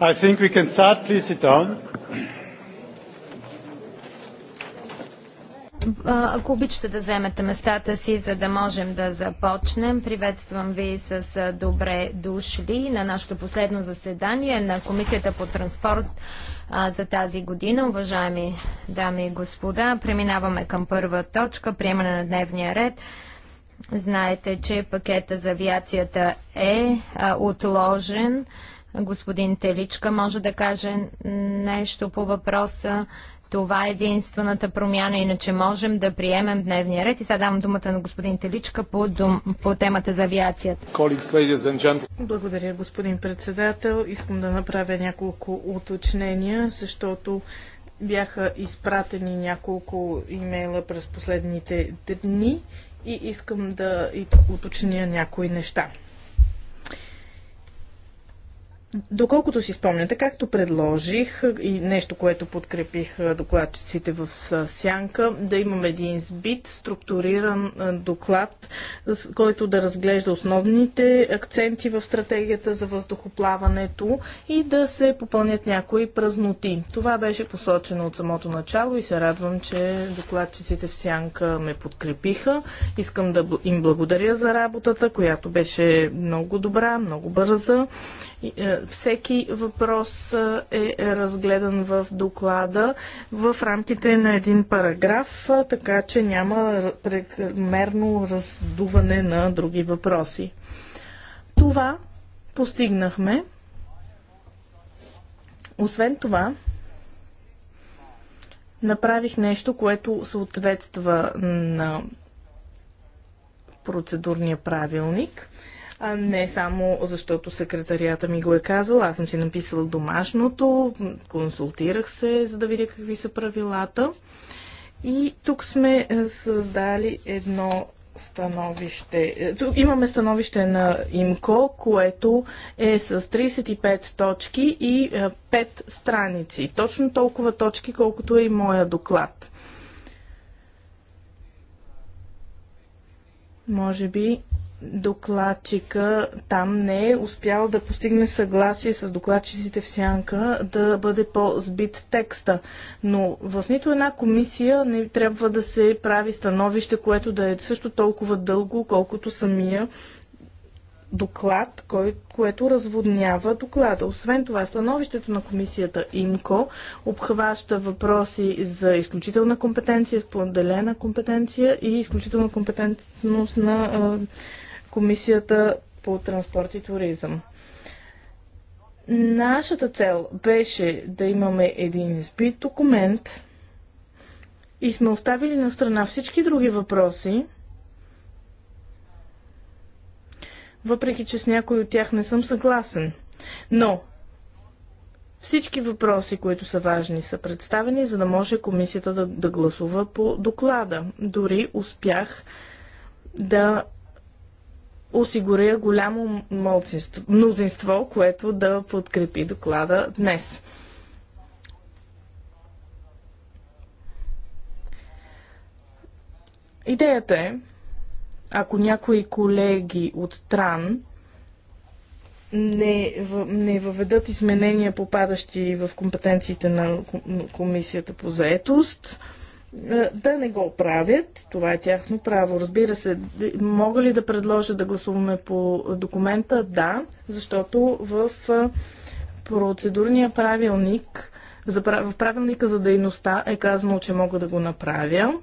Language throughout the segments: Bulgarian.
I think we can start. Please sit down. Ако обичате да вземете местата си, за да можем да започнем, приветствам ви с добре дошли на нашето последно заседание на Комисията по транспорт за тази година. Уважаеми дами и господа, преминаваме към първа точка, приемане на дневния ред. Знаете, че пакета за авиацията е отложен. Господин Теличка може да каже нещо по въпроса. Това е единствената промяна, иначе можем да приемем дневния ред. И сега давам думата на господин Теличка по, дум, по темата за авиацията. Благодаря, господин председател. Искам да направя няколко уточнения, защото бяха изпратени няколко имейла през последните дни и искам да уточня някои неща. Доколкото си спомняте, както предложих и нещо, което подкрепих докладчиците в Сянка, да имам един сбит, структуриран доклад, който да разглежда основните акценти в стратегията за въздухоплаването и да се попълнят някои празноти. Това беше посочено от самото начало и се радвам, че докладчиците в Сянка ме подкрепиха. Искам да им благодаря за работата, която беше много добра, много бърза е, всеки въпрос е, е разгледан в доклада в рамките на един параграф, е, така че няма прекомерно раздуване на други въпроси. Това постигнахме. Освен това, направих нещо, което съответства на процедурния правилник – а не само защото секретарията ми го е казала. Аз съм си написала домашното, консултирах се, за да видя какви са правилата. И тук сме е, създали едно становище. Е, тук имаме становище на ИМКО, което е с 35 точки и 5 е, страници. Точно толкова точки, колкото е и моя доклад. Може би докладчика там не е успял да постигне съгласие с докладчиците в сянка да бъде по-збит текста. Но в нито една комисия не трябва да се прави становище, което да е също толкова дълго, колкото самия доклад, кой, което разводнява доклада. Освен това, становището на комисията ИМКО обхваща въпроси за изключителна компетенция, споделена компетенция и изключителна компетентност на а, Комисията по транспорт и туризъм. Нашата цел беше да имаме един избит документ и сме оставили на страна всички други въпроси, въпреки че с някой от тях не съм съгласен. Но всички въпроси, които са важни, са представени, за да може комисията да, да гласува по доклада. Дори успях да осигуря голямо мнозинство, което да подкрепи доклада днес. Идеята е, ако някои колеги от Тран не, не въведат изменения, попадащи в компетенциите на Комисията по заетост, е, да не го правят. Това е тяхно право. Разбира се, мога ли да предложа да гласуваме по документа? Да, защото в е, процедурния правилник, в правилника за дейността е казано, че мога да го направя.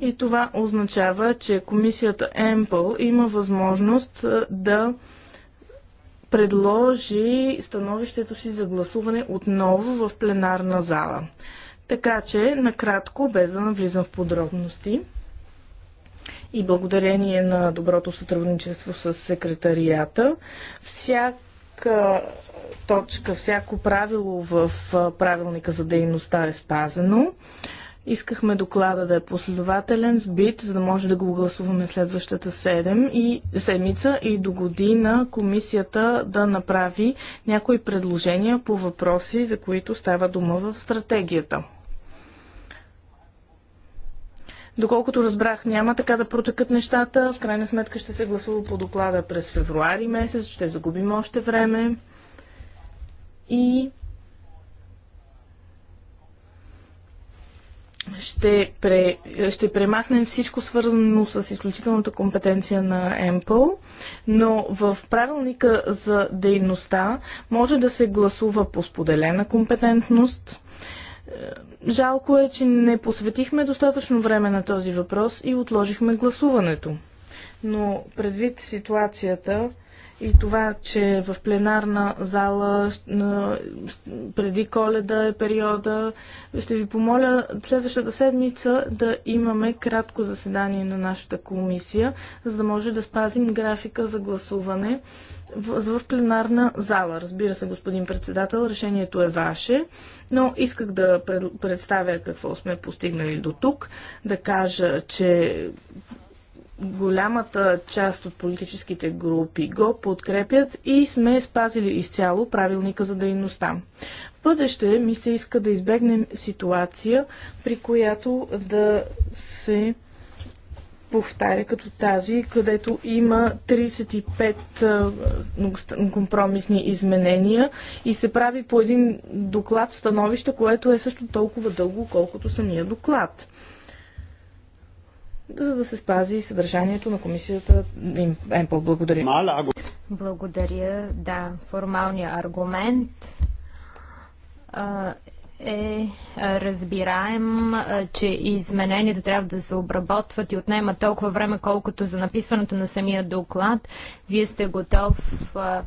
И това означава, че комисията Емпъл има възможност е, да предложи становището си за гласуване отново в пленарна зала. Така че, накратко, без да навлизам в подробности и благодарение на доброто сътрудничество с секретарията, всяка точка, всяко правило в правилника за дейността е спазено. Искахме доклада да е последователен, сбит, за да може да го гласуваме следващата седем и, седмица и до година комисията да направи някои предложения по въпроси, за които става дума в стратегията. Доколкото разбрах, няма така да протекат нещата. В крайна сметка ще се гласува по доклада през февруари месец. Ще загубим още време. И ще, пре, ще премахнем всичко свързано с изключителната компетенция на МПЛ, но в правилника за дейността може да се гласува по споделена компетентност. Жалко е, че не посветихме достатъчно време на този въпрос и отложихме гласуването. Но предвид ситуацията, и това, че в пленарна зала преди коледа е периода. Ще ви помоля следващата седмица да имаме кратко заседание на нашата комисия, за да може да спазим графика за гласуване в, пленарна зала. Разбира се, господин председател, решението е ваше, но исках да представя какво сме постигнали до тук, да кажа, че голямата част от политическите групи го подкрепят и сме спазили изцяло правилника за дейността. В бъдеще ми се иска да избегнем ситуация, при която да се повтаря като тази, където има 35 компромисни изменения и се прави по един доклад становище, което е също толкова дълго, колкото самия доклад за да се спази съдържанието на комисията МПЛ. Благодаря. Благодаря. Да, формалният аргумент а, е разбираем, а, че измененията трябва да се обработват и отнема толкова време, колкото за написването на самия доклад. Вие сте готов а,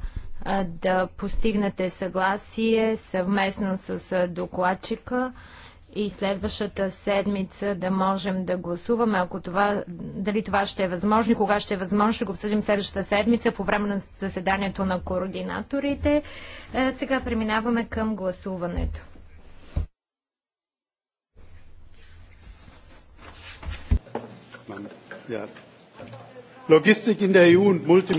да постигнете съгласие съвместно с докладчика и следващата седмица да можем да гласуваме. Ако това, дали това ще е възможно и кога ще е възможно, ще го обсъдим следващата седмица по време на заседанието на координаторите. Е, сега преминаваме към гласуването. Logistik in der EU und Multi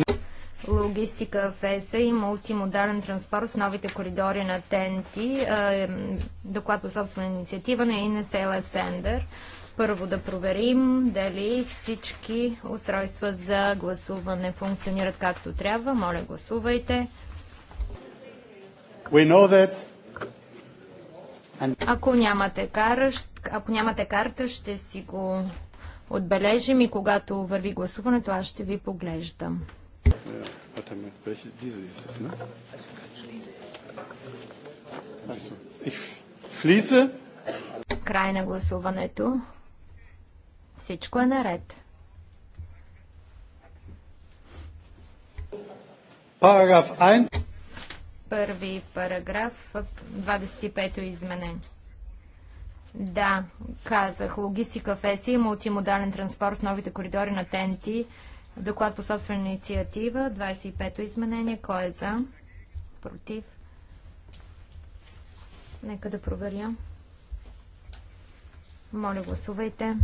логистика в ЕСА и мултимодален транспорт в новите коридори на ТНТ. Е, доклад по собствена инициатива на Инесела Сендер. Първо да проверим дали всички устройства за гласуване функционират както трябва. Моля, гласувайте. Ако нямате, кара, ако нямате карта, ще си го отбележим и когато върви гласуването, аз ще ви поглеждам. Warte mal, welche, diese ist es, ne? Schließe. Край на гласуването. Всичко е наред. Параграф 1. Първи параграф, 25-то изменение. Да, казах, логистика в ЕСИ, мултимодален транспорт, новите коридори на ТНТ. Доклад по собствена инициатива, 25-то изменение. Кой е за? Против? Нека да проверя. Моля, гласувайте.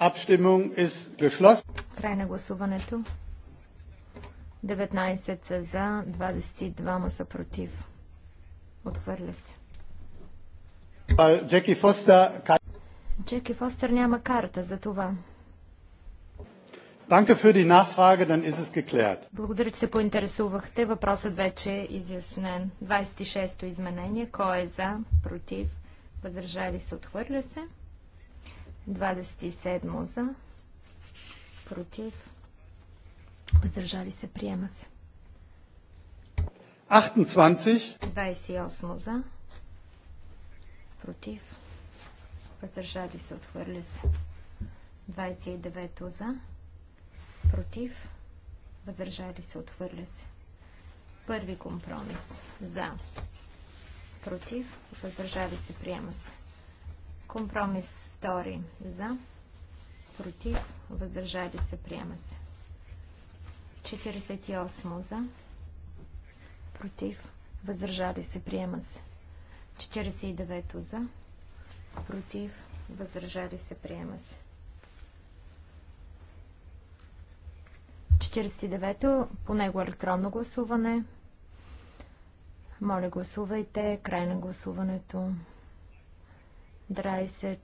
Abstimmung ist geschlossen. Край на гласуването. 19 са за, 22 са против. Отхвърля се. Джеки Фостер... Джеки Фостер няма карта за това. Благодаря, че се поинтересувахте. Въпросът вече е изяснен. 26-то изменение. Кой е за? Против? Въздържали се? Отхвърля се. 27 за. Против? Въздържали се? Приема се. 28 за. Против? въздържали се, отхвърля се. 29 за, против, въздържали се, отхвърля се. Първи компромис за, против, въздържали се, приема се. Компромис втори за, против, въздържали се, приема се. 48 за, против, въздържали се, приема се. 49 за, против, въздържали се, приема се. 49-то, по него електронно гласуване. Моля, гласувайте. Край на гласуването. 30,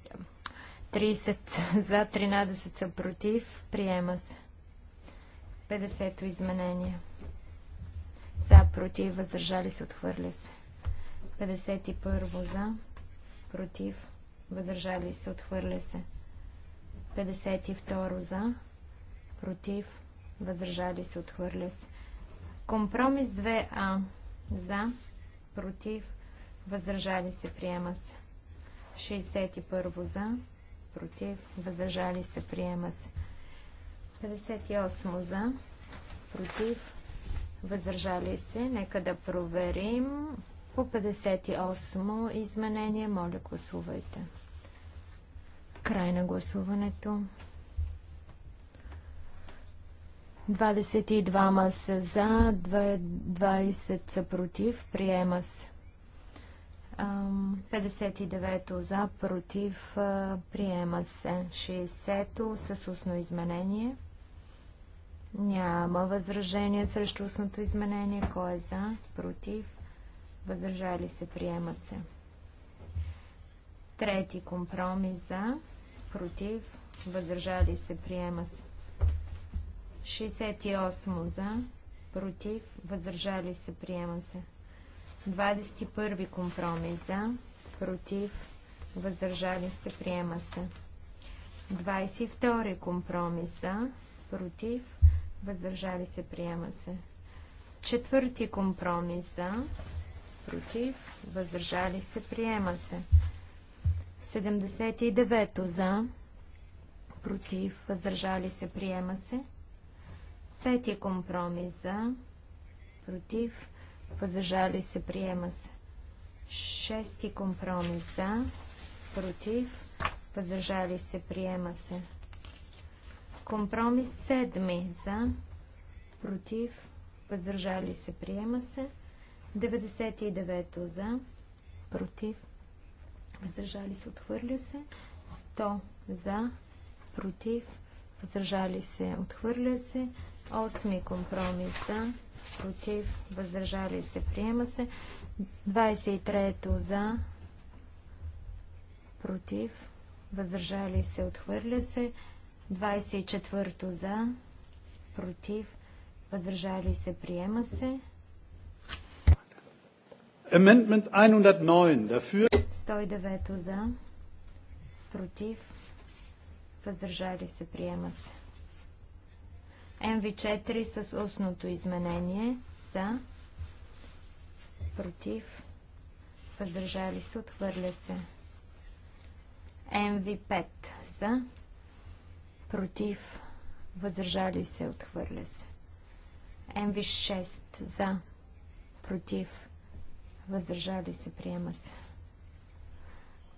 30 за, 13 са против. Приема се. 50-то изменение. За, против, въздържали се, отхвърля се. 51 за, против, въздържали се, отхвърля се. 52 за, против, въздържали се, отхвърля се. Компромис 2а за, против, въздържали се, приема се. 61 за, против, въздържали се, приема се. 58 за, против, въздържали се. Нека да проверим. По 58 изменение, моля гласувайте. Край на гласуването. 22 са за, 20 са против, приема се. 59 за, против, приема се. 60 с устно изменение. Няма възражение срещу устното изменение. Кой е за? Против? въздържали се, приема се. Трети компромис за, против, въздържали се, приема се. 68 за, против, въздържали се, приема се. 21 компромис за, против, въздържали се, приема се. 22 компромис за, против, въздържали се, приема се. Четвърти компромис за, против, въздържали се, приема се. 79 за, против, въздържали се, приема се. Петия компромис за, против, въздържали се, приема се. Шести компромис за, против, въздържали се, приема се. Компромис седми за, против, въздържали се, приема се. 99 за, против, въздържали се, отхвърля се. 100 за, против, въздържали се, отхвърля се. 8 компромис за, против, въздържали се, приема се. 23 за, против, въздържали се, отхвърля се. 24 за, против, въздържали се, приема се. Amendment 109 dafür. 109 за. Против. Въздържали се. Приема се. МВ4 с устното изменение. За. Против. Въздържали се. Отхвърля се. МВ5 за. Против. Въздържали се. Отхвърля се. МВ6 за. Против въздържали се, приема се.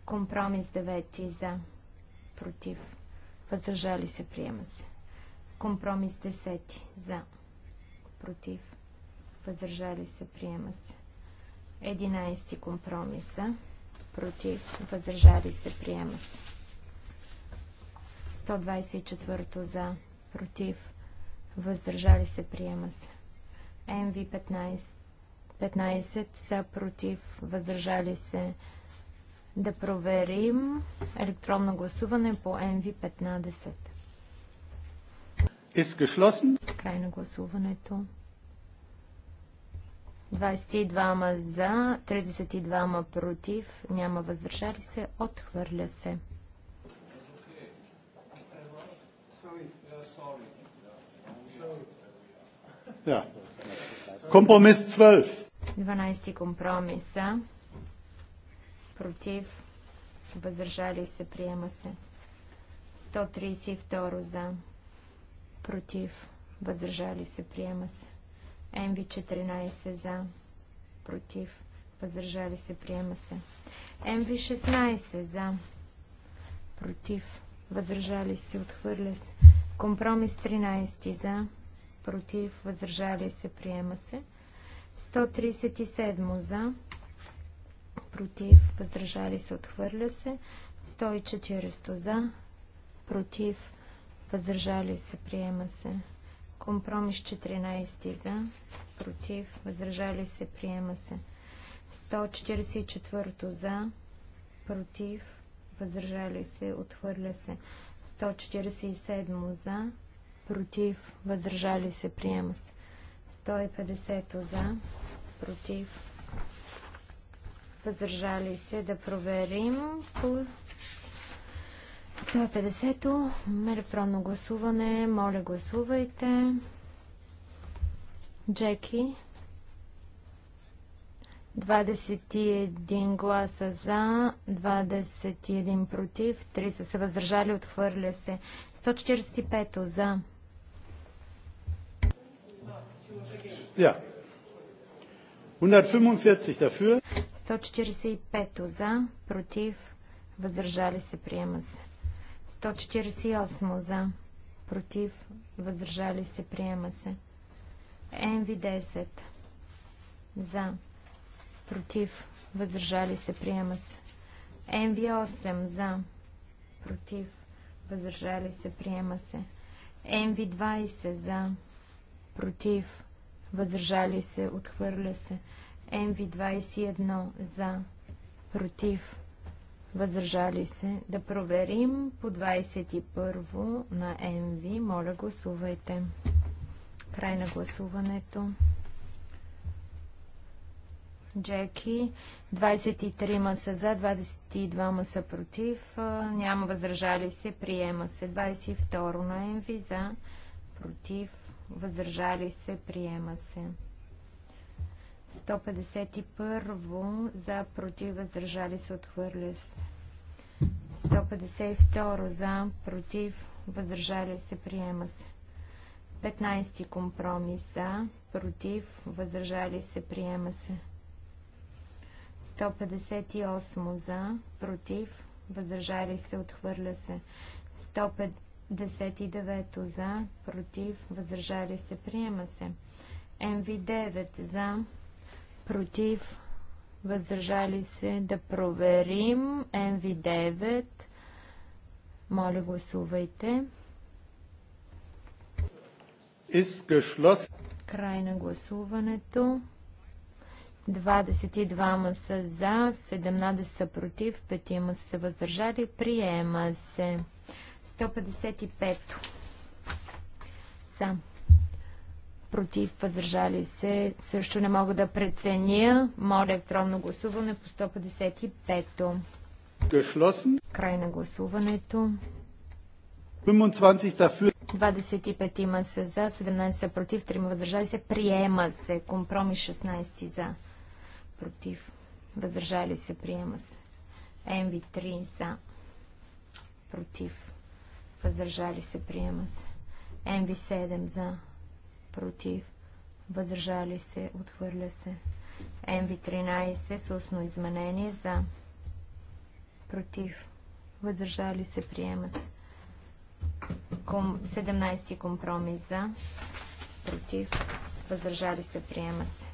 Компромис 9 за, против, въздържали се, приема се. Компромис 10 за, против, въздържали се, приема се. 11 компромиса, против, въздържали се, приема се. 124 за, против, въздържали се, приема се. МВ 15 15 са против, въздържали се. Да проверим електронно гласуване по МВ-15. Край на гласуването. 22 за, 32 против, няма въздържали се, отхвърля се. Компромис 12. 12 компромиса. Против. Въздържали се. Приема се. 132 за. Против. Въздържали се. Приема се. МВ-14 за. Против. Въздържали се. Приема се. МВ-16 за. Против. Въздържали се. Отхвърля се. Компромис 13 за. Против. Въздържали се. Приема се. 137 за, против, въздържали се, отхвърля се. 140 за, против, въздържали се, приема се. Компромис 14 за, против, въздържали се, приема се. 144 за, против, въздържали се, отхвърля се. 147 за, против, въздържали се, приема се. 150 за, против, въздържали се да проверим по 150-то електронно гласуване. Моля, гласувайте. Джеки. 21 гласа за, 21 против, 3 са се въздържали, отхвърля се. 145 за, Ja. 145 dafür. 145 за, против, въздържали се, приема се. 148 за, против, въздържали се, приема се. МВ10 за, против, въздържали се, приема се. МВ8 за, против, въздържали се, приема се. МВ20 за, против, въздържали се, отхвърля се. МВ-21 за, против, въздържали се. Да проверим по 21 на МВ. Моля, гласувайте. Край на гласуването. Джеки. 23 са за, 22 са против. Няма въздържали се. Приема се. 22 на МВ за, против въздържали се, приема се. 151 за, против, въздържали се, отхвърля се. 152 за, против, въздържали се, приема се. 15 компромис за, против, въздържали се, приема се. 158 за, против, въздържали се, отхвърля се. 150 10 за, против, въздържали се, приема се. МВ9 за, против, въздържали се, да проверим. МВ9, моля гласувайте. Край на гласуването. 22 са за, 17 са против, 5 са въздържали, приема се. 155 Сам. Против, въздържали се. Също не мога да преценя. Моля електронно гласуване по 155-то. Край на гласуването. 25 dafür. 25 има са за, 17 са против, 3 въздържали се. Приема се. Компромис 16 за. Против. Въздържали се. Приема се. МВ 3 за. Против въздържали се, приема се. МВ7 за, против, въздържали се, отхвърля се. МВ13 с устно изменение за, против, въздържали се, приема се. 17 компромис за, против, въздържали се, приема се.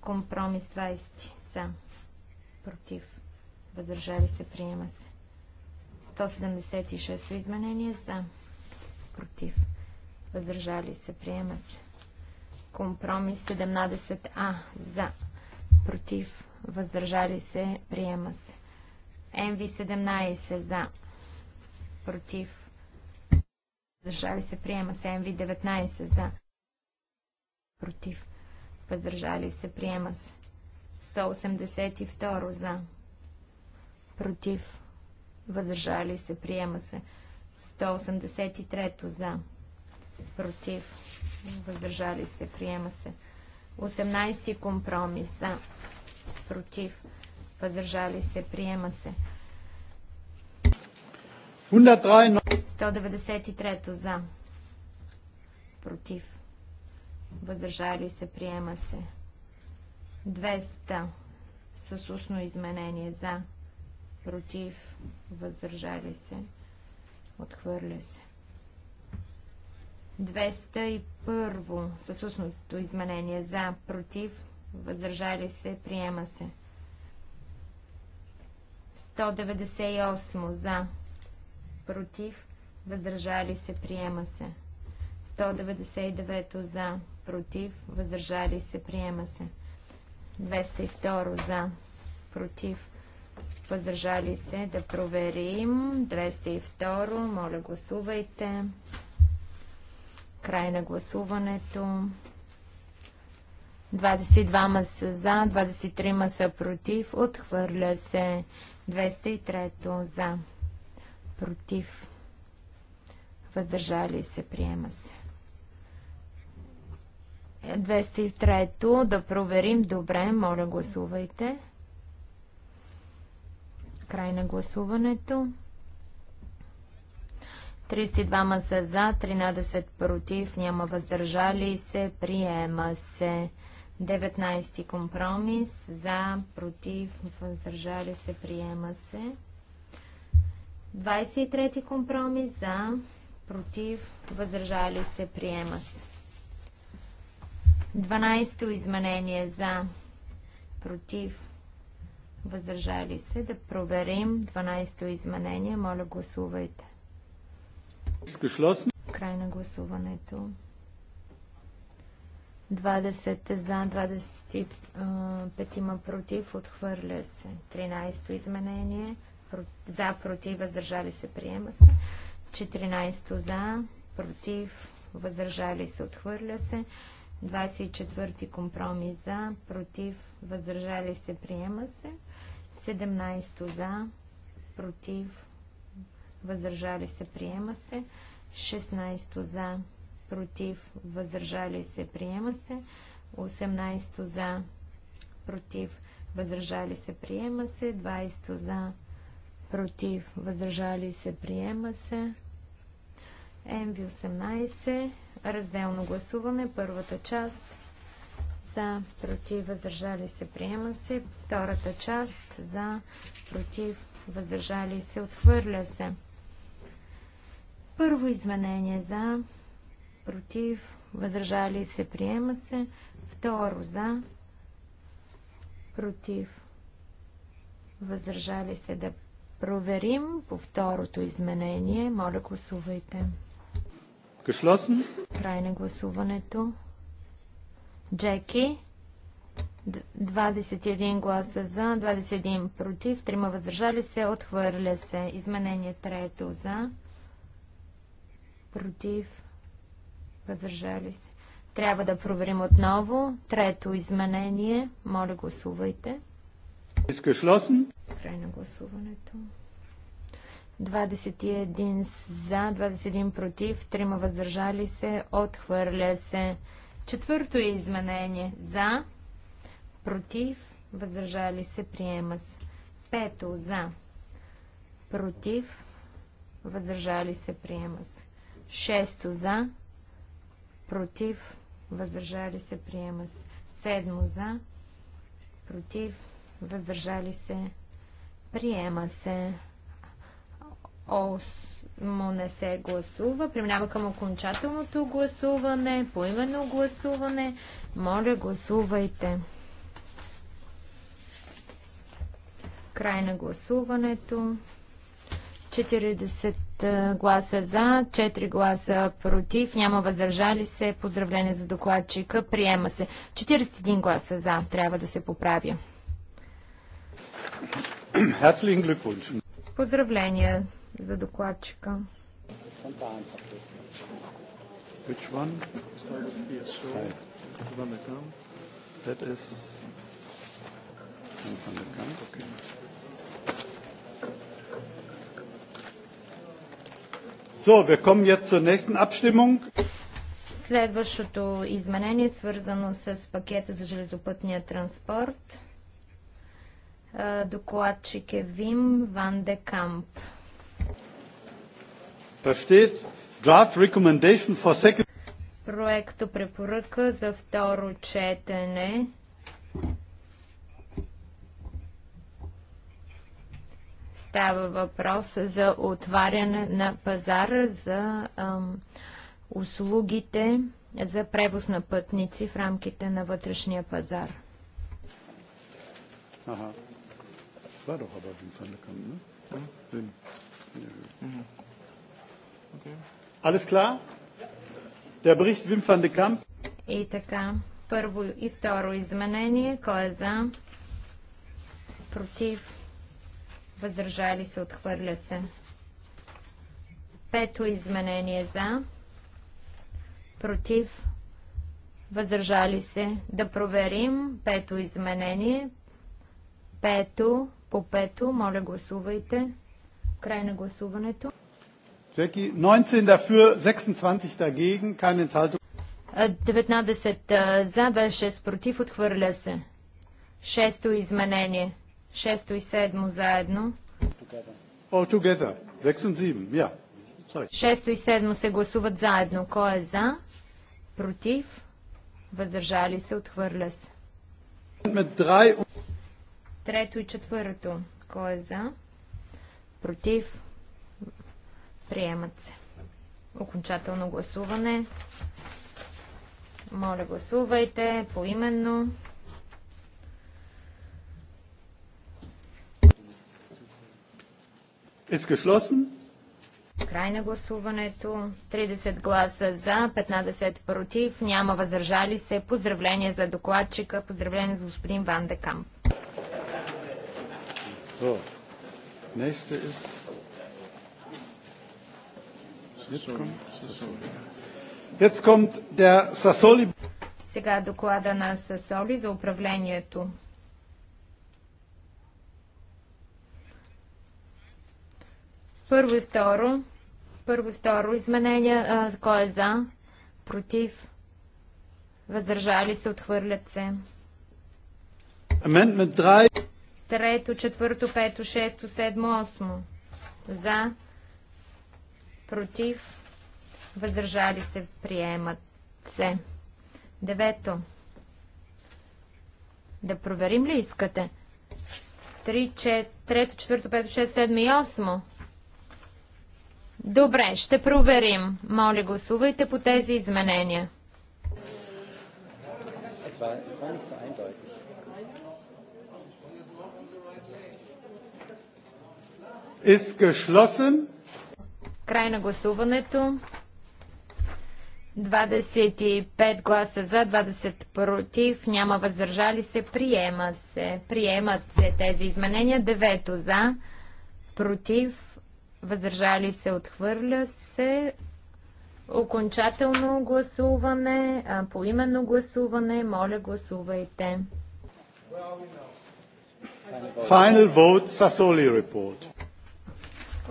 Компромис 20 за, против, въздържали се, приема се. 176-то изменение за. Против. Въздържали се. Приема се. Компромис 17А за. Против. Въздържали се. Приема се. МВ-17 за. Против. Въздържали се. Приема се. МВ-19 за. Против. Въздържали се. Приема се. 182 за. Против въздържали се, приема се. 183 за, против, въздържали се, приема се. 18 компромис за, против, въздържали се, приема се. 193 за, против, въздържали се, приема се. 200 с устно изменение за, против, въздържали се, отхвърля се. 201 със устното изменение за, против, въздържали се, приема се. 198 за, против, въздържали се, приема се. 199 за, против, въздържали се, приема се. 202 за, против, въздържали се да проверим. 202, моля гласувайте. Край на гласуването. 22 са за, 23 са против, отхвърля се. 203 за, против, въздържали се, приема се. 203 да проверим добре, моля гласувайте. Край на гласуването. 32 са за, 13 против, няма въздържали се, приема се. 19 компромис, за, против, въздържали се, приема се. 23 компромис, за, против, въздържали се, приема се. 12 изменение за, против, въздържали се. Да проверим 12-то изменение. Моля, гласувайте. Край на гласуването. 20 за, 25 има против, отхвърля се. 13-то изменение. За, против, въздържали се, приема се. 14 за, против, въздържали се, отхвърля се. 24 компромис за, против, въздържали се, приема се. 17 за, против, въздържали се, приема се. 16 за, против, въздържали се, приема се. 18 за, против, въздържали се, приема се. 20 за, против, въздържали се, приема се mv 18 разделно гласуваме. първата част, за, против, въздържали се, приема се, втората част, за, против, въздържали се, отхвърля се. Първо изменение за, против, въздържали се, приема се, второ за, против, въздържали се да проверим по второто изменение. Моля, гласувайте. Geschlossen. Край на гласуването. Джеки. 21 гласа за, 21 против, 3 въздържали се, отхвърля се. Изменение трето за, против, въздържали се. Трябва да проверим отново. Трето изменение. Моля, гласувайте. Изкъшлосен. Край на гласуването. 21 за, 21 против, 3 въздържали се, отхвърля се. Четвърто изменение за, против, въздържали се, приема се. Пето за, против, въздържали се, приема се. Шесто за, против, въздържали се, приема се. Седмо за, против, въздържали се, приема се. Осмо не се гласува. Преминава към окончателното гласуване, поименно гласуване. Моля, гласувайте. Край на гласуването. 40 гласа за, 4 гласа против, няма въздържали се. Поздравление за докладчика. Приема се. 41 гласа за. Трябва да се поправя. Поздравления за докладчика. Which one? Van der Kamp. That is Van der Kamp. Okay. So, wir kommen jetzt zur nächsten Abstimmung. Следващото изменение е свързано с пакета за железопътния транспорт. Докладчик е Вим Ван де Камп. Проекто препоръка за второ четене. Става въпрос за отваряне на пазара за ам, услугите за превоз на пътници в рамките на вътрешния пазар. Ага. Това е добър, не? Alles klar? Der Bericht Wim van de Kamp. И така, първо и второ изменение. Кой е за? Против? Въздържали се? Отхвърля се. Пето изменение за? Против? Въздържали се? Да проверим. Пето изменение. Пето. По пето. Моля гласувайте. Край на гласуването. Jackie, 19 dafür, 26 dagegen, keine Enthaltung. 19 е, е, за, 26 против, отхвърля се. Шесто изменение. Шесто и седмо заедно. All together. 6 and 7, yeah. Шесто и седмо се гласуват заедно. Кой е за? Против? Въздържали се, отхвърля се. Трето и четвърто. Кой е за? Против? Приемат се. Окончателно гласуване. Моля, гласувайте поименно. Край на гласуването. 30 гласа за, 15 против, няма въздържали се. Поздравление за докладчика, поздравление за господин Ван Декамп. So, nächste ist сега е доклада на Сасоли за управлението. Първо и второ. Първо и второ изменение. Кой е за? Против? Въздържали се? Отхвърлят се. Трето, четвърто, пето, шесто, седмо, осмо. За? против, въздържали се, приемат се. Девето. Да проверим ли искате? Три, трето, четвърто, пето, шест, седми и осмо. Добре, ще проверим. Моли, гласувайте по тези изменения. Is geschlossen. Край на гласуването. 25 гласа за, 20 против, няма въздържали се, приема се. Приемат се тези изменения. 9 за, против, въздържали се, отхвърля се. Окончателно гласуване, поименно гласуване, моля гласувайте. Final vote, Sassoli report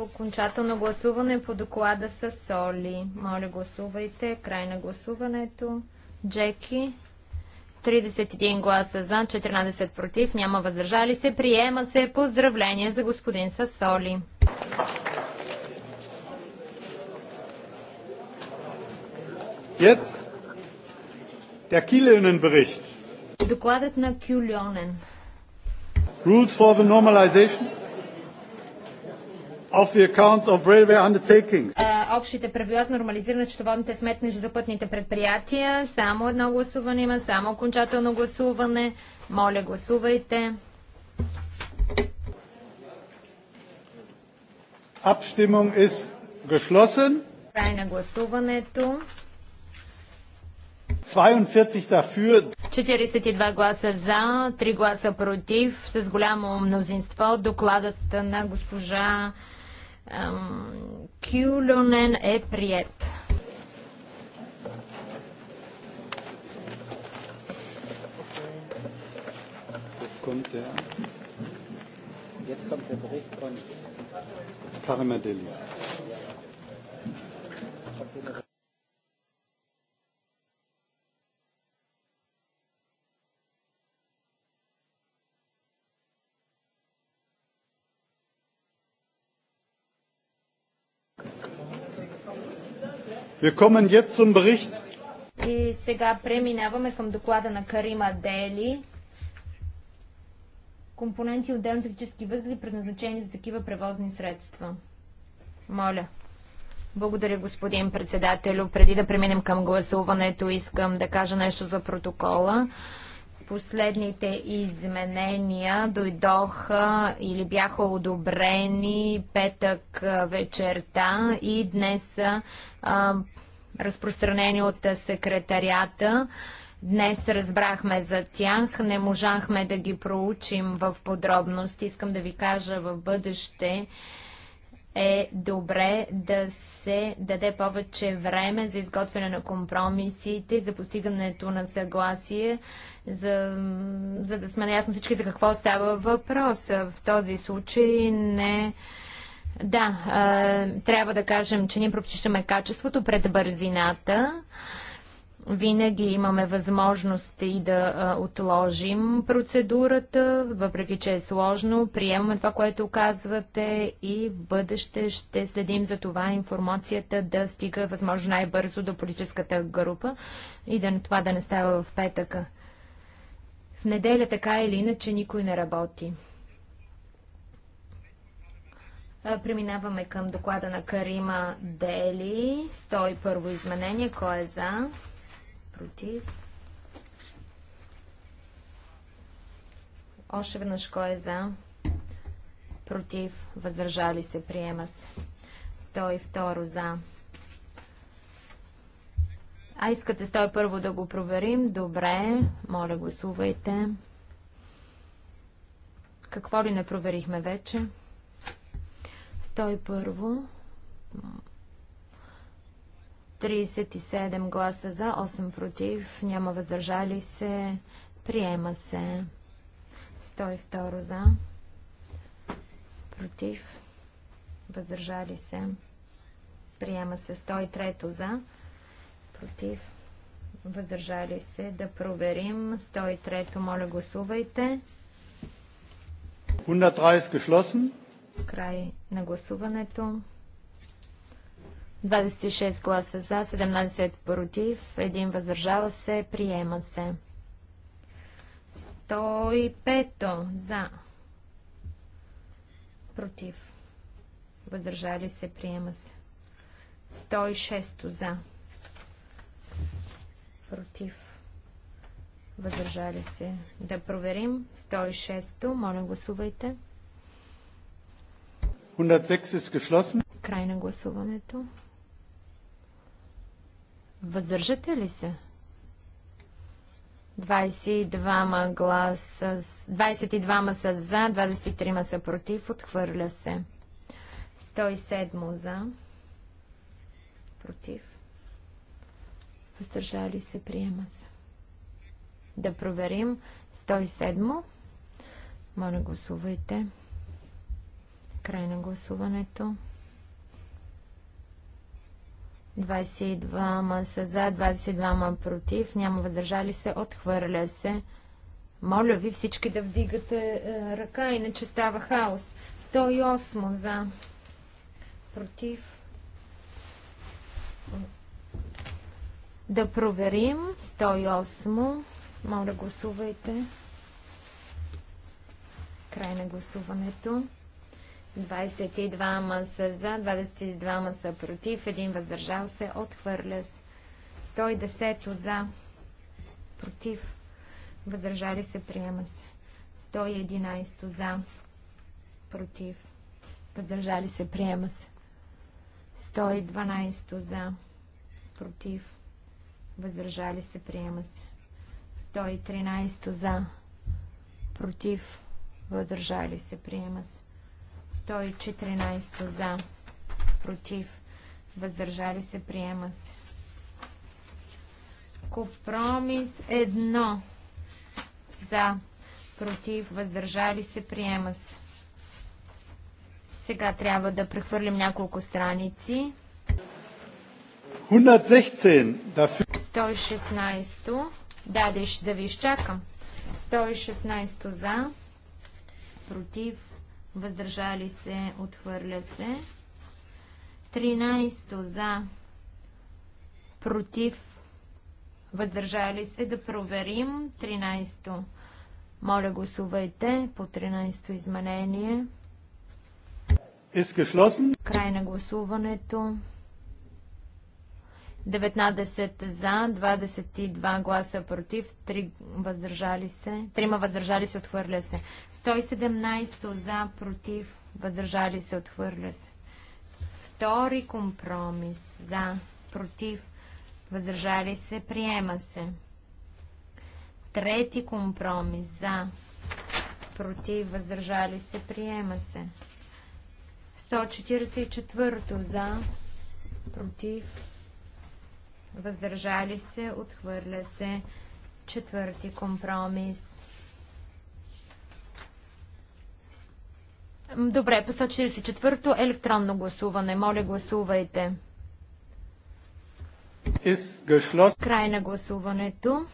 окончателно гласуване по доклада с Соли. Моля, гласувайте. Край на гласуването. Джеки. 31 гласа за, 14 против, няма въздържали се. Приема се поздравление за господин Сасоли. Jetzt der Bericht. Докладът на Кюльонен. Rules for the normalization of the accounts of railway undertakings. Общите правила за нормализиране на счетоводните сметни железопътните предприятия. Само едно гласуване има, само окончателно гласуване. Моля, гласувайте. Abstimmung ist geschlossen. Край на гласуването. 42 dafür. 42 гласа за, 3 гласа против. С голямо мнозинство докладът на госпожа Кюлюнен е прият. Jetzt kommt der Bericht von Parmadelli. Ja. И сега преминаваме към доклада на Карима Дели. Компоненти от отделни възли, предназначени за такива превозни средства. Моля. Благодаря, господин председателю. Преди да преминем към гласуването, искам да кажа нещо за протокола последните изменения дойдоха или бяха одобрени петък вечерта и днес са разпространени от секретарията. Днес разбрахме за тях, не можахме да ги проучим в подробност. Искам да ви кажа в бъдеще, е добре да се даде повече време за изготвяне на компромисите, за постигането на съгласие, за, за да сме наясно всички за какво става въпрос. В този случай не. Да, е, трябва да кажем, че ние пропчищаме качеството пред бързината. Винаги имаме възможност и да отложим процедурата, въпреки че е сложно. Приемаме това, което казвате и в бъдеще ще следим за това информацията да стига възможно най-бързо до политическата група и да това да не става в петъка. В неделя така или иначе никой не работи. Преминаваме към доклада на Карима Дели. 101 изменение. Кой е за? против. Още веднъж кой е за? Против. Въздържали се. Приема се. 102 за. А искате 101 да го проверим? Добре. Моля, гласувайте. Какво ли не проверихме вече? 101. 37 гласа за, 8 против, няма въздържали се, приема се. 102 за, против, въздържали се, приема се. 103 за, против, въздържали се. Да проверим. 103 моля гласувайте. 130 geschlossen. Край на гласуването. 26 гласа за, 17 против, 1 въздържава се, приема се. 105 за, против, въздържали се, приема се. 106 за, против, въздържали се. Да проверим. 106 моля гласувайте. 106 е Край на гласуването. Въздържате ли се? 22 гласа, 22 са за, 23 са против, отхвърля се. 107 за, против. Въздържали се, приема се. Да проверим. 107. Моля, гласувайте. Край на гласуването. 22 ма са за, 22 ма против, няма въздържали се, отхвърля се. Моля ви всички да вдигате е, ръка, иначе става хаос. 108 за, против. Да проверим. 108. Моля, гласувайте. Край на гласуването. 22 са за, 22 са против, 1 въздържал се, отхвърля се. 110 за, против, въздържали се, приема се. 111 за, против, въздържали се, приема се. 112 за, против, въздържали се, приема се. 113 за, против, въздържали се, приема се. 114 за, против, въздържали се, приема се. Компромис 1 за, против, въздържали се, приема се. Сега трябва да прехвърлим няколко страници. 116. Да, да ви изчакам. 116 за, против, въздържали се, отхвърля се. 13 за, против, въздържали се, да проверим. 13 моля гласувайте по 13-то изменение. Край на гласуването. 19 за, 22 гласа против, 3 въздържали се, 3 въздържали се, отхвърля се. 117 за, против, въздържали се, отхвърля се. Втори компромис за, против, въздържали се, приема се. Трети компромис за, против, въздържали се, приема се. 144 за, против, въздържали се, отхвърля се. Четвърти компромис. Добре, по 144-то електронно гласуване. Моля, гласувайте. Край на гласуването.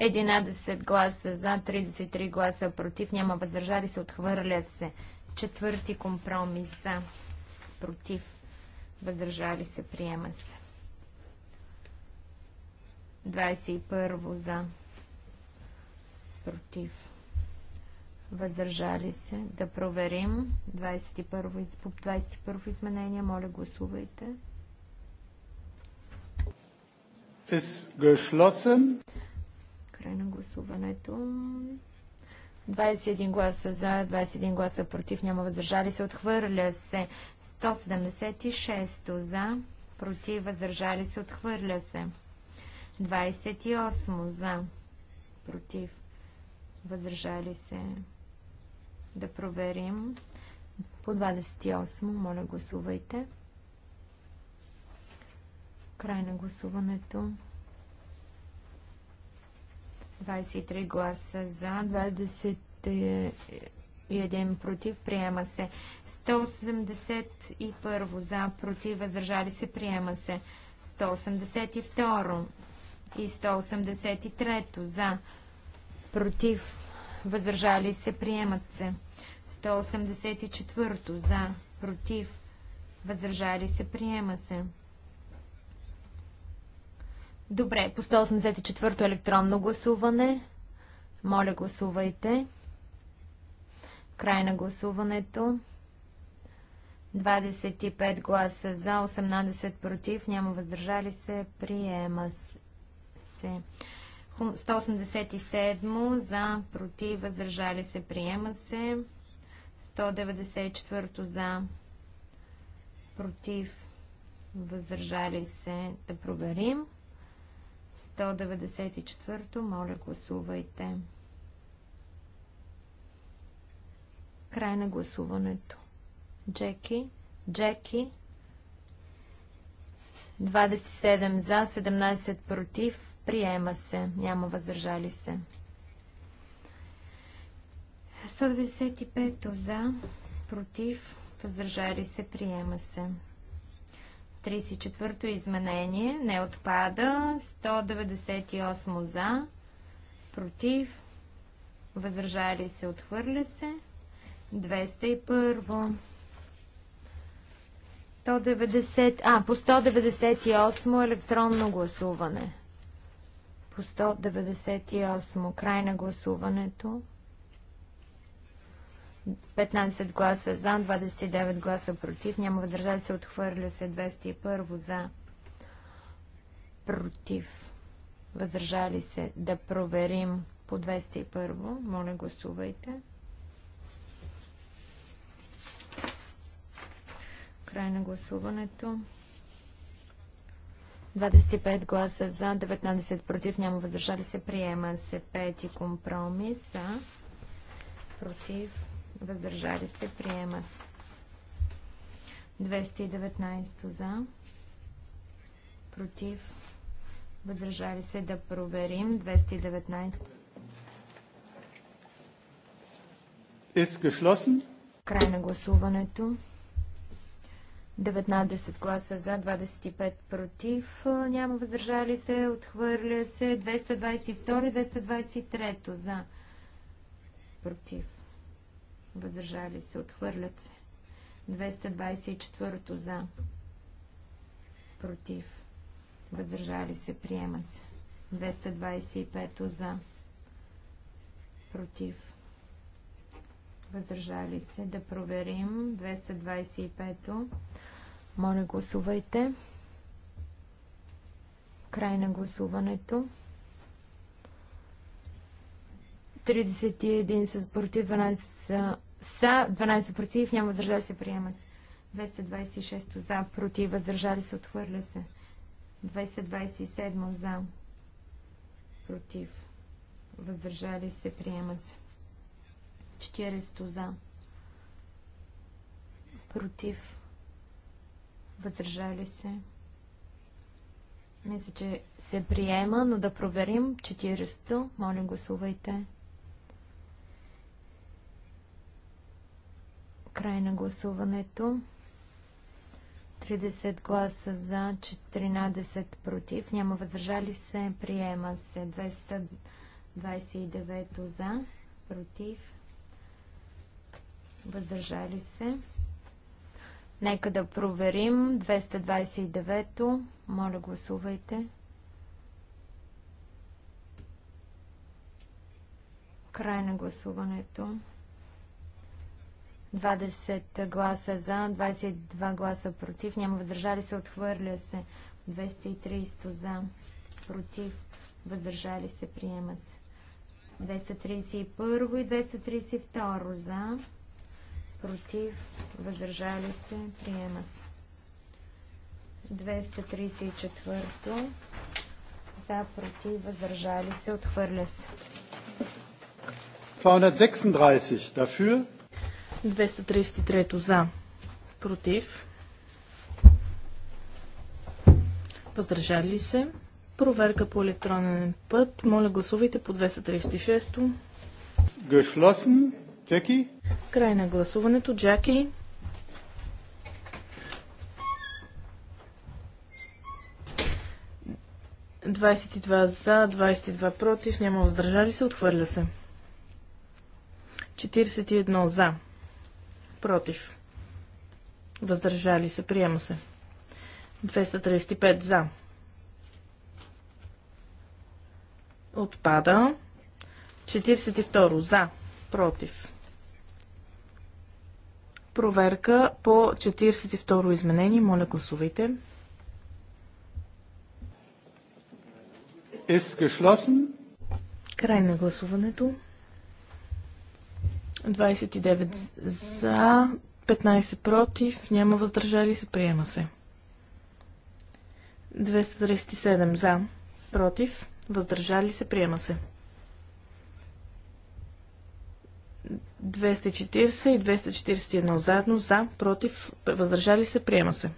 11 гласа за, 33 гласа против, няма въздържали се, отхвърля се. Четвърти компромис за, против въздържали се, приема се. 21 за, против, въздържали се. Да проверим 21, 21 изменение. Моля, гласувайте. Край на гласуването. 21 гласа за, 21 гласа против, няма въздържали се, отхвърля се. 176 за, против, въздържали се, отхвърля се. 28 за, против, въздържали се. Да проверим. По 28, моля гласувайте. Край на гласуването. 23 гласа за, 20 1 против, приема се. 181 за, против, въздържали се, приема се. 182 и 183 за, против, въздържали се, приемат се. 184 за, против, въздържали се, приема се. Добре, по 184 електронно гласуване. Моля, гласувайте. Край на гласуването. 25 гласа за, 18 против, няма въздържали се, приема се. 187 за, против, въздържали се, приема се. 194 за, против, въздържали се, да проверим. 194, моля гласувайте. Край на гласуването. Джеки, Джеки, 27 за, 17 против, приема се, няма въздържали се. 195 за, против, въздържали се, приема се. 34-то изменение не отпада. 198 за, против, въздържали се, отхвърля се. 201. 190, а, по 198 електронно гласуване. По 198 край на гласуването. 15 гласа за, 29 гласа против, няма въздържали се, отхвърля се 201 за, против, въздържали се да проверим по 201. Моля, гласувайте. Край на гласуването. 25 гласа за, 19 против, няма въздържали се. Приема се пети компромис за, против, въздържали се. Приема се. 219 за, против, въздържали се да проверим. 219. Край на гласуването. 19 гласа за, 25 против, е, няма въздържали се, отхвърля се 222, 223 за, против, въздържали се, отхвърлят се 224 за, против, въздържали се, приема се 225 за, против, въздържали се, да проверим 225 моля, гласувайте. Край на гласуването. 31 с против, 12 са, са 12 против, няма въздържали се, приема се. 226 за, против, въздържали се, отхвърля се. 227 за, против, въздържали се, приема се. 40 за, против, въздържали се. Мисля, че се приема, но да проверим 40-то. Моля, гласувайте. Край на гласуването. 30 гласа за, 14 против. Няма въздържали се. Приема се. 229 за, против. Въздържали се. Нека да проверим 229-то. Моля, гласувайте. Край на гласуването. 20 гласа за, 22 гласа против, няма въздържали се, отхвърля се. 230 за, против, въздържали се, приема се. 231 и 232 за, против, въздържали се, приема се. 234 за, против, въздържали се, отхвърля се. 236 дафюр. 233 за, против, въздържали се. Проверка по електронен път. Моля гласувайте по 236. Geschlossen. Джеки? Край на гласуването. Джаки? Двадесет за, 22 против, няма въздържали се, отхвърля се. 41 за. Против. Въздържали се. Приема се. 235 за. Отпада. 42 за. Против. Проверка по 42 изменение. Моля, гласувайте. Край на гласуването. 29 за, 15 против, няма въздържали се, приема се. 237 за, против, въздържали се, приема се. 240 и 241 заедно за, против, въздържали се, приема се.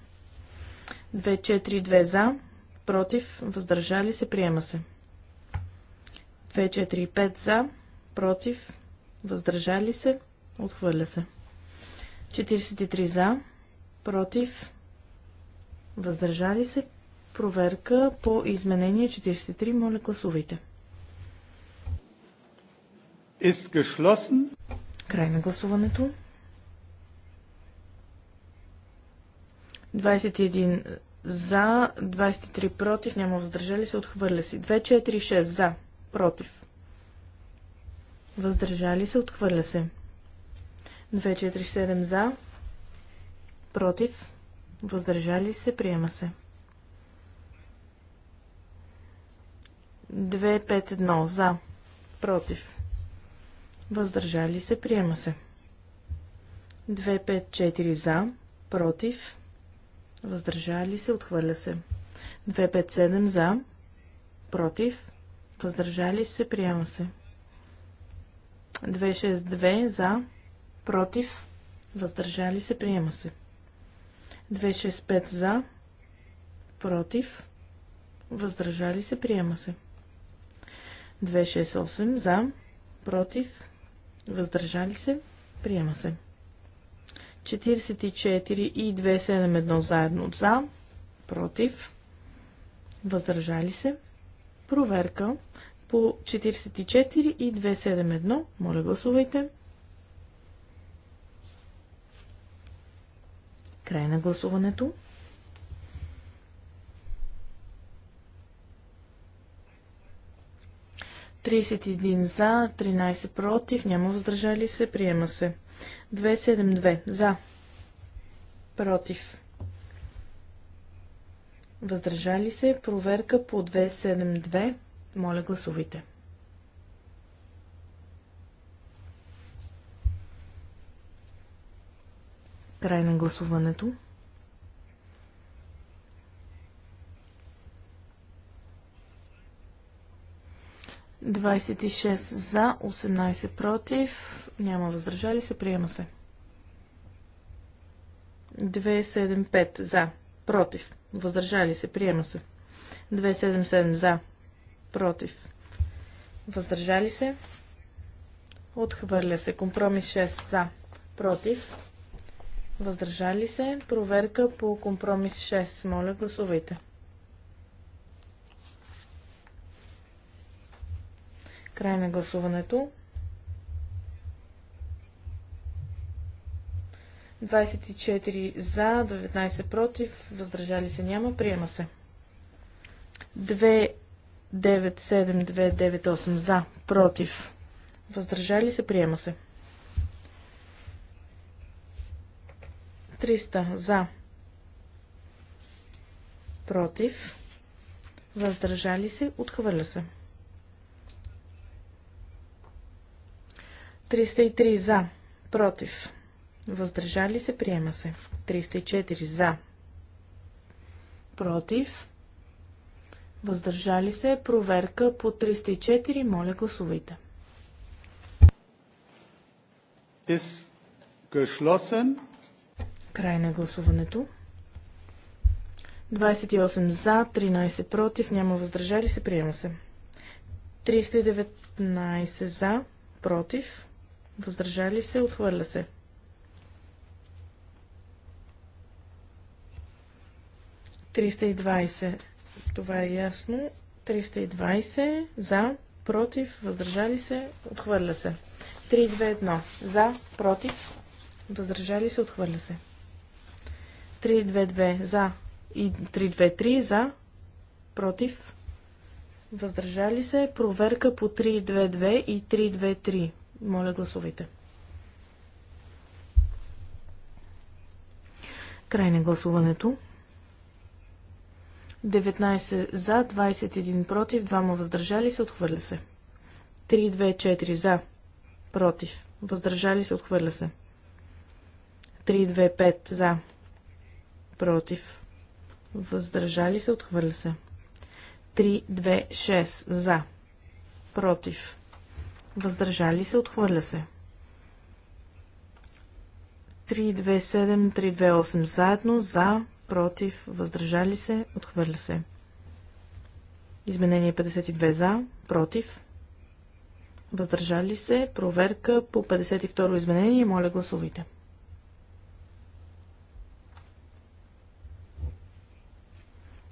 242 за, против, въздържали се, приема се. 245 за, против, въздържали се, отхвърля се. 43 за, против, въздържали се, проверка по изменение 43, моля гласувайте. Ist geschlossen. Край на гласуването. 21 за, 23 против, няма въздържали се, отхвърля се. 6 за, против. Въздържали се, отхвърля се. 247 за, против, въздържали се, приема се. 25-1 за, против, въздържали се, приема се. 254 за, против, въздържали се, отхвърля се. 257 за, против, въздържали се, приема се. 262 за, против, въздържали се, приема се. 265 за, против, въздържали се, приема се. 268 за, против, въздържали се, приема се. 44 и 271 заедно за, против, въздържали се, проверка по 44 и 271, моля гласувайте. Край на гласуването. 31 за, 13 против, няма въздържали се, приема се. 272 за, против, въздържали се, проверка по 272, моля гласувайте. Край на гласуването. 26 за, 18 против, няма въздържали се, приема се. 275 за, против, въздържали се, приема се. 277 за, против, въздържали се, отхвърля се. Компромис 6 за, против, въздържали се. Проверка по компромис 6. Моля, гласувайте. Край на гласуването. 24 за, 19 против, въздържали се няма, приема се. 297298 за, против, въздържали се, приема се. 300 за, против, въздържали се, отхвърля се. 303 за, против, въздържали се, приема се. 304 за, против, въздържали се, проверка по 304, моля гласувайте. Is geschlossen. Край на гласуването. 28 за, 13 против, няма въздържали се, приема се. 319 за, против, Въздържали се, отхвърля се. Триста Това е ясно. 320 за, против, въздържали се, отхвърля се. 321 за, против, въздържали се, отхвърля се. 322 за и 323 за, против, въздържали се, проверка по 322 и 323. Моля, гласувайте. Край на гласуването. 19 за, 21 против, 2 въздържали се, отхвърля се. 3, 2, 4 за, против, въздържали се, отхвърля се. 3, 2, 5 за, против, въздържали се, отхвърля се. 3, 2, 6 за, против, въздържали се, отхвърля се. 327, 328 заедно, за, против, въздържали се, отхвърля се. Изменение 52 за, против, въздържали се, проверка по 52 изменение, моля гласувайте.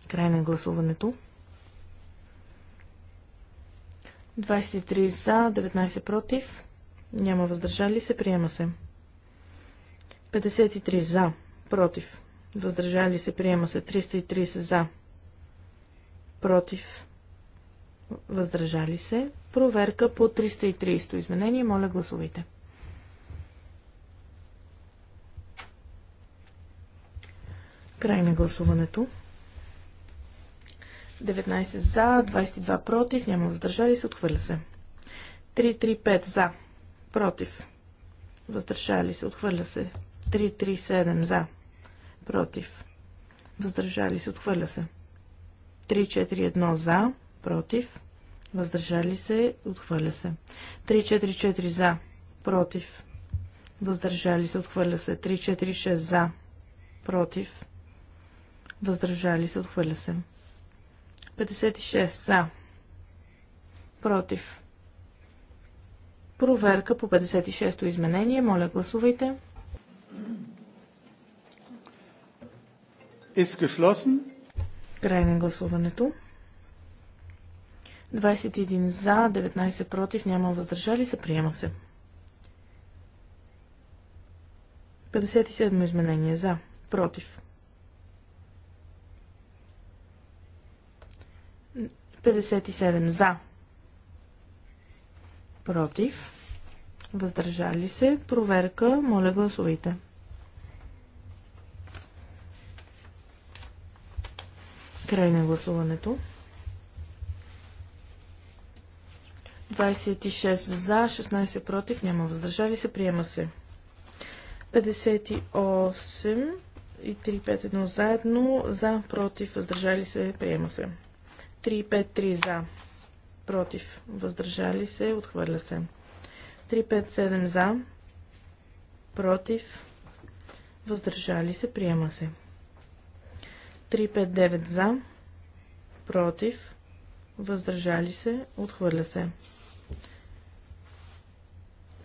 Край на гласуването. 23 за, 19 против, няма въздържали се, приема се. 53 за, против, въздържали се, приема се. 330 за, против, въздържали се. Проверка по 330 изменение, моля гласувайте. Край на гласуването. 19 за, 22 против, няма въздържали се, отхвърля се. 335 за, против, въздържали се, отхвърля се. 337 за, против, въздържали се, отхвърля се. 341 за, против, въздържали се, отхвърля се. 344 за, против, въздържали се, отхвърля се. 346 за, против, въздържали се, отхвърля се. 56 за. Против. Проверка по 56-то изменение. Моля, гласувайте. Изгешлосен. Край на гласуването. 21 за, 19 против, няма въздържали се, приема се. 57 изменение за, против. 57 за. Против. Въздържали се. Проверка. Моля гласувайте. Край на гласуването. 26 за, 16 против, няма въздържали се, приема се. 58 и 5 1 заедно, за, против, въздържали се, приема се. 353 за. Против. Въздържали се. Отхвърля се. 357 за. Против. Въздържали се. Приема се. 359 за. Против. Въздържали се. Отхвърля се.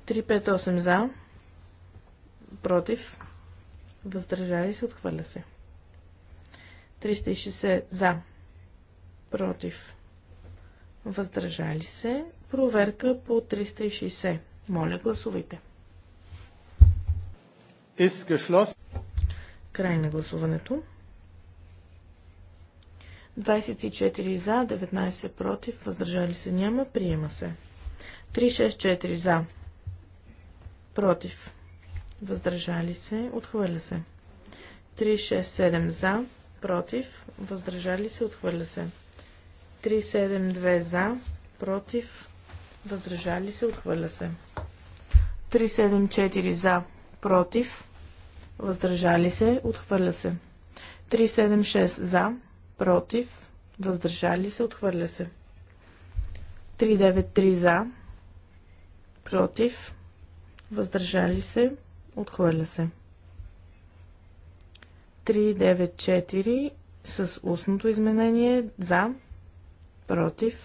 358 за. Против. Въздържали се. Отхвърля се. 360 за против, въздържали се. Проверка по 360. Моля, гласувайте. Край на гласуването. 24 за, 19 против, въздържали се няма, приема се. 364 за, против, въздържали се, отхвърля се. 367 за, против, въздържали се, отхвърля се. 372 за, против, въздържали се, отхвърля се. 374 за, против, въздържали се, отхвърля се. 376 за, против, въздържали се, отхвърля се. 393 за, против, въздържали се, отхвърля се. 394 с устното изменение за, против.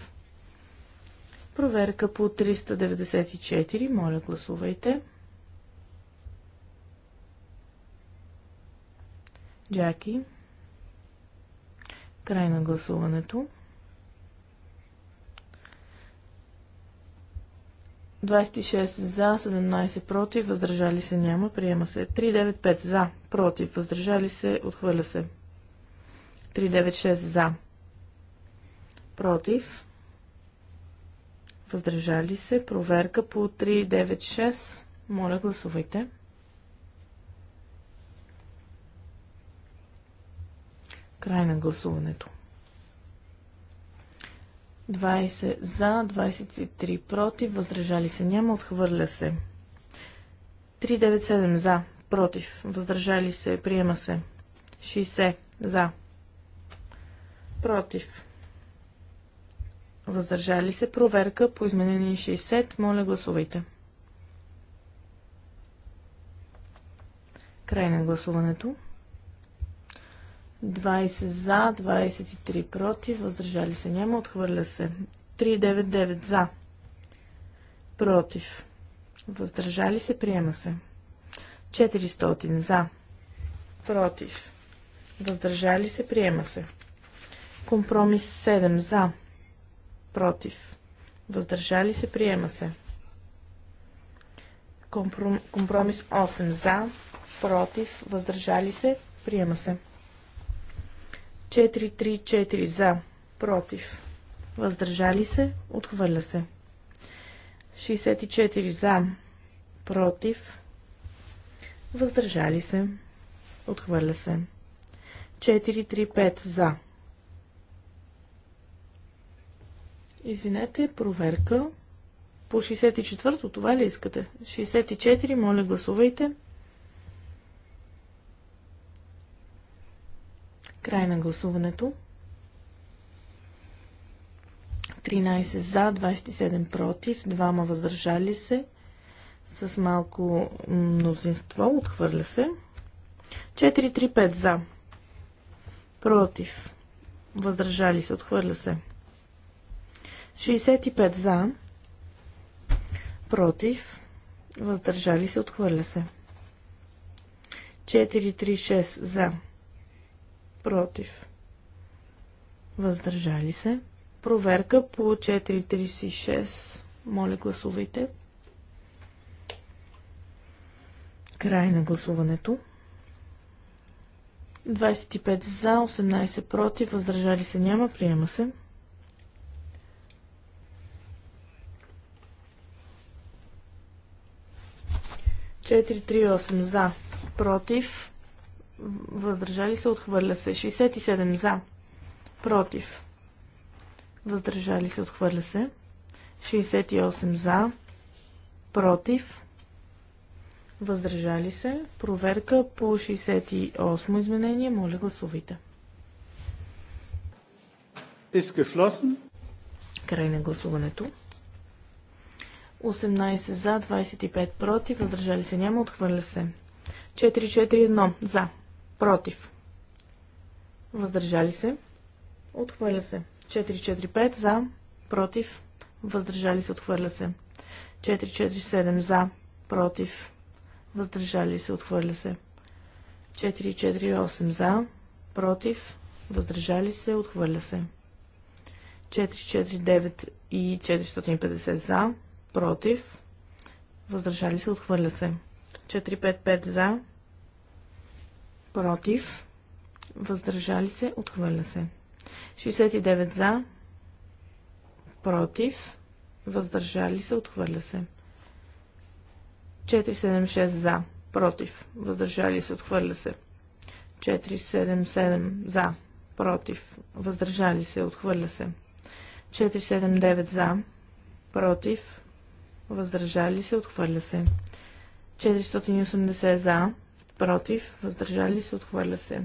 Проверка по 394. Моля, гласувайте. Джаки. Край на гласуването. 26 за, 17 против, въздържали се няма, приема се. 395 за, против, въздържали се, отхвърля се. 396 за, против, въздържали се, проверка по 396. Моля, гласувайте. Край на гласуването. 20 за, 23 против, въздържали се няма, отхвърля се. 397 за, против, въздържали се, приема се. 60 за, против, въздържали се, проверка по изменение 60, моля гласувайте. Край на гласуването. 20 за, 23 против, въздържали се няма, отхвърля се. 399 за, против, въздържали се, приема се. 400 за, против, въздържали се, приема се. Компромис 7 за, против против, въздържали се, приема се. Компромис 8 за, против, въздържали се, приема се. 4 за, против, въздържали се, отхвърля се. 64 за, против, въздържали се, отхвърля се. 435 за, Извинете, проверка. По 64-то, това ли искате? 64, моля гласувайте. Край на гласуването. 13 за, 27 против, 2 ма въздържали се. С малко мнозинство отхвърля се. 4-3-5 за. Против. Въздържали се, отхвърля се. 65 за, против, въздържали се, отхвърля се. 436 за, против, въздържали се. Проверка по 436. Моля, гласувайте. Край на гласуването. 25 за, 18 против, въздържали се няма, приема се. 438 за, против, въздържали се, отхвърля се. 67 за, против, въздържали се, отхвърля се. 68 за, против, въздържали се. Проверка по 68 изменение. Моля, гласувайте. Изгефлосен. Край на гласуването. 18 за, 25 против, въздържали се няма, отхвърля се. 4-4-1 за, против, въздържали се, отхвърля се. 4-4-5 за, против, въздържали се, отхвърля се. 4-4-7 за, против, въздържали се, отхвърля се. 4-4-8 за, против, въздържали се, отхвърля се. 4-4-9 и 450 за, против, въздържали се, отхвърля се. 455 за, против, въздържали се, отхвърля се. 69 за, против, въздържали се, отхвърля се. 476 за, против, въздържали се, отхвърля се. 477 за, против, въздържали се, отхвърля се. 479 за, против, въздържали се, отхвърля се. 480 за, против, въздържали се, отхвърля се.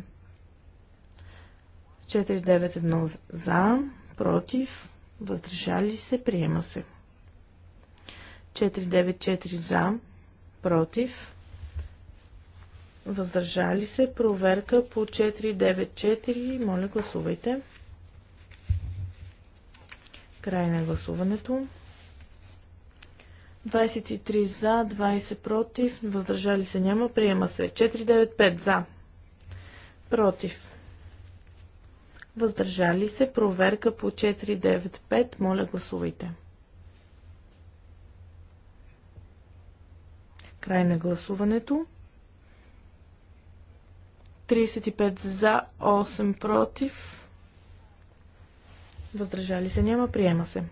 491 за, против, въздържали се, приема се. 494 за, против, въздържали се, проверка по 494, моля гласувайте. Край на гласуването. 23 за, 20 против, въздържали се няма, приема се. 495 за, против, въздържали се, проверка по 495, моля гласувайте. Край на гласуването. 35 за, 8 против, въздържали се няма, приема се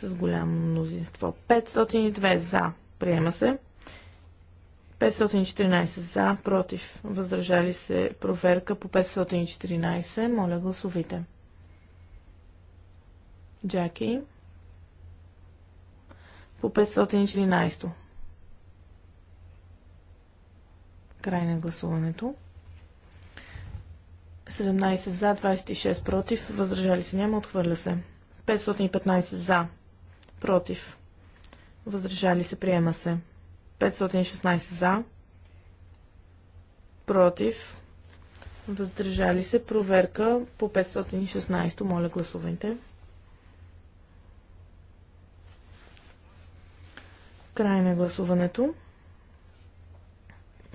с голямо мнозинство. 502 за. Приема се. 514 за, против, въздържали се проверка по 514. Моля гласовите. Джаки. По 514. Край на гласуването. 17 за, 26 против, въздържали се няма, отхвърля се. 515 за, против, въздържали се, приема се. 516 за, против, въздържали се, проверка по 516, моля гласувайте. Край на гласуването.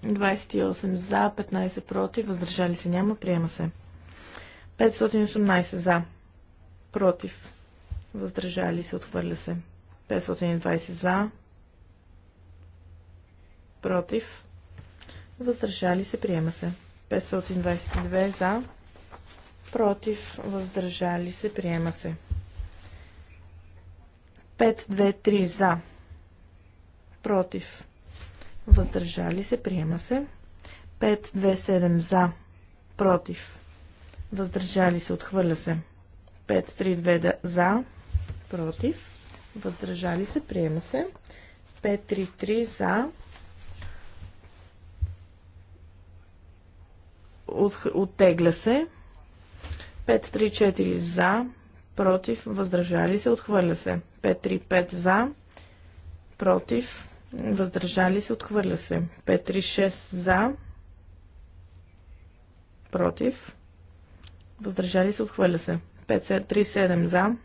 28 за, 15 против, въздържали се няма, приема се. 518 за, против, въздържали се, отхвърля се. 520 за, против, въздържали се, приема се. 522 за, против, въздържали се, приема се. 523 за, против, въздържали се, приема се. 527 за, против, въздържали се, отхвърля се. 532 за, против, въздържали се, приема се. 533 за. оттегля се. 534 за, против, въздържали се, отхвърля се. 535 за, против, въздържали се, отхвърля се. 536 за, против, въздържали се, отхвърля се. 537 за,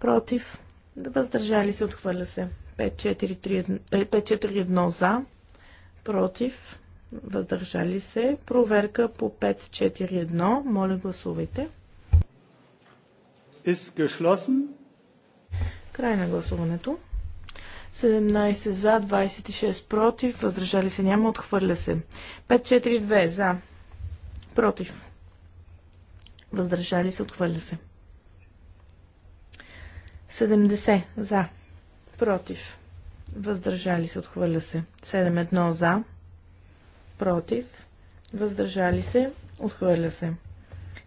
против, въздържали се, отхвърля се. 5-4-1 е, за, против, въздържали се. Проверка по 5-4-1. Моля, гласувайте. Край на гласуването. 17 за, 26 против, въздържали се няма, отхвърля се. 5-4-2 за, против, въздържали се, отхвърля се. 70 за. Против. Въздържали се. Отхвърля се. 7-1 за. Против. Въздържали се. Отхвърля се.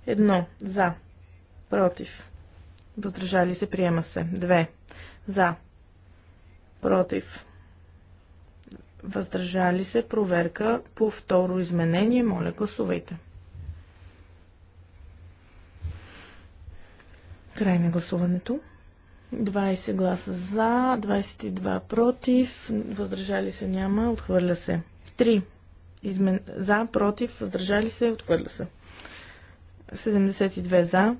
1 за. Против. Въздържали се. Приема се. 2 за. Против. Въздържали се. Проверка по второ изменение. Моля, гласувайте. Край на гласуването. 20 гласа за, 22 против, въздържали се няма, отхвърля се. 3 измен... за, против, въздържали се, отхвърля се. 72 за.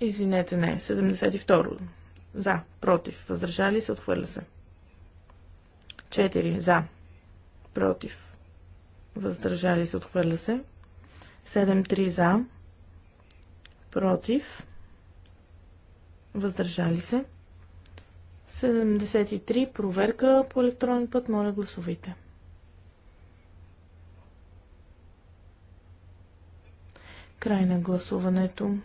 Извинете, не. 72 за, против, въздържали се, отхвърля се. 4 за, против, въздържали се, отхвърля се. 7-3 за, против, въздържали се. 73. Проверка по електронен път. Моля гласовите. Край на гласуването.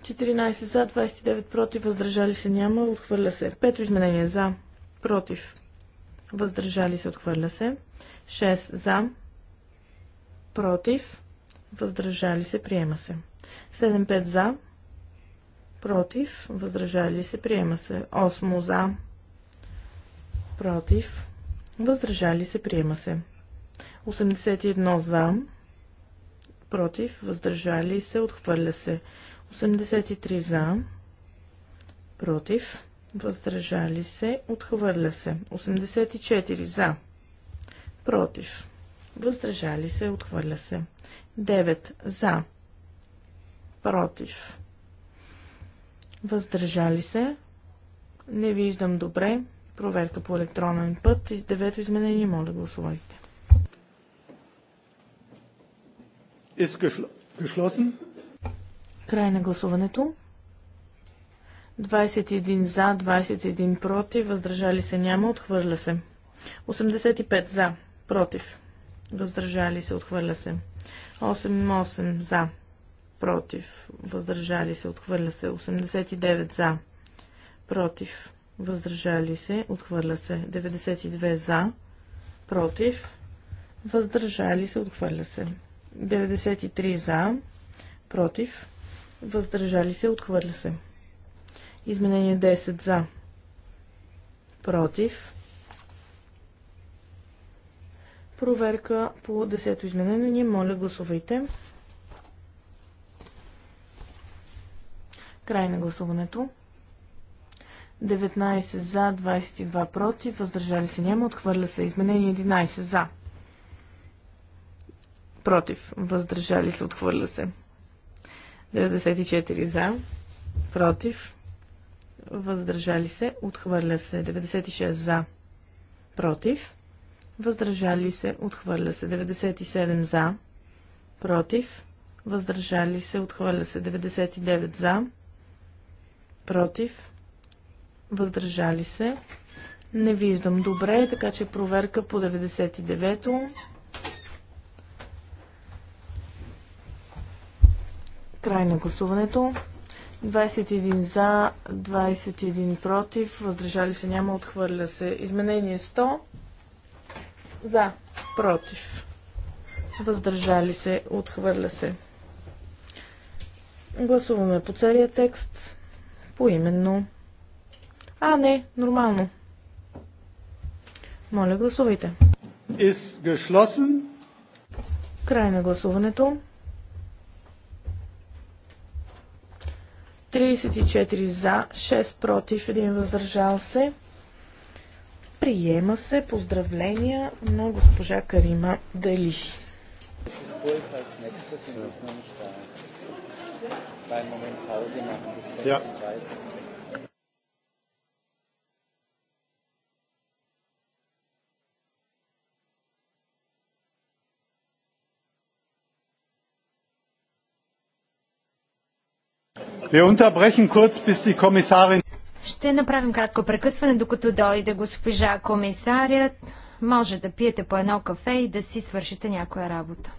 14 за, 29 против, въздържали се няма, отхвърля се. Пето изменение за, против, въздържали се, отхвърля се. 6 за, против, въздържали се, приема се. 7-5 за, против, въздържали се, приема се. 8 за, против, въздържали се, приема се. 81 за, против, въздържали се, отхвърля се. 83 за, против, въздържали се, отхвърля се. 84 за, против, въздържали се, отхвърля се. 9 за, против, въздържали се, не виждам добре, проверка по електронен път, девето изменение, моля да гласувайте. Край на гласуването. 21 за, 21 против, въздържали се няма, отхвърля се. 85 за, против, въздържали се, отхвърля се. 8-8 за, против, въздържали се, отхвърля се. 89 за, против, въздържали се, отхвърля се. 92 за, против, въздържали се, отхвърля се. 93 за, против, въздържали се, отхвърля се. Изменение 10 за, против. Проверка по 10 изменение. Моля, гласувайте. Край на гласуването. 19 за, 22 против, въздържали се няма, отхвърля се изменение 11 за. Против, въздържали се, отхвърля се. 94 за, против, въздържали се, отхвърля се. 96 за, против, въздържали се, отхвърля се. 97 за, против, въздържали се, отхвърля се. 99 за, против, въздържали се. Не виждам добре, така че проверка по 99-то. Край на гласуването. 21 за, 21 против, въздържали се няма, отхвърля се. Изменение 100. За, против, въздържали се, отхвърля се. Гласуваме по целия текст поименно. А, не, нормално. Моля, гласувайте. Край на гласуването. 34 за, 6 против, 1 въздържал се. Приема се поздравления на госпожа Карима Дали kleinen Moment Pause machen bis 16.30 Uhr. Wir unterbrechen kurz, bis die Kommissarin. Ще направим кратко прекъсване, докато дойде госпожа комисарият. Може да пиете по едно кафе и да си свършите някоя работа.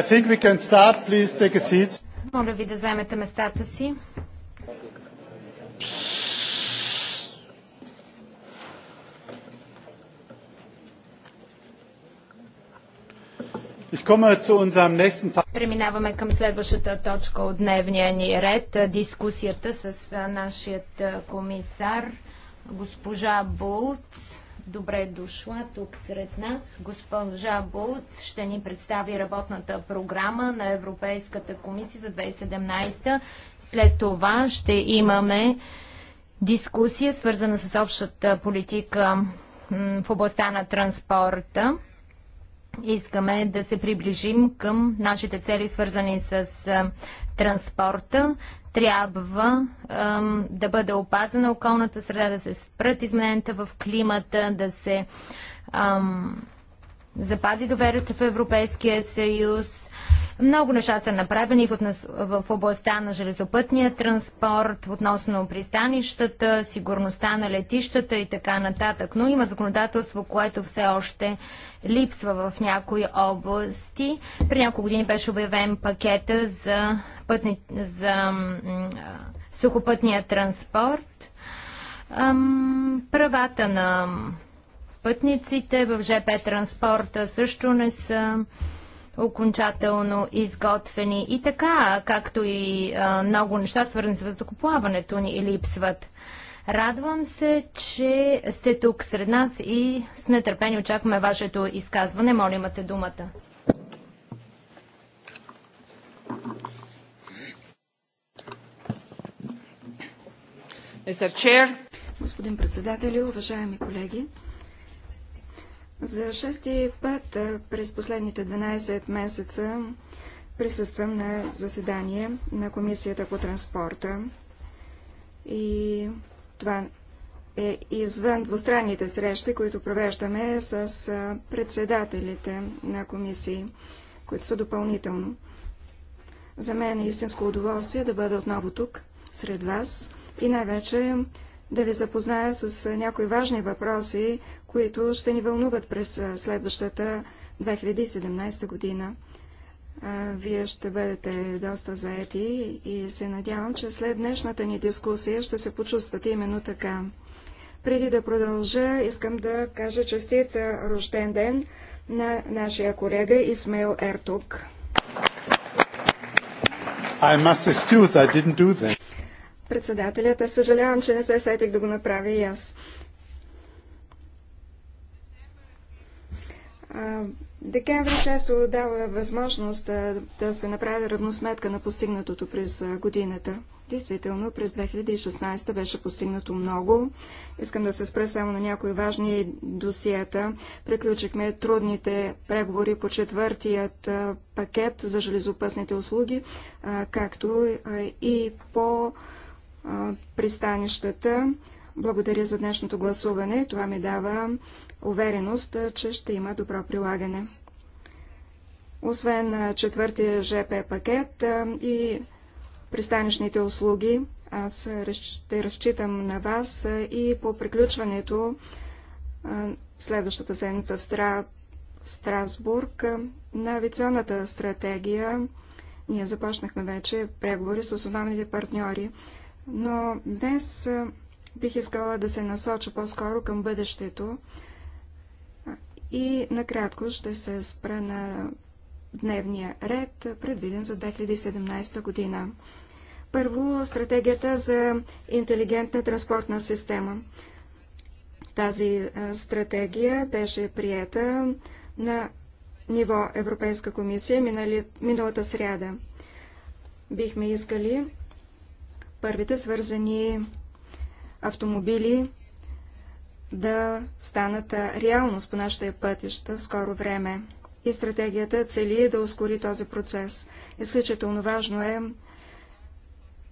I think we can start. Please take a seat. Моля ви да заемете местата си. Преминаваме към следващата точка от дневния ни ред дискусията с нашият комисар госпожа Булц. Добре дошла тук сред нас. Госпожа Булц ще ни представи работната програма на Европейската комисия за 2017. След това ще имаме дискусия, свързана с общата политика в областта на транспорта. Искаме да се приближим към нашите цели, свързани с транспорта. Трябва ем, да бъде опазена околната среда, да се спрат измененията в климата, да се ем, запази доверието в Европейския съюз. Много неща са направени в областта на железопътния транспорт, относно пристанищата, сигурността на летищата и така нататък. Но има законодателство, което все още липсва в някои области. При няколко години беше обявен пакета за, пътни, за сухопътния транспорт. Правата на пътниците. В ЖП транспорта също не са окончателно изготвени и така, както и а, много неща, свързани с въздухоплаването ни, липсват. Радвам се, че сте тук сред нас и с нетърпение очакваме вашето изказване. Моля, имате думата. Господин председател, уважаеми колеги, за шести път през последните 12 месеца присъствам на заседание на Комисията по транспорта и това е извън двустранните срещи, които провеждаме с председателите на комисии, които са допълнително. За мен е истинско удоволствие да бъда отново тук, сред вас и най-вече да ви запозная с някои важни въпроси, които ще ни вълнуват през следващата 2017 година. Вие ще бъдете доста заети и се надявам, че след днешната ни дискусия ще се почувствате именно така. Преди да продължа, искам да кажа честит рожден ден на нашия колега Исмаил Ертук. I must excuse, I didn't do that. Аз съжалявам, че не се сетих да го направя и аз. Декември често дава възможност да, да се направи равносметка на постигнатото през годината. Действително, през 2016 беше постигнато много. Искам да се спра само на някои важни досиета. Приключихме трудните преговори по четвъртият пакет за железопасните услуги, както и по пристанищата. Благодаря за днешното гласуване. Това ми дава увереност, че ще има добро прилагане. Освен четвъртия ЖП пакет и пристанищните услуги, аз ще разчитам на вас и по приключването следващата седмица в Стра... Страсбург на авиационната стратегия. Ние започнахме вече преговори с основните партньори но днес бих искала да се насоча по-скоро към бъдещето и накратко ще се спра на дневния ред, предвиден за 2017 година. Първо, стратегията за интелигентна транспортна система. Тази стратегия беше приета на ниво Европейска комисия миналата сряда. Бихме искали първите свързани автомобили да станат реалност по нашите пътища в скоро време. И стратегията цели да ускори този процес. Изключително важно е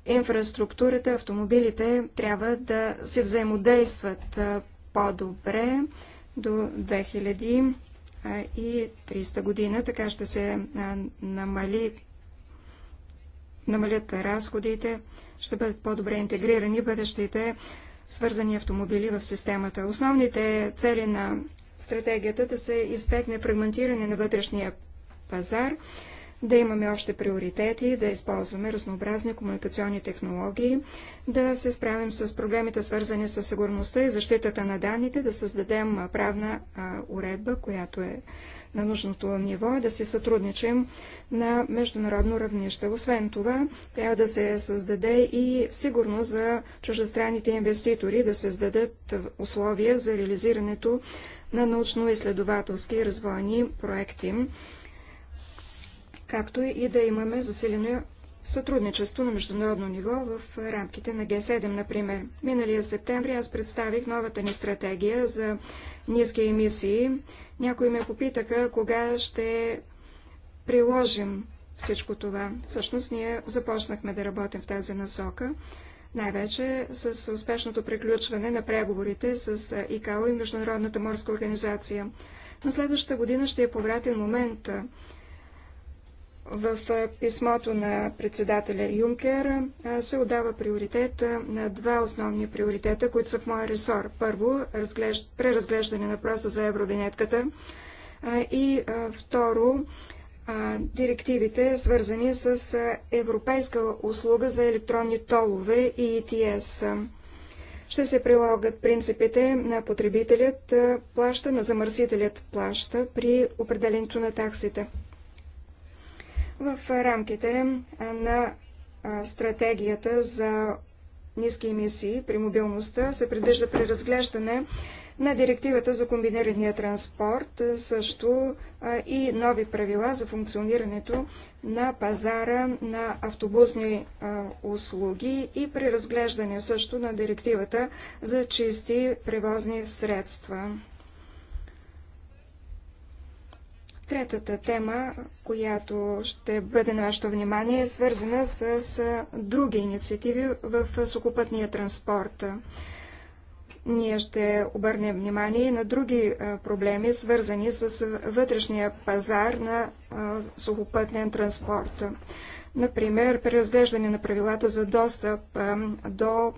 инфраструктурата, автомобилите трябва да се взаимодействат по-добре до 2300 година. Така ще се намали, намалят разходите ще бъдат по-добре интегрирани бъдещите свързани автомобили в системата. Основните цели на стратегията да се избегне фрагментиране на вътрешния пазар, да имаме още приоритети, да използваме разнообразни комуникационни технологии, да се справим с проблемите свързани с сигурността и защитата на данните, да създадем правна а, уредба, която е на нужното ниво и е да си сътрудничим на международно равнище. Освен това, трябва да се създаде и сигурно за чуждестранните инвеститори, да се създадат условия за реализирането на научно-изследователски и развойни проекти, както и да имаме засилено сътрудничество на международно ниво в рамките на Г7, например. Миналия септември аз представих новата ни стратегия за ниски емисии някои ме попитаха кога ще приложим всичко това. Всъщност ние започнахме да работим в тази насока, най-вече с успешното приключване на преговорите с ИКАО и Международната морска организация. На следващата година ще е повратен момент, в писмото на председателя Юнкер се отдава приоритет на два основни приоритета, които са в моя ресор. Първо, разглеж... преразглеждане на проса за евровинетката и второ, директивите, свързани с Европейска услуга за електронни толове и ETS. Ще се прилагат принципите на потребителят плаща, на замърсителят плаща при определенето на таксите в рамките на стратегията за ниски емисии при мобилността се предвижда преразглеждане на директивата за комбинирания транспорт, също и нови правила за функционирането на пазара на автобусни услуги и преразглеждане също на директивата за чисти превозни средства. Третата тема, която ще бъде на вашето внимание, е свързана с, с други инициативи в сухопътния транспорт. Ние ще обърнем внимание на други проблеми, свързани с вътрешния пазар на сухопътния транспорт. Например, преразглеждане на правилата за достъп до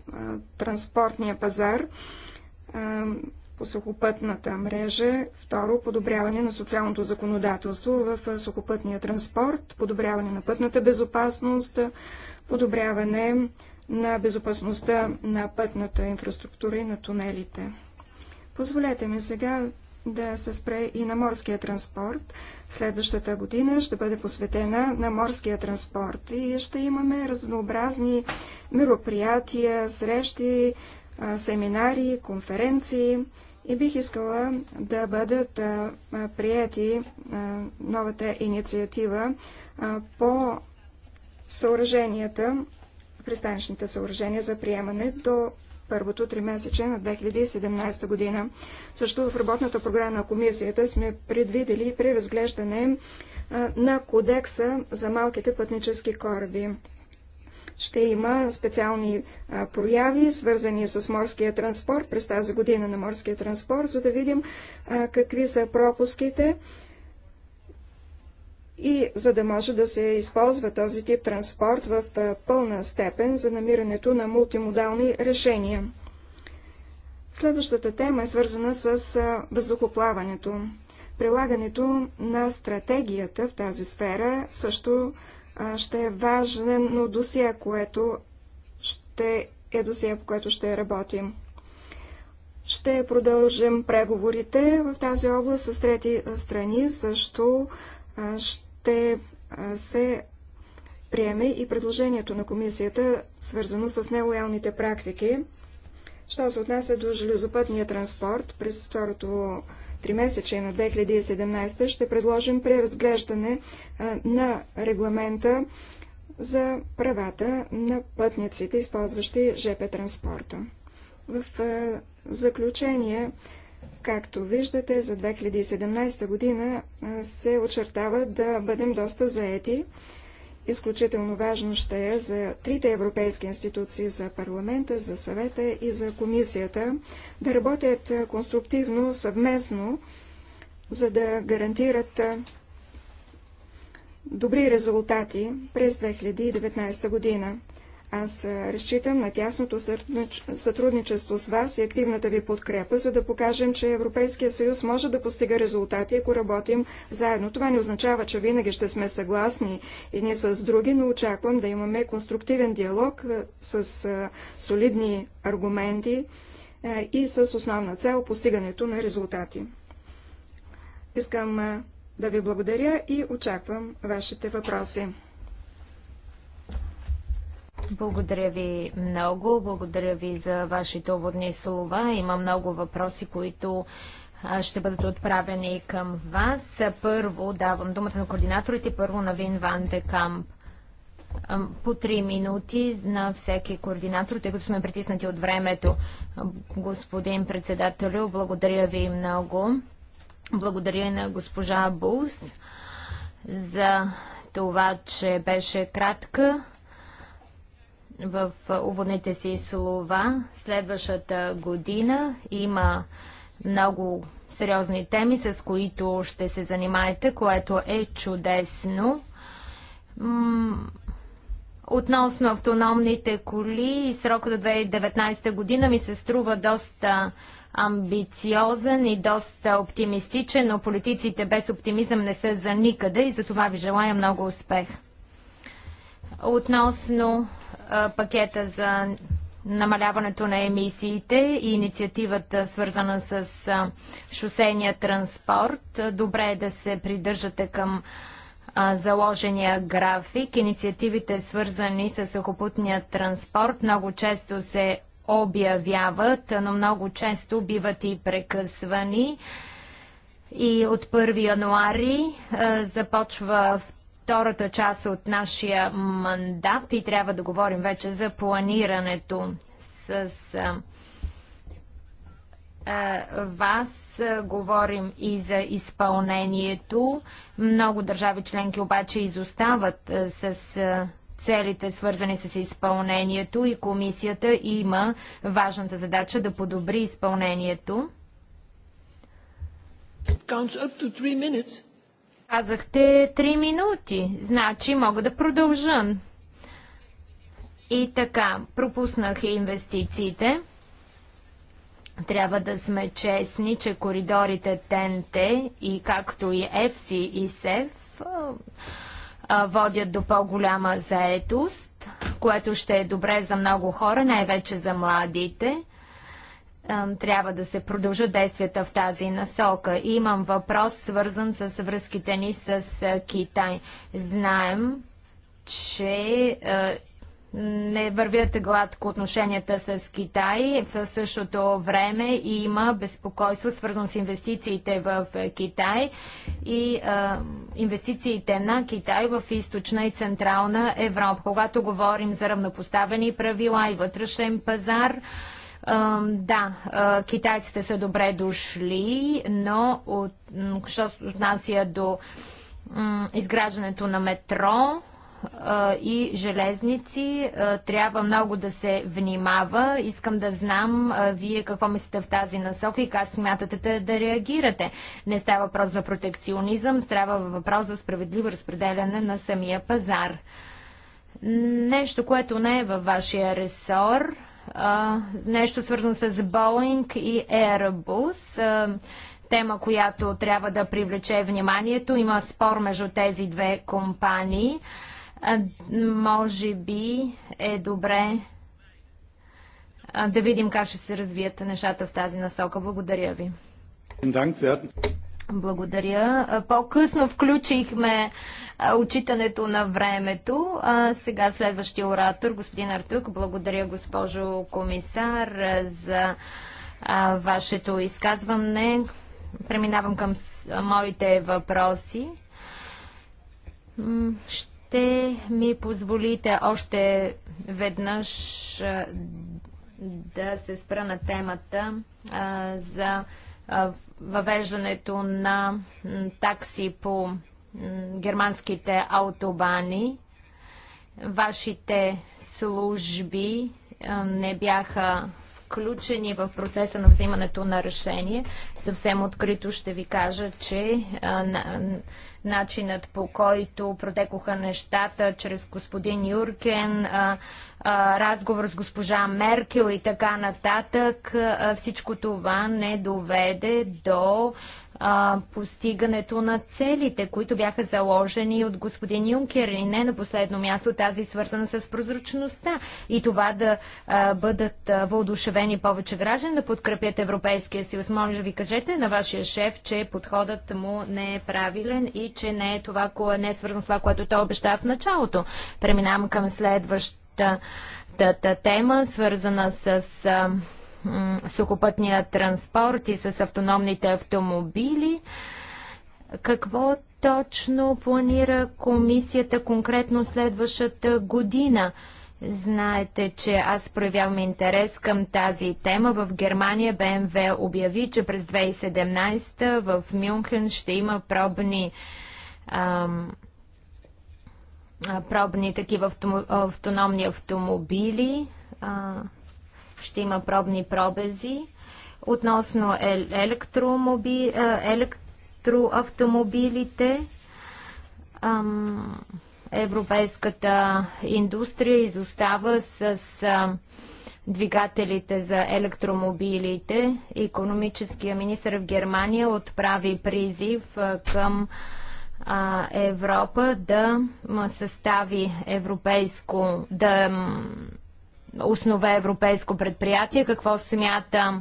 транспортния пазар, по сухопътната мрежа. Второ, подобряване на социалното законодателство в сухопътния транспорт, подобряване на пътната безопасност, подобряване на безопасността на пътната инфраструктура и на тунелите. Позволете ми сега да се спре и на морския транспорт. Следващата година ще бъде посветена на морския транспорт и ще имаме разнообразни мероприятия, срещи, семинари, конференции и бих искала да бъдат прияти новата инициатива по съоръженията, пристанищните съоръжения за приемане до първото три месече на 2017 година. Също в работната програма на комисията сме предвидели при разглеждане на кодекса за малките пътнически кораби ще има специални а, прояви, свързани с морския транспорт през тази година на морския транспорт, за да видим а, какви са пропуските и за да може да се използва този тип транспорт в а, пълна степен за намирането на мултимодални решения. Следващата тема е свързана с въздухоплаването. Прилагането на стратегията в тази сфера също ще е важно досие, което ще е досие, по което ще работим. Ще продължим преговорите в тази област с трети страни. Също ще се приеме и предложението на комисията, свързано с нелоялните практики. Що се отнася до железопътния транспорт, през второто тримесечие на 2017 ще предложим преразглеждане на регламента за правата на пътниците, използващи ЖП транспорта. В заключение, както виждате, за 2017 година се очертава да бъдем доста заети. Изключително важно ще е за трите европейски институции, за парламента, за съвета и за комисията, да работят конструктивно, съвместно, за да гарантират добри резултати през 2019 година. Аз разчитам на тясното сътрудничество с вас и активната ви подкрепа, за да покажем, че Европейския съюз може да постига резултати, ако работим заедно. Това не означава, че винаги ще сме съгласни едни с други, но очаквам да имаме конструктивен диалог с солидни аргументи и с основна цел постигането на резултати. Искам да ви благодаря и очаквам вашите въпроси. Благодаря ви много. Благодаря ви за вашите уводни слова. Има много въпроси, които ще бъдат отправени към вас. Първо давам думата на координаторите, първо на Вин Ван де Камп. По три минути на всеки координатор, тъй като сме притиснати от времето. Господин председателю, благодаря ви много. Благодаря на госпожа Булс за това, че беше кратка в уводните си слова. Следващата година има много сериозни теми, с които ще се занимаете, което е чудесно. Относно автономните коли и срока до 2019 година ми се струва доста амбициозен и доста оптимистичен, но политиците без оптимизъм не са за никъде и за това ви желая много успех. Относно пакета за намаляването на емисиите и инициативата свързана с шосения транспорт. Добре е да се придържате към заложения график. Инициативите свързани с сухопутния транспорт много често се обявяват, но много често биват и прекъсвани. И от 1 януари започва втората втората част от нашия мандат и трябва да говорим вече за планирането с вас. Говорим и за изпълнението. Много държави членки обаче изостават с целите, свързани с изпълнението и комисията има важната задача да подобри изпълнението. Counts up to three minutes. Казахте 3 минути, значи мога да продължа. И така, пропуснах инвестициите. Трябва да сме честни, че коридорите ТНТ и както и ЕФСИ и СЕФ водят до по-голяма заетост, което ще е добре за много хора, най-вече за младите трябва да се продължат действията в тази насока. имам въпрос, свързан с връзките ни с Китай. Знаем, че не вървят гладко отношенията с Китай. В същото време има безпокойство, свързано с инвестициите в Китай и а, инвестициите на Китай в източна и централна Европа. Когато говорим за равнопоставени правила и вътрешен пазар, а, да, китайците са добре дошли, но от, що се отнася до изграждането на метро и железници, трябва много да се внимава. Искам да знам вие какво мислите в тази насока и как смятате да реагирате. Не става въпрос за протекционизъм, става въпрос за справедливо разпределяне на самия пазар. Нещо, което не е във вашия ресор – а, нещо свързано с Боинг и Airbus. А, тема, която трябва да привлече вниманието. Има спор между тези две компании. А, може би е добре да видим как ще се развият нещата в тази насока. Благодаря ви. Благодаря. По-късно включихме отчитането на времето. сега следващия оратор, господин Артук. Благодаря, госпожо комисар, за вашето изказване. Преминавам към моите въпроси. Ще ми позволите още веднъж да се спра на темата за въвеждането на такси по германските автобани. Вашите служби не бяха включени в процеса на взимането на решение. Съвсем открито ще ви кажа, че начинът по който протекоха нещата чрез господин Юркен, а, разговор с госпожа Меркел и така нататък. всичко това не доведе до постигането на целите, които бяха заложени от господин Юнкер и не на последно място тази свързана с прозрачността и това да а, бъдат въодушевени повече граждани да подкрепят Европейския съюз. Може да ви кажете на вашия шеф, че подходът му не е правилен и че не е, това, кое, не е свързано с това, което той обещава в началото. Преминавам към следващ тема, свързана с сухопътния транспорт и с автономните автомобили. Какво точно планира комисията конкретно следващата година? Знаете, че аз проявявам интерес към тази тема. В Германия БМВ обяви, че през 2017 в Мюнхен ще има пробни ам, пробни такива автономни автомобили, ще има пробни пробези. Относно електроавтомобилите, европейската индустрия изостава с двигателите за електромобилите. Економическия министр в Германия отправи призив към Европа да състави европейско, да основе европейско предприятие. Какво смята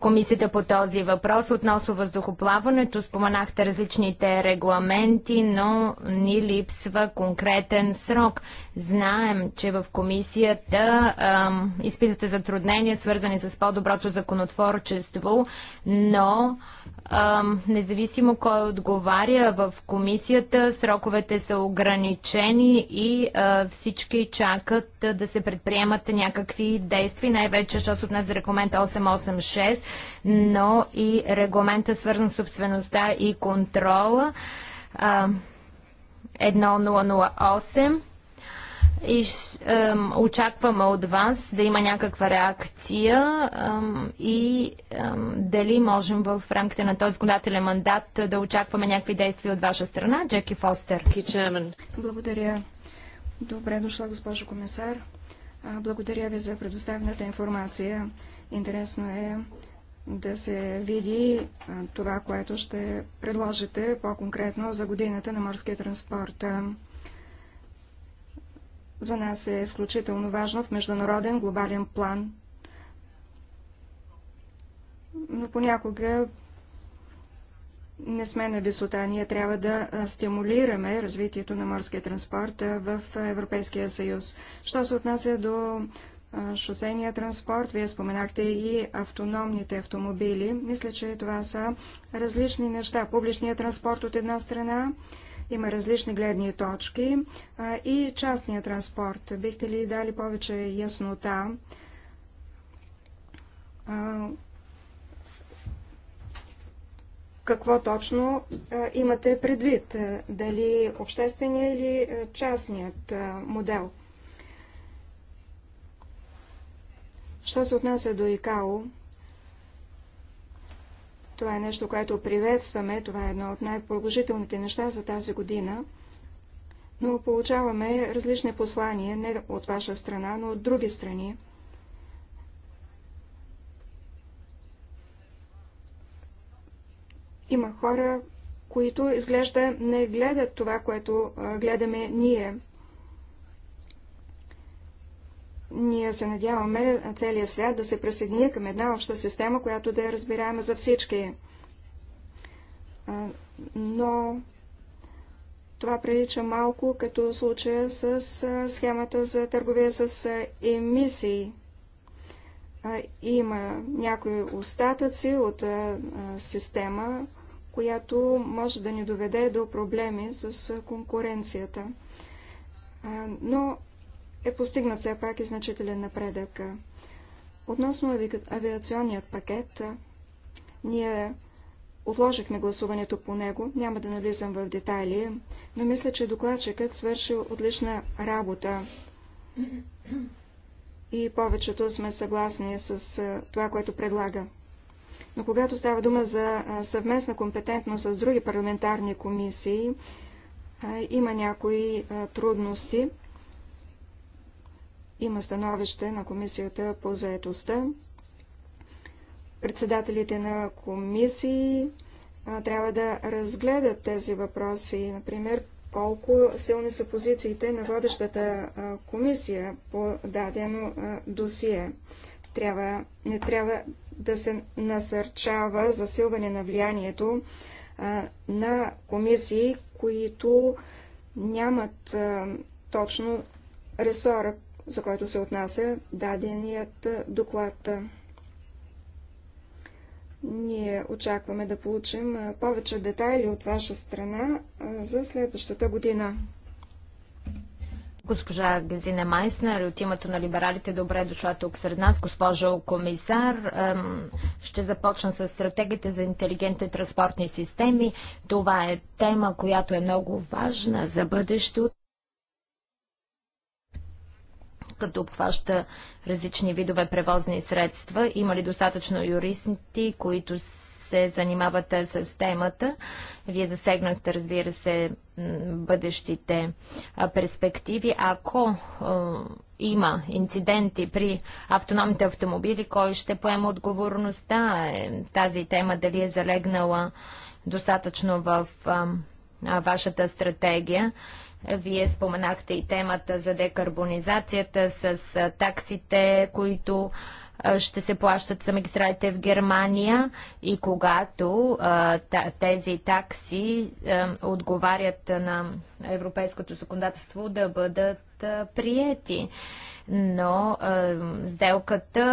комисията по този въпрос относно въздухоплаването? Споменахте различните регламенти, но ни липсва конкретен срок. Знаем, че в комисията а, изпитате затруднения, свързани с по-доброто законотворчество, но независимо кой отговаря в комисията, сроковете са ограничени и всички чакат да се предприемат някакви действия, най-вече, защото от нас за регламент 886, но и регламента свързан с собствеността и контрола 1008. И ем, очакваме от вас да има някаква реакция ем, и ем, дали можем в рамките на този законодателен мандат да очакваме някакви действия от ваша страна. Джеки Фостер. Благодаря. Добре дошла, госпожо комисар. Благодаря ви за предоставената информация. Интересно е да се види това, което ще предложите по-конкретно за годината на морския транспорт за нас е изключително важно в международен глобален план. Но понякога не сме на висота. Ние трябва да стимулираме развитието на морския транспорт в Европейския съюз. Що се отнася до шосейния транспорт, вие споменахте и автономните автомобили. Мисля, че това са различни неща. Публичният транспорт от една страна има различни гледни точки и частния транспорт. Бихте ли дали повече яснота? какво точно имате предвид? Дали обществения или частният модел? Що се отнася до ИКАО, това е нещо, което приветстваме. Това е едно от най-положителните неща за тази година. Но получаваме различни послания, не от ваша страна, но от други страни. Има хора, които изглежда не гледат това, което гледаме ние. Ние се надяваме целият свят да се присъедини към една обща система, която да е разбираема за всички. Но това прилича малко като случая с схемата за търговия с емисии. Има някои остатъци от система, която може да ни доведе до проблеми с конкуренцията. Но е постигнат все пак и значителен напредък. Относно авиационният пакет, ние отложихме гласуването по него, няма да навлизам в детайли, но мисля, че докладчикът свърши отлична работа и повечето сме съгласни с това, което предлага. Но когато става дума за съвместна компетентност с други парламентарни комисии, има някои трудности. Има становище на Комисията по заедостта. Председателите на комисии а, трябва да разгледат тези въпроси. Например, колко силни са позициите на водещата а, комисия по дадено а, досие. Трябва, не трябва да се насърчава засилване на влиянието на комисии, които нямат точно ресора, за който се отнася даденият доклад. Ние очакваме да получим повече детайли от ваша страна за следващата година. Госпожа Газина Майснер от името на либералите добре дошла тук сред нас. Госпожо комисар, ще започна с стратегията за интелигентни транспортни системи. Това е тема, която е много важна за бъдещето като обхваща различни видове превозни средства. Има ли достатъчно юристи, които се занимават с темата? Вие засегнахте, разбира се, бъдещите перспективи. Ако има инциденти при автономните автомобили, кой ще поема отговорността? Е, тази тема дали е залегнала достатъчно в вашата стратегия? Вие споменахте и темата за декарбонизацията с таксите, които ще се плащат за магистралите в Германия и когато тези такси отговарят на европейското законодателство да бъдат приети но е, сделката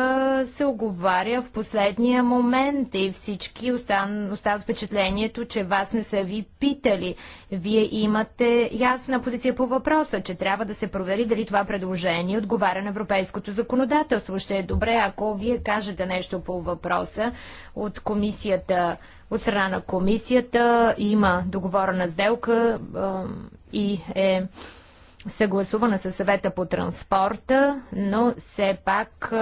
се оговаря в последния момент и всички остан, остават впечатлението, че вас не са ви питали. Вие имате ясна позиция по въпроса, че трябва да се провери дали това предложение отговаря на европейското законодателство. Ще е добре, ако вие кажете нещо по въпроса от комисията от страна на комисията има договорена сделка е, и е съгласувана със съвета по транспорта, но все пак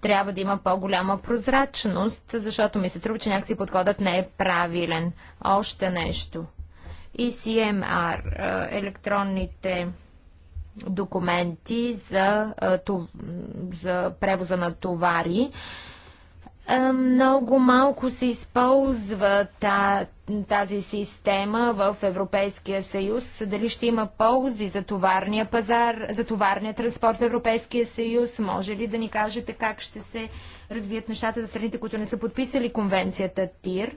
трябва да има по-голяма прозрачност, защото ми се трудва, че някакси подходът не е правилен. Още нещо. ECMR, електронните документи за, за превоза на товари. Е, много малко се използва тази система в Европейския съюз. Дали ще има ползи за товарния пазар, за товарния транспорт в Европейския съюз? Може ли да ни кажете как ще се развият нещата за страните, които не са подписали конвенцията ТИР?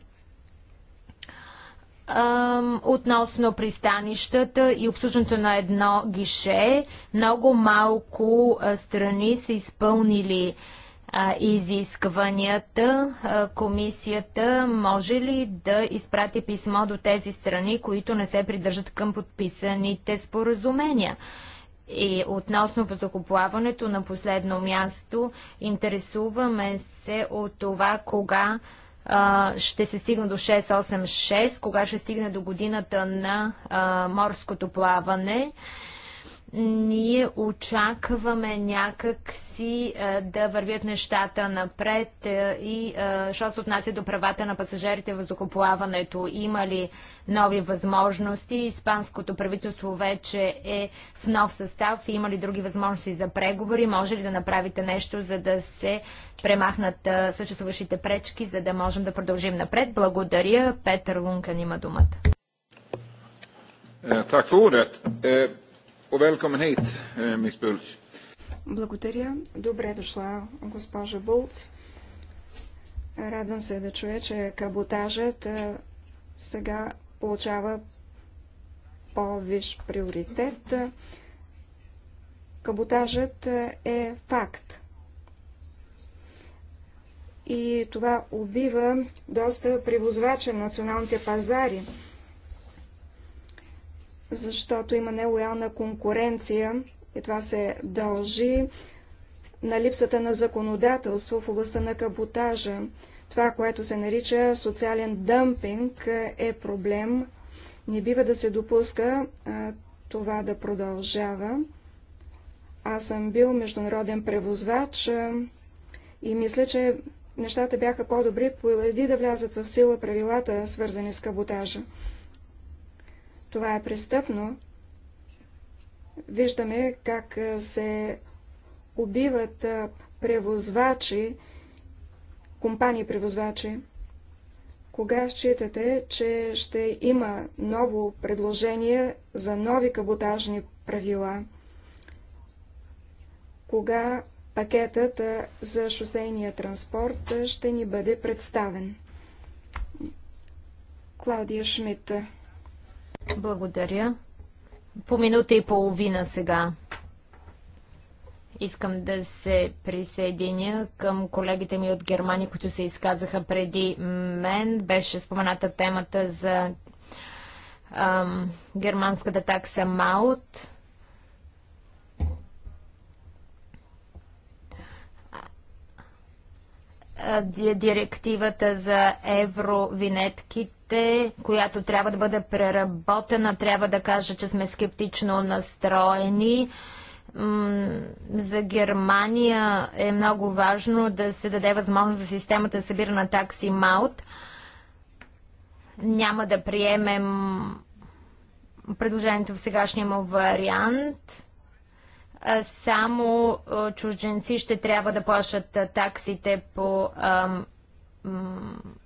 относно пристанищата и обслужването на едно гише. Много малко страни са изпълнили изискванията, комисията може ли да изпрати писмо до тези страни, които не се придържат към подписаните споразумения? И относно въздухоплаването на последно място, интересуваме се от това кога а, ще се стигне до 686, кога ще стигне до годината на а, морското плаване. А, ние очакваме някак си е, да вървят нещата напред е, и е, що се отнася до правата на пасажирите в въздухоплаването, има ли нови възможности? Испанското правителство вече е в нов състав. Има ли други възможности за преговори? Може ли да направите нещо, за да се премахнат съществуващите пречки, за да можем да продължим напред? Благодаря. Петър Лункан има думата. Tack för Welcome hit, eh, Благодаря. Добре дошла, госпожа Булц. Радвам се да чуя, че каботажът е, сега получава по-виш приоритет. Каботажът е, е факт. И това убива доста привозвача националните пазари защото има нелоялна конкуренция и това се дължи на липсата на законодателство в областта на каботажа. Това, което се нарича социален дъмпинг, е проблем. Не бива да се допуска а, това да продължава. Аз съм бил международен превозвач а, и мисля, че нещата бяха по-добри, поеди да влязат в сила правилата, свързани с каботажа. Това е престъпно. Виждаме как се убиват превозвачи, компании-превозвачи. Кога считате, че ще има ново предложение за нови каботажни правила? Кога пакетът за шосейния транспорт ще ни бъде представен? Клаудия Шмидт благодаря. По минута и половина сега. Искам да се присъединя към колегите ми от Германия, които се изказаха преди мен. Беше спомената темата за ам, германската такса Маут. Директивата за евровинетките още, която трябва да бъде преработена. Трябва да кажа, че сме скептично настроени. За Германия е много важно да се даде възможност за системата да събира на такси Маут. Няма да приемем предложението в сегашния му вариант само чужденци ще трябва да плащат таксите по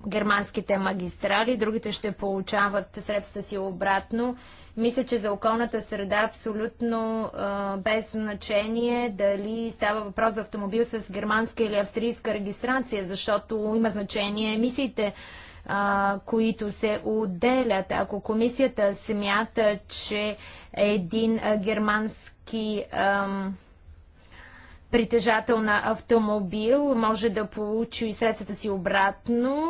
германските магистрали, другите ще получават средства си обратно. Мисля, че за околната среда абсолютно а, без значение дали става въпрос за автомобил с германска или австрийска регистрация, защото има значение емисиите, а, които се отделят. Ако комисията смята, че един а, германски ам, притежател на автомобил може да получи средствата си обратно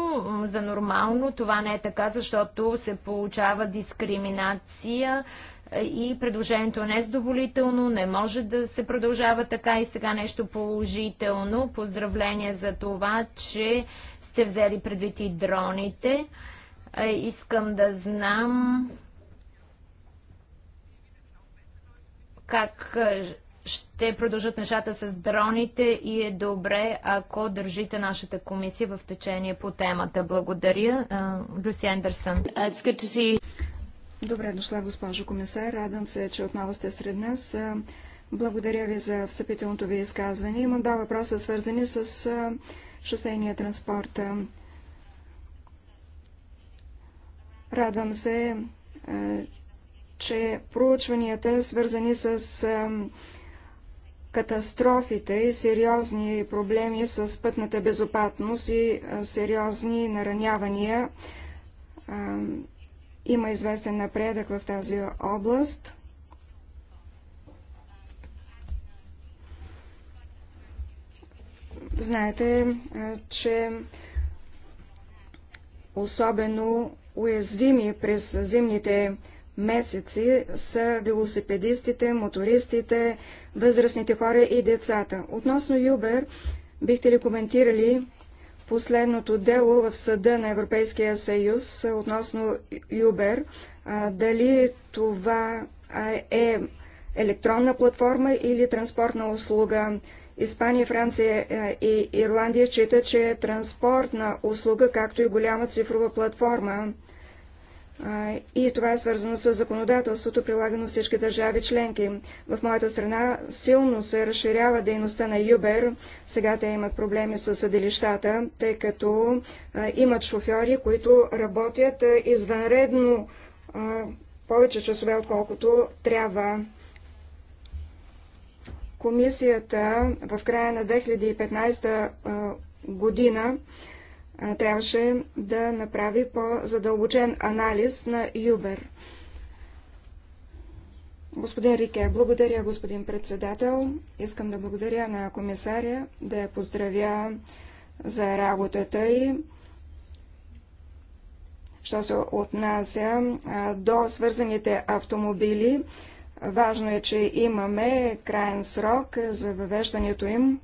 за нормално. Това не е така, защото се получава дискриминация е, и предложението не е задоволително, не може да се продължава така и сега нещо положително. Поздравление за това, че сте взели предвид и дроните. Е, искам да знам как е, ще продължат нещата с дроните и е добре, ако държите нашата комисия в течение по темата. Благодаря. Люси Андерсън. Uh, добре дошла, госпожо комисар. Радвам се, че отново сте сред нас. Благодаря ви за встъпителното ви изказване. Имам два въпроса, свързани с шосейния транспорт. Радвам се, че проучванията, свързани с катастрофите и сериозни проблеми с пътната безопасност и сериозни наранявания. Има известен напредък в тази област. Знаете, че особено уязвими през зимните месеци са велосипедистите, мотористите, възрастните хора и децата. Относно Юбер, бихте ли коментирали последното дело в съда на Европейския съюз относно Юбер? дали това е електронна платформа или транспортна услуга? Испания, Франция и Ирландия читат, че е транспортна услуга, както и голяма цифрова платформа и това е свързано с законодателството, прилагано всички държави членки. В моята страна силно се разширява дейността на Юбер. Сега те имат проблеми с съдилищата, тъй като имат шофьори, които работят извънредно повече часове, отколкото трябва. Комисията в края на 2015 година трябваше да направи по-задълбочен анализ на Юбер. Господин Рике, благодаря, господин председател. Искам да благодаря на комисаря, да я поздравя за работата и що се отнася до свързаните автомобили. Важно е, че имаме крайен срок за въвеждането им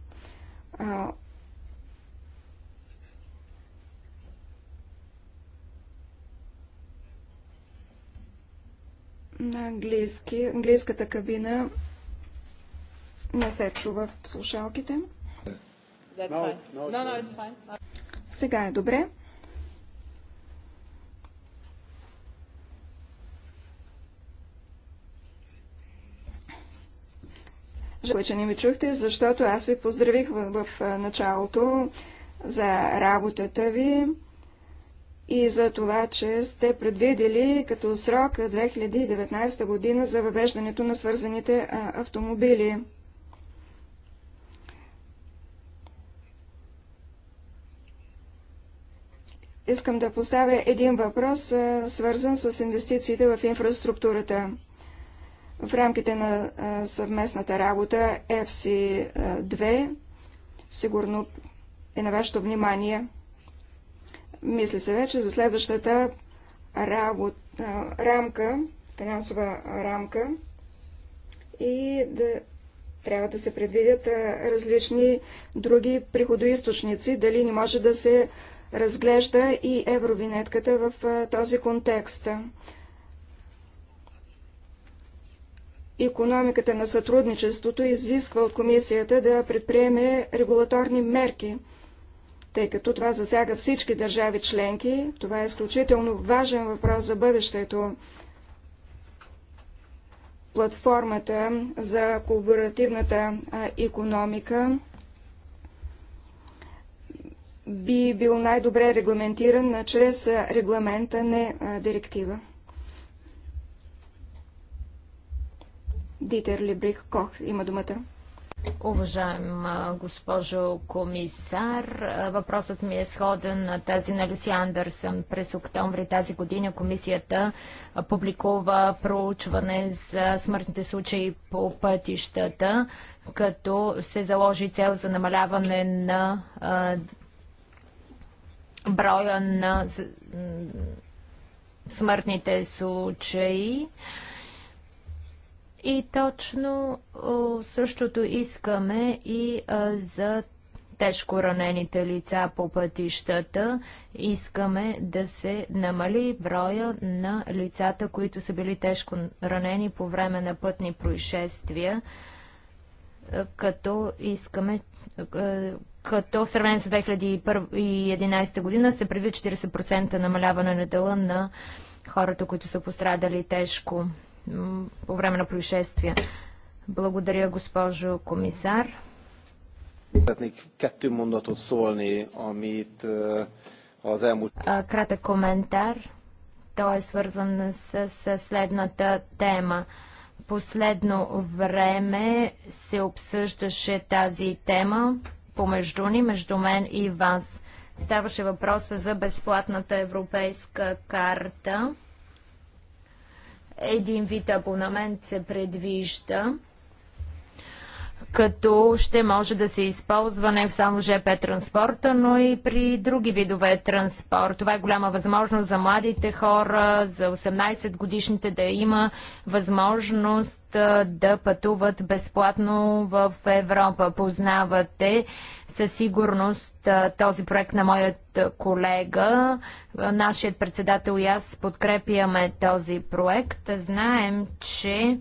на английски. Английската кабина не се чува в слушалките. Сега е добре. Жалко, че не ми чухте, защото аз ви поздравих в, в началото за работата ви и за това, че сте предвидели като срок 2019 година за въвеждането на свързаните автомобили. Искам да поставя един въпрос, свързан с инвестициите в инфраструктурата. В рамките на съвместната работа FC2 сигурно е на вашето внимание – Мисли се вече за следващата работа, рамка, финансова рамка и да трябва да се предвидят различни други приходоисточници, дали не може да се разглежда и евровинетката в този контекст. Економиката на сътрудничеството изисква от комисията да предприеме регулаторни мерки – тъй като това засяга всички държави членки. Това е изключително важен въпрос за бъдещето. Платформата за колаборативната економика би бил най-добре регламентиран чрез регламента, не директива. Дитер Либрих Кох има думата. Уважаема госпожо комисар, въпросът ми е сходен на тази на Люси Андърсън. През октомври тази година комисията публикува проучване за смъртните случаи по пътищата, като се заложи цел за намаляване на а, броя на смъртните случаи. А, и точно същото искаме и а, за тежко ранените лица по пътищата. Искаме да се намали броя на лицата, които са били тежко ранени по време на пътни происшествия, като искаме като в сравнение с 2011 година се предвид 40% намаляване на дела на хората, които са пострадали тежко по време на происшествия. Благодаря, госпожо комисар. Э, кратък коментар. Той е свързан с, следната тема. Последно време се обсъждаше тази тема помежду ни, между мен и вас. Ставаше въпроса за безплатната европейска карта. Един вид абонамент се предвижда като ще може да се използва не само ЖП транспорта, но и при други видове транспорт. Това е голяма възможност за младите хора, за 18 годишните да има възможност да пътуват безплатно в Европа. Познавате със сигурност този проект на моят колега. Нашият председател и аз подкрепяме този проект. Знаем, че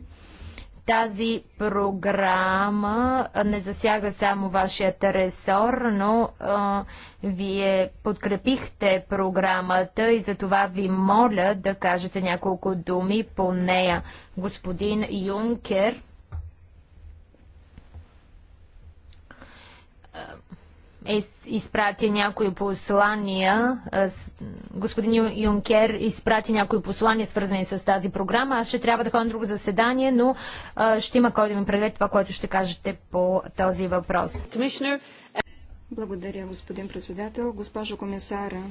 тази програма не засяга само вашият ресор, но а, вие подкрепихте програмата и за това ви моля да кажете няколко думи по нея. Господин Юнкер е изпрати някои послания. Господин Юнкер изпрати някои послания, свързани с тази програма. Аз ще трябва да ходя на друго заседание, но ще има кой да ми предвид това, което ще кажете по този въпрос. Е- Благодаря, господин председател. Госпожо комисара,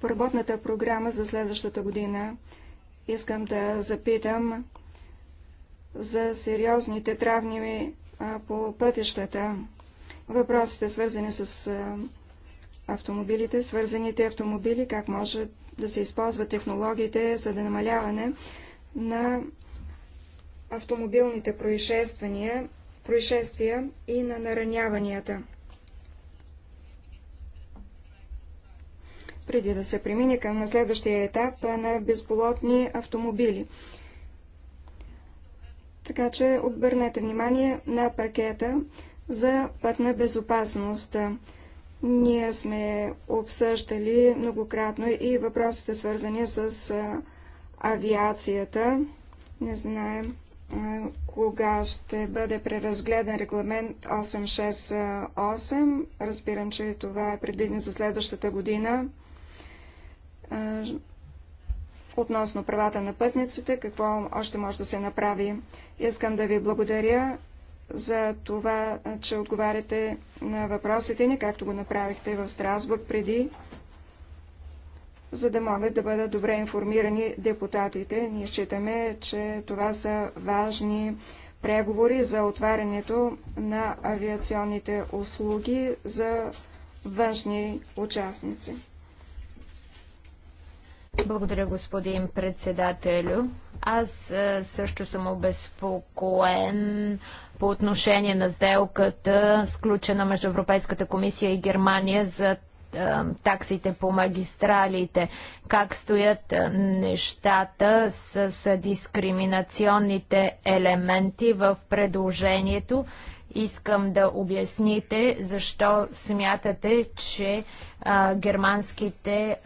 по работната програма за следващата година искам да запитам за сериозните травни по пътищата въпросите, свързани с автомобилите, свързаните автомобили, как може да се използват технологиите за да намаляване на автомобилните происшествия, происшествия и на нараняванията. преди да се премине към следващия етап на безполотни автомобили. Така че обърнете внимание на пакета за пътна безопасност. Ние сме обсъждали многократно и въпросите свързани с авиацията. Не знаем кога ще бъде преразгледан регламент 868. Разбирам, че това е предвидено за следващата година. Относно правата на пътниците, какво още може да се направи. Искам да ви благодаря за това, че отговаряте на въпросите ни, както го направихте в Страсбург преди, за да могат да бъдат добре информирани депутатите. Ние считаме, че това са важни преговори за отварянето на авиационните услуги за външни участници. Благодаря, господин председателю. Аз също съм обезпокоен по отношение на сделката, сключена между Европейската комисия и Германия за е, таксите по магистралите, как стоят е, нещата с дискриминационните елементи в предложението. Искам да обясните защо смятате, че е, германските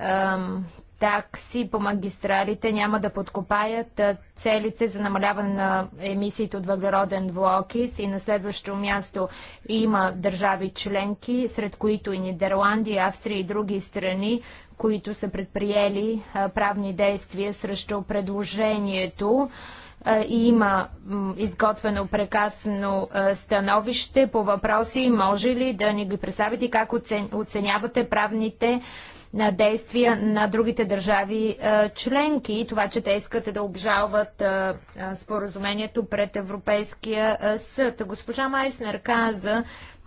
такси по магистралите няма да подкопаят целите за намаляване на емисиите от въглероден двуокис и на следващо място има държави членки, сред които и Нидерландия, Австрия и други страни, които са предприели правни действия срещу предложението и има изготвено прекрасно становище по въпроси. Може ли да ни ги представите как оценявате правните на действия на другите държави е, членки и това, че те искат да обжалват е, е, споразумението пред Европейския съд. Госпожа Майснер каза,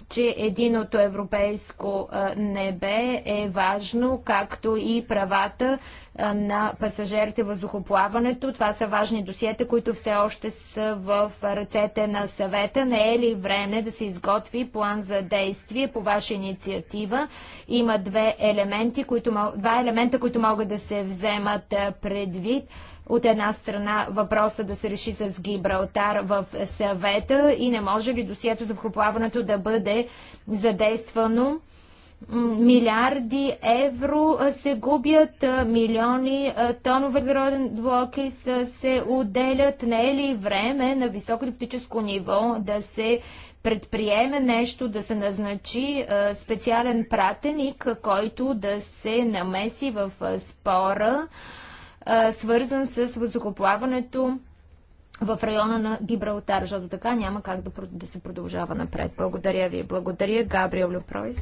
че единото европейско небе е важно, както и правата на пасажирите въздухоплаването. Това са важни досиета, които все още са в ръцете на съвета. Не е ли време да се изготви план за действие по ваша инициатива? Има две елементи, които, два елемента, които могат да се вземат предвид от една страна въпроса да се реши с Гибралтар в съвета и не може ли досието за вхоплаването да бъде задействано милиарди евро се губят, милиони тонове въглероден двуокис се отделят. Не е ли време на високо дипломатическо ниво да се предприеме нещо, да се назначи специален пратеник, който да се намеси в спора? свързан с въздухоплаването в района на Гибралтар, защото така няма как да, да се продължава напред. Благодаря ви. Благодаря, Габриел Люпройс.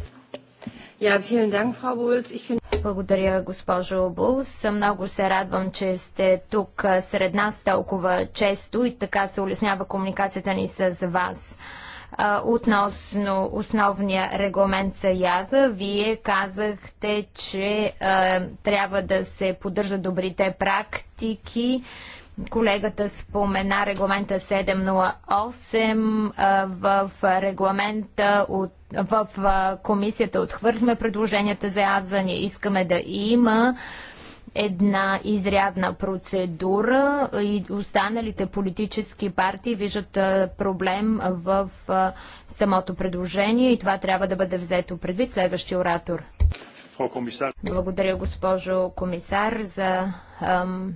Благодаря, госпожо Булс. Много се радвам, че сте тук сред нас толкова често и така се улеснява комуникацията ни с вас. Относно основния регламент за Яза. вие казахте, че а, трябва да се поддържат добрите практики. Колегата спомена регламента 708. А, в регламента от, в комисията отхвърлихме предложенията за язване, Ние искаме да има а, една изрядна процедура и останалите политически партии виждат проблем в самото предложение и това трябва да бъде взето предвид. Следващия оратор. Благодаря, госпожо комисар, за ам,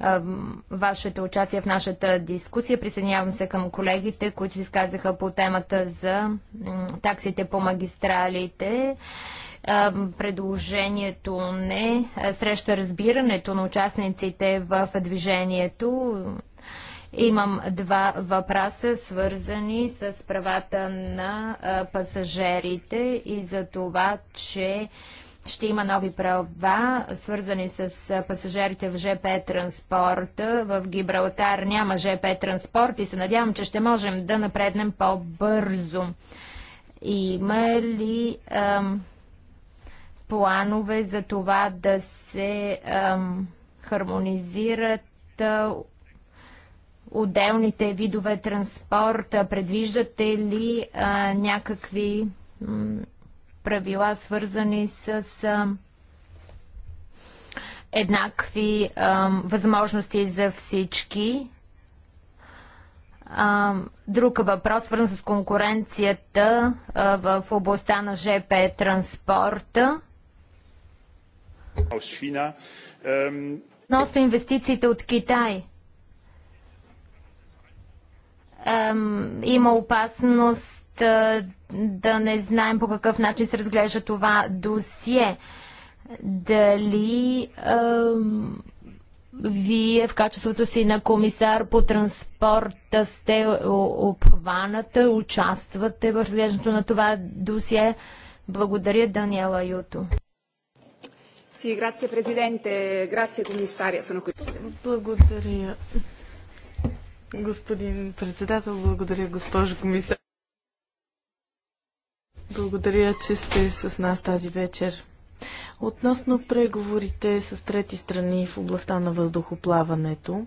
ам, вашето участие в нашата дискусия. Присъединявам се към колегите, които изказаха по темата за м, таксите по магистралите Предложението не среща разбирането на участниците в движението. Имам два въпроса, свързани с правата на пасажирите и за това, че ще има нови права, свързани с пасажирите в ЖП транспорта. В Гибралтар няма ЖП транспорт и се надявам, че ще можем да напреднем по-бързо. Има ли ам, планове за това да се ам, хармонизират а, отделните видове транспорт? Предвиждате ли а, някакви м, правила, свързани с а, еднакви а, възможности за всички? друг въпрос, свързан с конкуренцията в областта на ЖП транспорта. Относно инвестициите от Китай, има опасност е, да не знаем по какъв начин се разглежда това досие. Дали вие в качеството си на комисар по транспорта сте обхваната, участвате в разглеждането на това досие. Благодаря, Даниела Юто. Sì, grazie Presidente, grazie Commissaria, sono qui. Благодаря, господин председател, благодаря, госпожо комисар. Благодаря, че сте с нас тази вечер. Относно преговорите с трети страни в областта на въздухоплаването,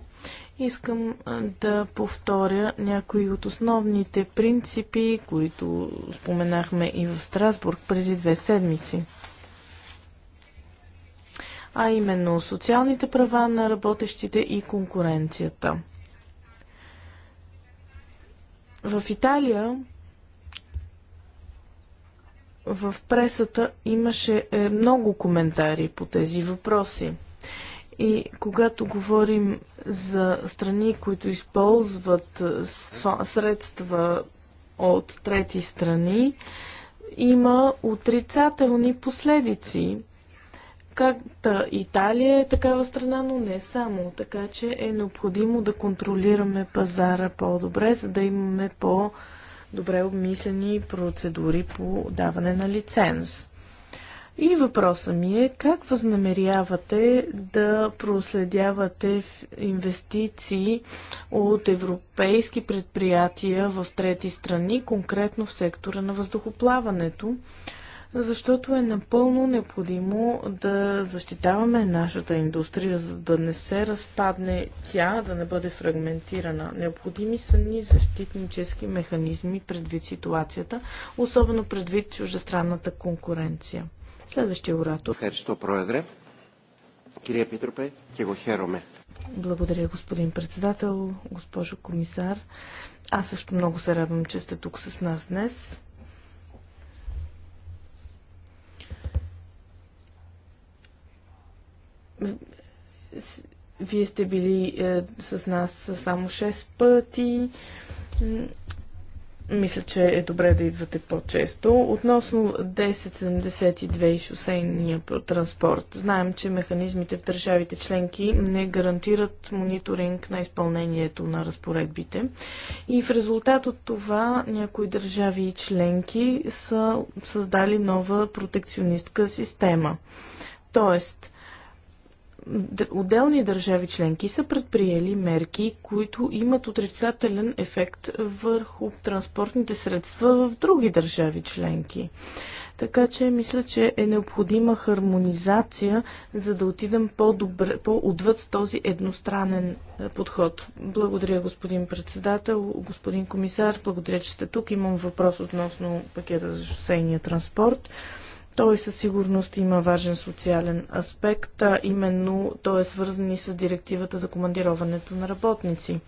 искам да повторя някои от основните принципи, които споменахме и в Страсбург преди две седмици а именно социалните права на работещите и конкуренцията. В Италия в пресата имаше е, много коментари по тези въпроси. И когато говорим за страни, които използват е, средства от трети страни, има отрицателни последици Както Италия е такава страна, но не само. Така че е необходимо да контролираме пазара по-добре, за да имаме по-добре обмислени процедури по даване на лиценз. И въпросът ми е как възнамерявате да проследявате инвестиции от европейски предприятия в трети страни, конкретно в сектора на въздухоплаването? защото е напълно необходимо да защитаваме нашата индустрия, за да не се разпадне тя, да не бъде фрагментирана. Необходими са ни защитнически механизми предвид ситуацията, особено предвид чужестранната конкуренция. Следващия оратор. Ευχαριστώ, Πρόεδρε. Κύριε Επίτροπε, και Благодаря, господин председател, госпожо комисар. Аз също много се радвам, че сте тук с нас днес. Вие сте били е, с нас само 6 пъти. Мисля, че е добре да идвате по-често. Относно 1072 и шосейния транспорт, знаем, че механизмите в държавите членки не гарантират мониторинг на изпълнението на разпоредбите. И в резултат от това някои държави и членки са създали нова протекционистка система. Тоест, отделни държави членки са предприели мерки, които имат отрицателен ефект върху транспортните средства в други държави членки. Така че мисля, че е необходима хармонизация, за да отидем по-добре, по-отвъд този едностранен е, подход. Благодаря, господин председател, господин комисар, благодаря, че сте тук. Имам въпрос относно пакета за шосейния транспорт. Той със сигурност има важен социален аспект, а именно той е свързан и с директивата за командироването на работници.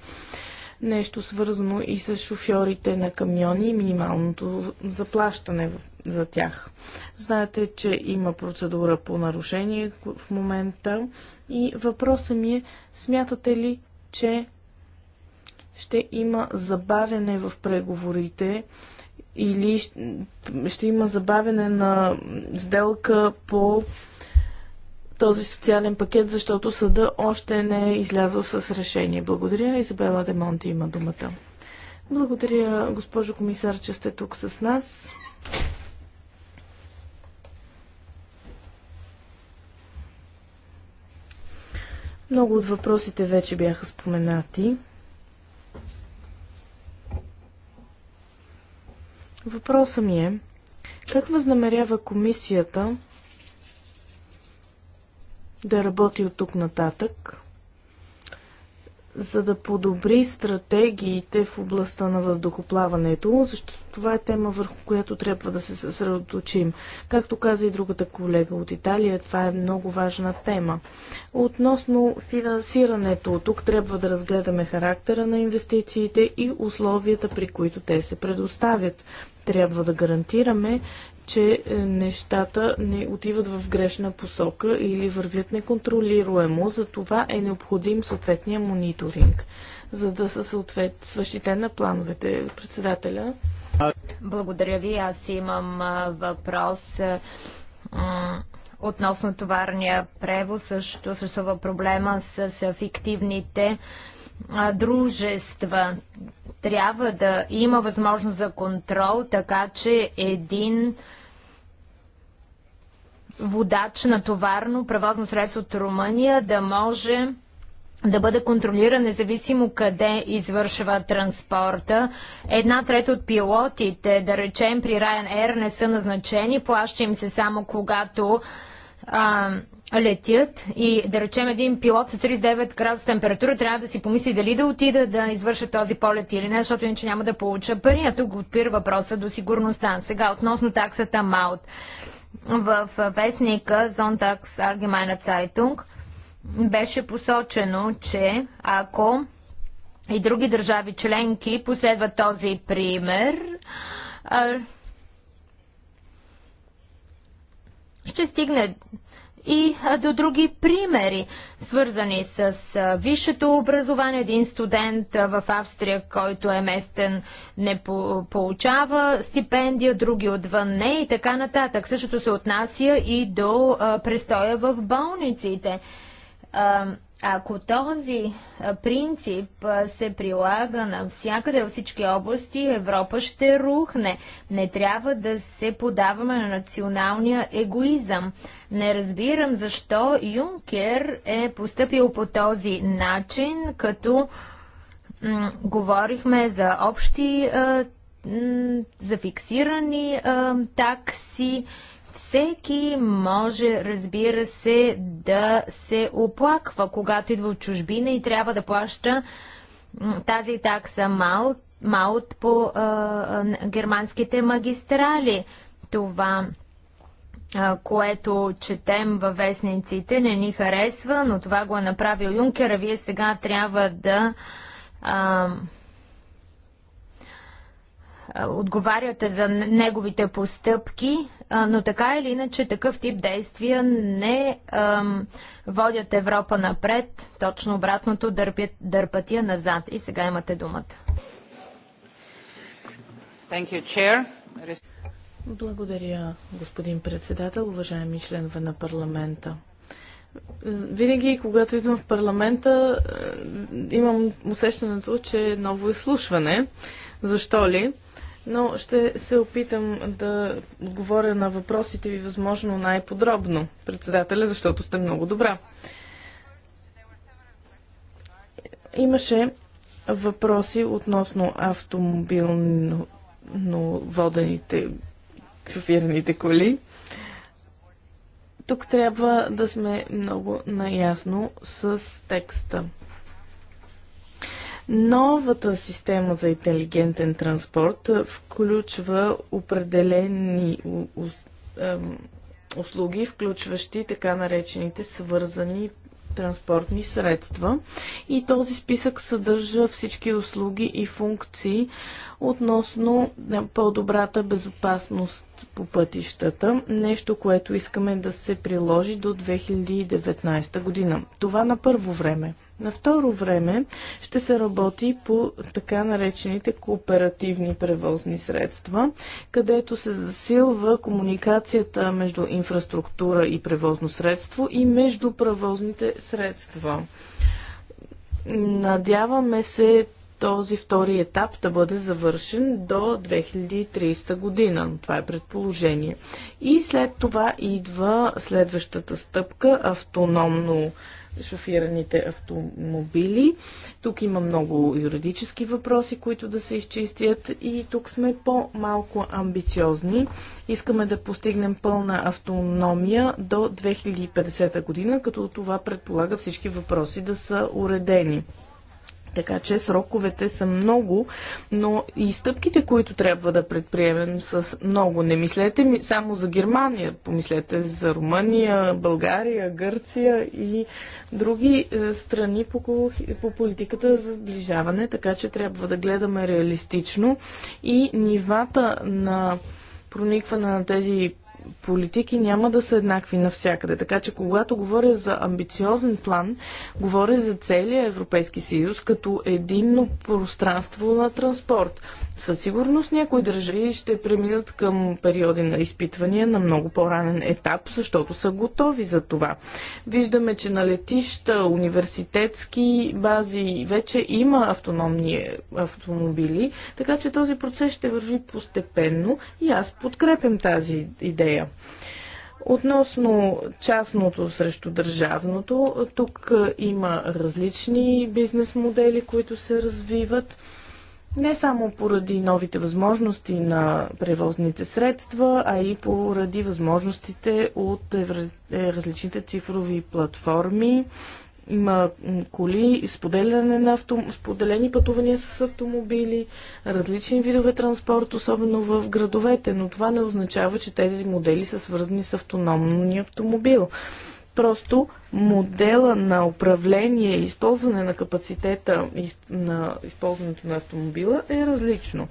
Нещо свързано и с шофьорите на камиони и минималното заплащане за тях. Знаете, че има процедура по нарушение в момента и въпросът ми е, смятате ли, че ще има забавяне в преговорите или ще има забавене на сделка по този социален пакет, защото съда още не е излязъл с решение. Благодаря. Изабела Демонти има думата. Благодаря, госпожо комисар, че сте тук с нас. Много от въпросите вече бяха споменати. Въпросът ми е, как възнамерява комисията да работи от тук нататък, за да подобри стратегиите в областта на въздухоплаването, защото това е тема върху която трябва да се съсредоточим. Както каза и другата колега от Италия, това е много важна тема. Относно финансирането, тук трябва да разгледаме характера на инвестициите и условията, при които те се предоставят. Трябва да гарантираме, че е, нещата не отиват в грешна посока или вървят неконтролируемо. За това е необходим съответния мониторинг, за да са съответстващите на плановете председателя. Благодаря ви. Аз имам въпрос относно товарния превоз. Също съществува проблема с фиктивните дружества. Трябва да има възможност за контрол, така че един водач на товарно превозно средство от Румъния да може да бъде контролиран независимо къде извършва транспорта. Една трета от пилотите, да речем при Ryanair, не са назначени, плаща им се само когато а, летят и да речем един пилот с 39 градуса температура трябва да си помисли дали да отида да извърша този полет или не, защото иначе няма да получа пари. А тук отпира въпроса до сигурността. Сега относно таксата МАУТ. В вестника Зонтакс Аргемайна Цайтунг беше посочено, че ако и други държави членки последват този пример, ще стигне и до други примери, свързани с висшето образование. Един студент в Австрия, който е местен, не получава стипендия, други отвън не и така нататък. Същото се отнася и до престоя в болниците. Ако този принцип се прилага навсякъде във всички области, Европа ще рухне. Не трябва да се подаваме на националния егоизъм. Не разбирам защо Юнкер е поступил по този начин, като говорихме за общи, за фиксирани такси всеки може, разбира се, да се оплаква, когато идва от чужбина и трябва да плаща тази такса малт, малт по а, германските магистрали. Това което четем във вестниците, не ни харесва, но това го е направил Юнкер, а вие сега трябва да а, отговаряте за неговите постъпки, но така или иначе такъв тип действия не ам, водят Европа напред, точно обратното дърпят, дърпатия назад. И сега имате думата. Thank you, chair. Благодаря, господин председател, уважаеми членове на парламента. Винаги, когато идвам в парламента, е, имам усещането, че е ново изслушване. Защо ли? но ще се опитам да отговоря на въпросите ви възможно най-подробно, председателя, защото сте много добра. Имаше въпроси относно автомобилно водените шофираните коли. Тук трябва да сме много наясно с текста. Новата система за интелигентен транспорт включва определени услуги, включващи така наречените свързани транспортни средства. И този списък съдържа всички услуги и функции относно по-добрата безопасност по пътищата, нещо, което искаме да се приложи до 2019 година. Това на първо време. На второ време ще се работи по така наречените кооперативни превозни средства, където се засилва комуникацията между инфраструктура и превозно средство и между превозните средства. Надяваме се този втори етап да бъде завършен до 2030 година. Това е предположение. И след това идва следващата стъпка автономно шофираните автомобили. Тук има много юридически въпроси, които да се изчистят и тук сме по-малко амбициозни. Искаме да постигнем пълна автономия до 2050 година, като това предполага всички въпроси да са уредени. Така че сроковете са много, но и стъпките, които трябва да предприемем, са много. Не мислете само за Германия, помислете за Румъния, България, Гърция и други е, страни по, по политиката за сближаване, така че трябва да гледаме реалистично и нивата на проникване на тези политики няма да са еднакви навсякъде. Така че когато говоря за амбициозен план, говоря за целия Европейски съюз като единно пространство на транспорт. Със сигурност някои държави ще преминат към периоди на изпитвания на много по-ранен етап, защото са готови за това. Виждаме, че на летища, университетски бази вече има автономни автомобили, така че този процес ще върви постепенно и аз подкрепям тази идея. Относно частното срещу държавното, тук има различни бизнес модели, които се развиват не само поради новите възможности на превозните средства, а и поради възможностите от е, различните цифрови платформи. Има коли, споделяне на авто... споделени пътувания с автомобили, различни видове транспорт, особено в градовете, но това не означава, че тези модели са свързани с автономния автомобил. Просто модела на управление и използване на капацитета на използването на автомобила е различно.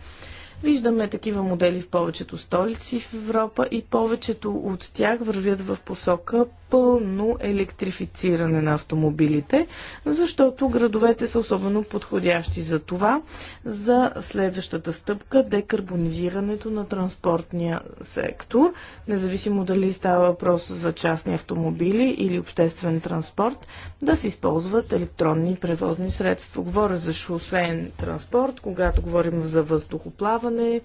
Виждаме такива модели в повечето столици в Европа и повечето от тях вървят в посока пълно електрифициране на автомобилите, защото градовете са особено подходящи за това, за следващата стъпка декарбонизирането на транспортния сектор, независимо дали става въпрос за частни автомобили или обществен транспорт, да се използват електронни превозни средства. Говоря за шосеен транспорт, когато говорим за въздухоплава, замърсяване,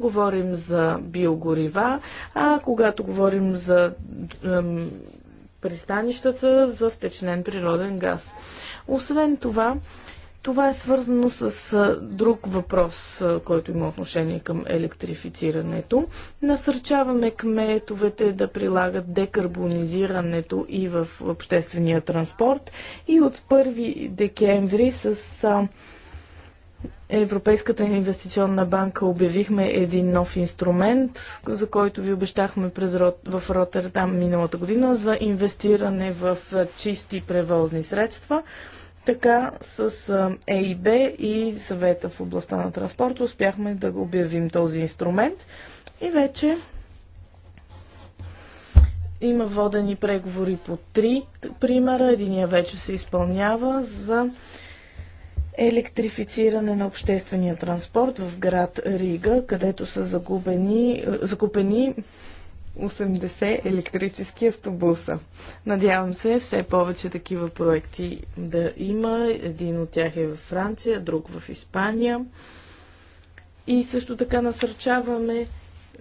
говорим за биогорива, а когато говорим за ем, пристанищата, за втечнен природен газ. Освен това, това е свързано с е, друг въпрос, е, който има отношение към електрифицирането. Насърчаваме кметовете да прилагат декарбонизирането и в обществения транспорт. И от 1 декември с е, Европейската инвестиционна банка обявихме един нов инструмент, за който ви обещахме през Рот, в Роттердам миналата година за инвестиране в чисти превозни средства. Така с ЕИБ и съвета в областта на транспорта успяхме да го обявим този инструмент и вече има водени преговори по три примера. Единия вече се изпълнява за електрифициране на обществения транспорт в град Рига, където са загубени, закупени 80 електрически автобуса. Надявам се все повече такива проекти да има. Един от тях е във Франция, друг в Испания. И също така насърчаваме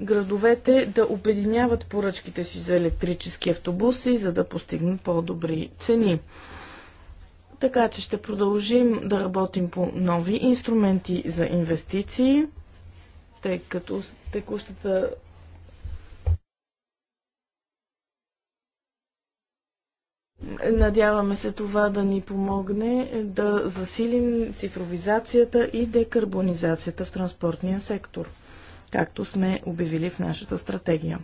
градовете да обединяват поръчките си за електрически автобуси, за да постигнат по-добри цени. Така че ще продължим да работим по нови инструменти за инвестиции, тъй като текущата Надяваме се това да ни помогне да засилим цифровизацията и декарбонизацията в транспортния сектор, както сме обявили в нашата стратегия.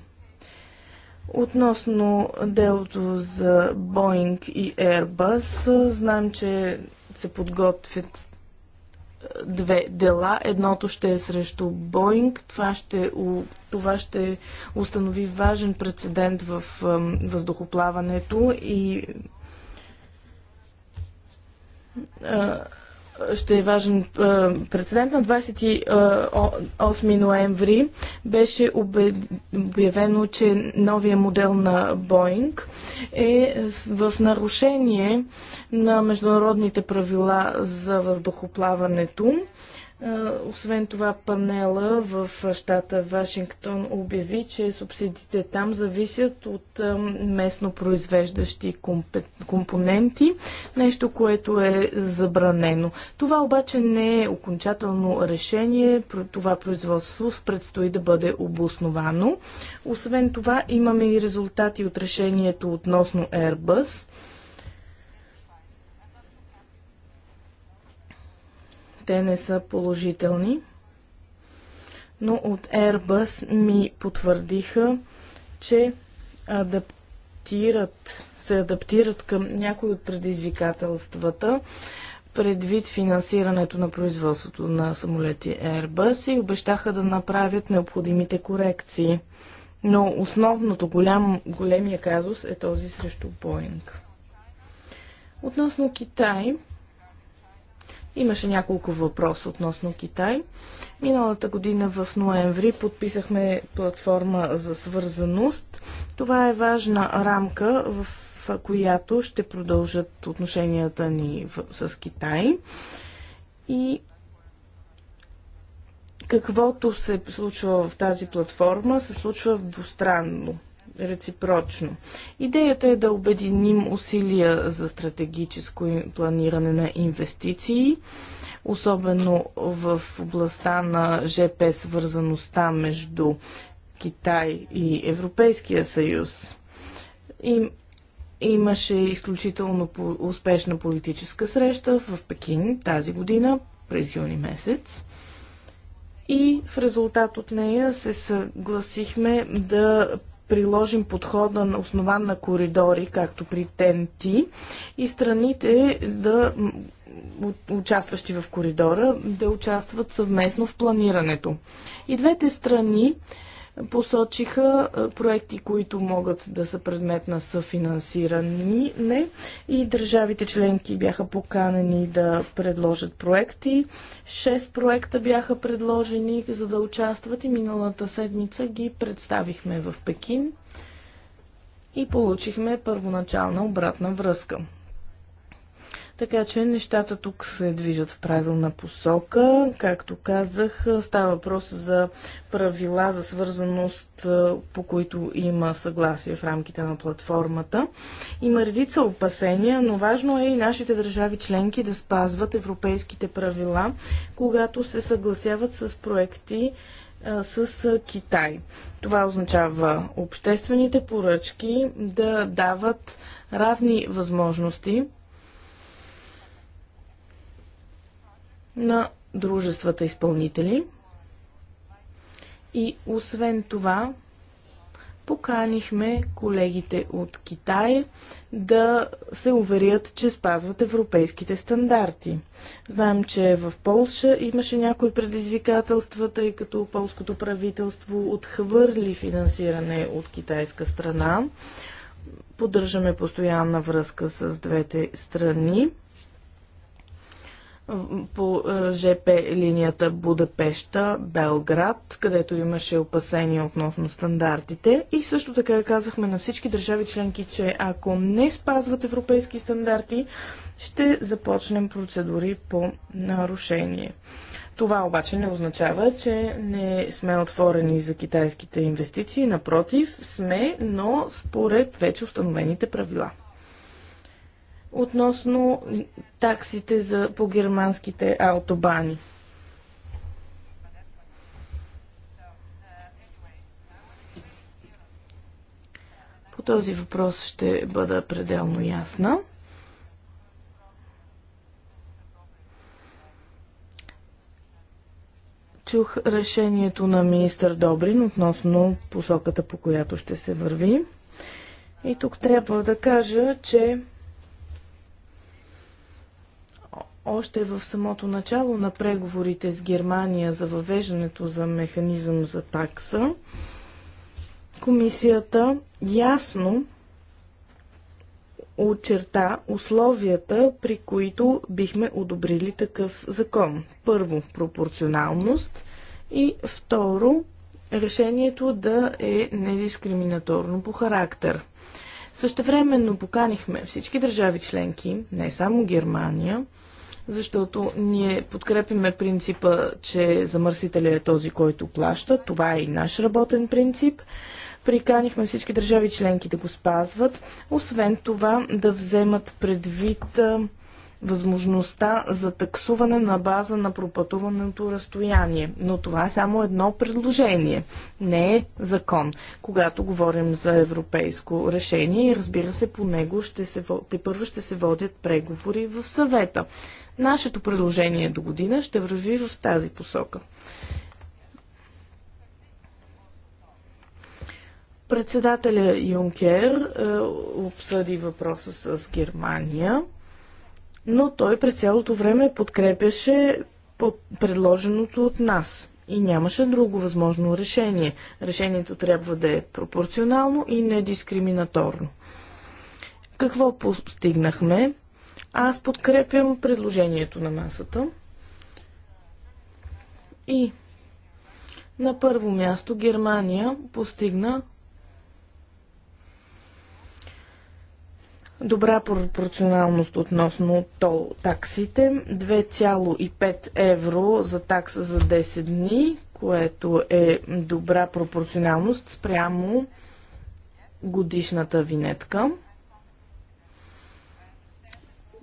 Относно делото за Боинг и Airbus, знам, че се подготвят две дела. Едното ще е срещу Боинг. Това ще, това ще установи важен прецедент в въздухоплаването и ще е важен прецедент. На 28 ноември беше обявено, че новия модел на Боинг е в нарушение на международните правила за въздухоплаването освен това, панела в щата Вашингтон обяви, че субсидите там зависят от местно произвеждащи компоненти, нещо, което е забранено. Това обаче не е окончателно решение, това производство предстои да бъде обосновано. Освен това, имаме и резултати от решението относно Airbus – те не са положителни. Но от Airbus ми потвърдиха, че адаптират, се адаптират към някои от предизвикателствата предвид финансирането на производството на самолети Airbus и обещаха да направят необходимите корекции. Но основното голям, големия казус е този срещу Боинг. Относно Китай, Имаше няколко въпроса относно Китай. Миналата година в ноември подписахме платформа за свързаност. Това е важна рамка, в която ще продължат отношенията ни с Китай. И каквото се случва в тази платформа, се случва двустранно реципрочно. Идеята е да обединим усилия за стратегическо планиране на инвестиции, особено в областта на ЖП свързаността между Китай и Европейския съюз. И имаше изключително успешна политическа среща в Пекин тази година, през юни месец. И в резултат от нея се съгласихме да приложим подхода на основан на коридори, както при ТНТ, и страните да участващи в коридора, да участват съвместно в планирането. И двете страни посочиха проекти, които могат да са предмет на съфинансиране не, и държавите членки бяха поканени да предложат проекти. Шест проекта бяха предложени за да участват и миналата седмица ги представихме в Пекин и получихме първоначална обратна връзка. Така че нещата тук се движат в правилна посока. Както казах, става въпрос за правила за свързаност, по които има съгласие в рамките на платформата. Има редица опасения, но важно е и нашите държави членки да спазват европейските правила, когато се съгласяват с проекти с Китай. Това означава обществените поръчки да дават равни възможности на дружествата изпълнители. И освен това, поканихме колегите от Китай да се уверят, че спазват европейските стандарти. Знаем, че в Полша имаше някои предизвикателства, тъй като полското правителство отхвърли финансиране от китайска страна. Поддържаме постоянна връзка с двете страни по е, ЖП линията Будапешта, Белград, където имаше опасения относно стандартите. И също така казахме на всички държави членки, че ако не спазват европейски стандарти, ще започнем процедури по нарушение. Това обаче не означава, че не сме отворени за китайските инвестиции. Напротив, сме, но според вече установените правила относно таксите за, по германските автобани. По този въпрос ще бъда пределно ясна. Чух решението на министър Добрин относно посоката, по която ще се върви. И тук трябва да кажа, че още в самото начало на преговорите с Германия за въвеждането за механизъм за такса, комисията ясно очерта условията, при които бихме одобрили такъв закон. Първо, пропорционалност и второ, решението да е недискриминаторно по характер. Същевременно поканихме всички държави членки, не само Германия, защото ние подкрепиме принципа, че замърсителя е този, който плаща. Това е и наш работен принцип. Приканихме всички държави членки да го спазват. Освен това, да вземат предвид възможността за таксуване на база на пропътуваното разстояние. Но това е само едно предложение, не е закон. Когато говорим за европейско решение, разбира се, по него ще се, те първо ще се водят преговори в съвета. Нашето предложение до година ще върви в тази посока. Председателя Юнкер е, обсъди въпроса с Германия, но той през цялото време подкрепяше под предложеното от нас и нямаше друго възможно решение. Решението трябва да е пропорционално и недискриминаторно. Какво постигнахме? Аз подкрепям предложението на масата. И на първо място Германия постигна добра пропорционалност относно тол таксите. 2,5 евро за такса за 10 дни, което е добра пропорционалност спрямо годишната винетка.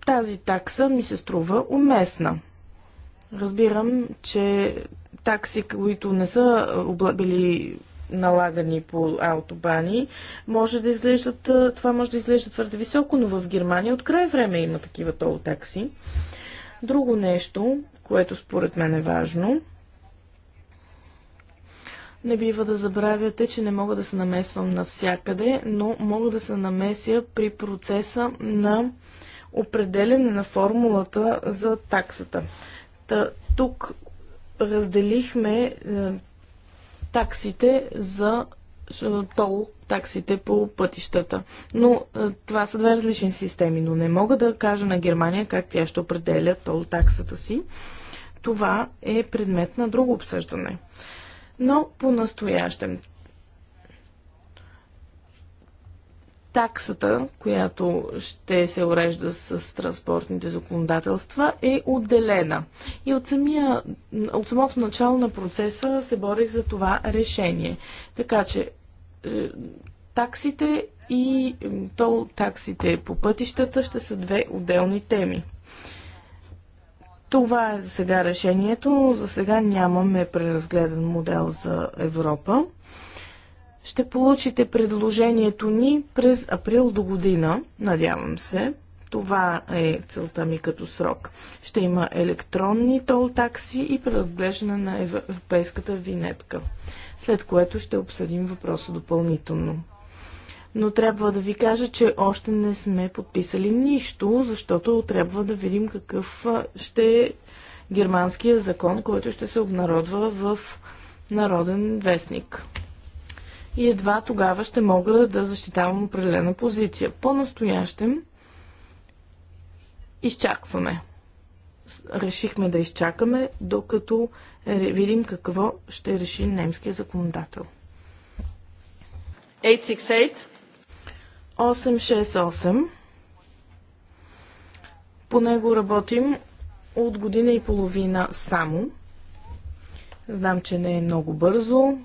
Тази такса ми се струва уместна. Разбирам, че такси, които не са били налагани по аутобани, може да изглеждат, това може да изглежда твърде високо, но в Германия от край време има такива тол такси. Друго нещо, което според мен е важно, не бива да забравяте, че не мога да се намесвам навсякъде, но мога да се намеся при процеса на определене на формулата за таксата. Та, тук разделихме е, таксите за е, тол таксите по пътищата. Но е, това са две различни системи, но не мога да кажа на Германия как тя ще определя тол таксата си. Това е предмет на друго обсъждане. Но по-настоящем таксата, която ще се урежда с транспортните законодателства, е отделена. И от, самия, от самото начало на процеса се бори за това решение. Така че е, таксите и тол таксите по пътищата ще са две отделни теми. Това е за сега решението. За сега нямаме преразгледан модел за Европа ще получите предложението ни през април до година, надявам се. Това е целта ми като срок. Ще има електронни тол такси и преразглеждане на европейската винетка, след което ще обсъдим въпроса допълнително. Но трябва да ви кажа, че още не сме подписали нищо, защото трябва да видим какъв ще е германския закон, който ще се обнародва в Народен вестник и едва тогава ще мога да защитавам определена позиция. По-настоящем изчакваме. Решихме да изчакаме, докато видим какво ще реши немския законодател. 868. 868. По него работим от година и половина само. Знам, че не е много бързо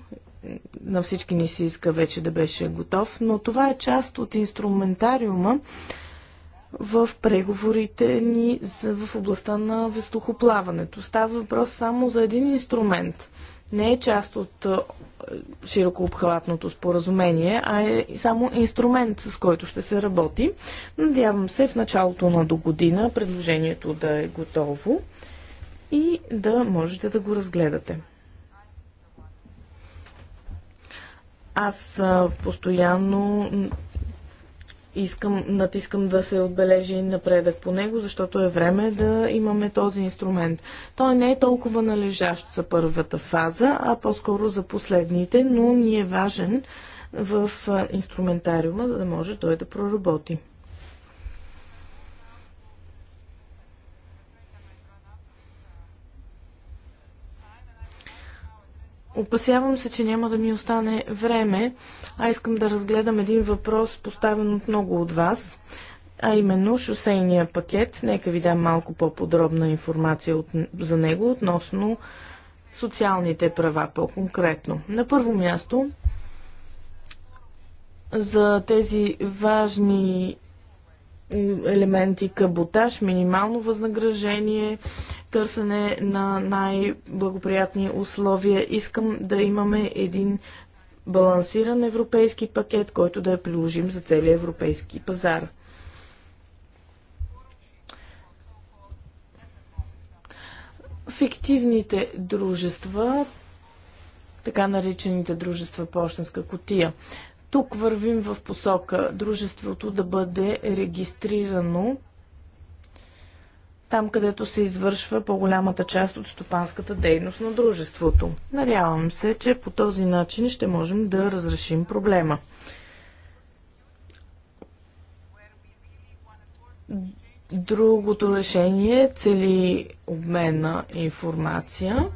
на всички ни се иска вече да беше готов, но това е част от инструментариума в преговорите ни за, в областта на въздухоплаването. Става въпрос само за един инструмент. Не е част от е, широко обхватното споразумение, а е само инструмент, с който ще се работи. Надявам се в началото на до година предложението да е готово и да можете да го разгледате. Аз постоянно искам, натискам да се отбележи напредък по него, защото е време да имаме този инструмент. Той не е толкова належащ за първата фаза, а по-скоро за последните, но ни е важен в инструментариума, за да може той да проработи. Опасявам се, че няма да ми остане време, а искам да разгледам един въпрос, поставен от много от вас, а именно шосейния пакет. Нека ви дам малко по-подробна информация от, за него относно социалните права по-конкретно. На първо място, за тези важни елементи каботаж, минимално възнаграждение, търсене на най-благоприятни условия. Искам да имаме един балансиран европейски пакет, който да е приложим за целия европейски пазар. Фиктивните дружества, така наречените дружества Пощенска котия. Тук вървим в посока дружеството да бъде регистрирано там, където се извършва по-голямата част от стопанската дейност на дружеството. Надявам се, че по този начин ще можем да разрешим проблема. Другото решение цели обмен на информация.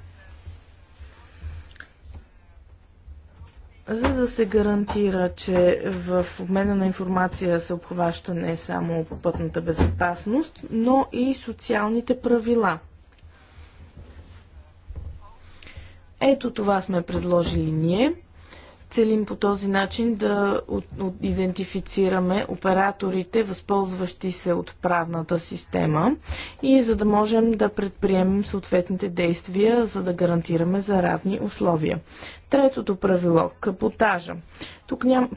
За да се гарантира, че в обмена на информация се обхваща не само пътната безопасност, но и социалните правила. Ето това сме предложили ние. Целим по този начин да идентифицираме операторите, възползващи се от правната система и за да можем да предприемем съответните действия, за да гарантираме за равни условия. Третото правило – капотажа. Тук няма,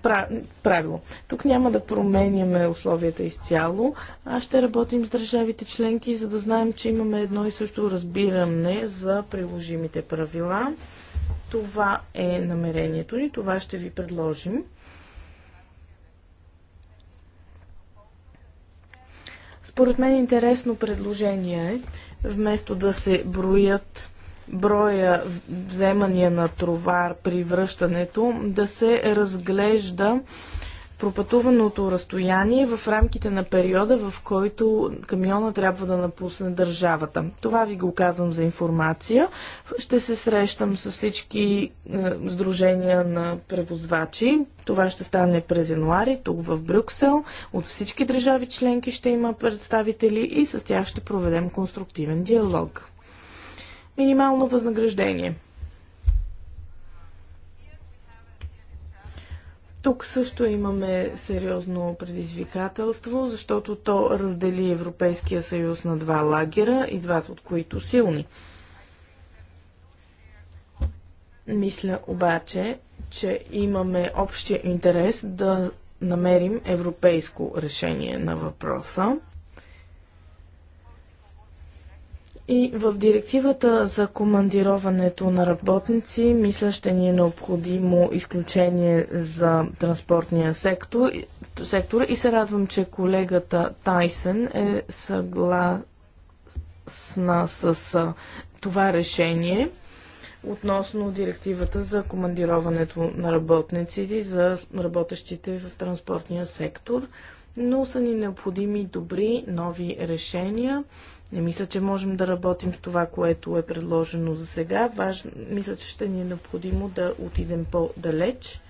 правило. Тук няма да променяме условията изцяло, а ще работим с държавите членки, за да знаем, че имаме едно и също разбиране за приложимите правила. Това е намерението ни, това ще ви предложим. Според мен интересно предложение е, вместо да се броят броя вземания на товар при връщането да се разглежда пропътуваното разстояние в рамките на периода, в който камиона трябва да напусне държавата. Това ви го казвам за информация. Ще се срещам с всички е, сдружения на превозвачи. Това ще стане през януари, тук в Брюксел. От всички държави членки ще има представители и с тях ще проведем конструктивен диалог минимално възнаграждение. Тук също имаме сериозно предизвикателство, защото то раздели Европейския съюз на два лагера и двата от които силни. Мисля обаче, че имаме общия интерес да намерим европейско решение на въпроса. И в директивата за командироването на работници, мисля, ще ни е необходимо изключение за транспортния сектор, сектор и се радвам, че колегата Тайсен е съгласна с това решение относно директивата за командироването на работниците и за работещите в транспортния сектор, но са ни необходими добри нови решения не мисля, че можем да работим с това, което е предложено за сега. Важ... Мисля, че ще ни е необходимо да отидем по-далеч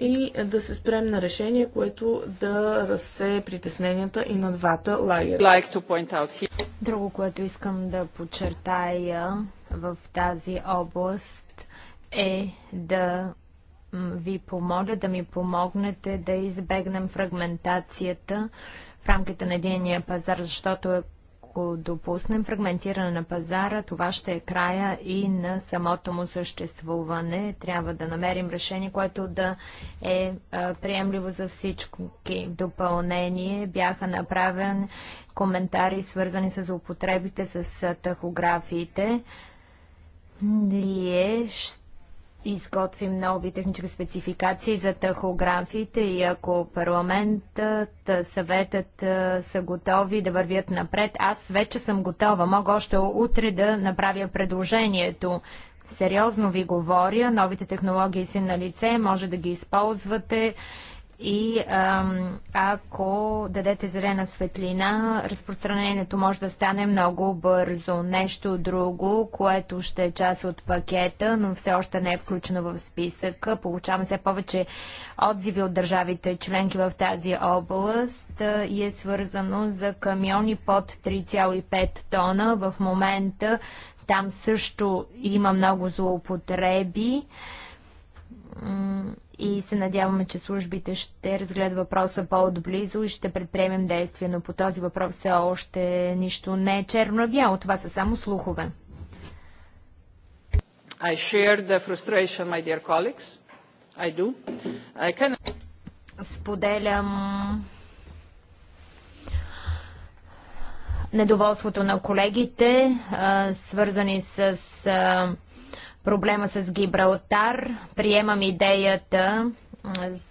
и да се спрем на решение, което да разсее притесненията и на двата лагера. Друго, което искам да подчертая в тази област е да ви помоля да ми помогнете да избегнем фрагментацията в рамките на единния пазар, защото ако допуснем фрагментиране на пазара, това ще е края и на самото му съществуване. Трябва да намерим решение, което да е приемливо за всички. В допълнение бяха направен коментари, свързани с употребите с тахографиите. Ние ще изготвим нови технически спецификации за тахографите и ако парламентът, съветът са готови да вървят напред, аз вече съм готова. Мога още утре да направя предложението. Сериозно ви говоря, новите технологии си на лице, може да ги използвате и ам, ако дадете зелена светлина, разпространението може да стане много бързо. Нещо друго, което ще е част от пакета, но все още не е включено в списъка. Получаваме все повече отзиви от държавите членки в тази област и е свързано за камиони под 3,5 тона. В момента там също има много злоупотреби и се надяваме, че службите ще разгледат въпроса по-отблизо и ще предприемем действия, но по този въпрос все още нищо не е черно-бяло. Това са само слухове. I share the frustration, my dear colleagues. I do. I can... Споделям недоволството на колегите, свързани с проблема с Гибралтар. Приемам идеята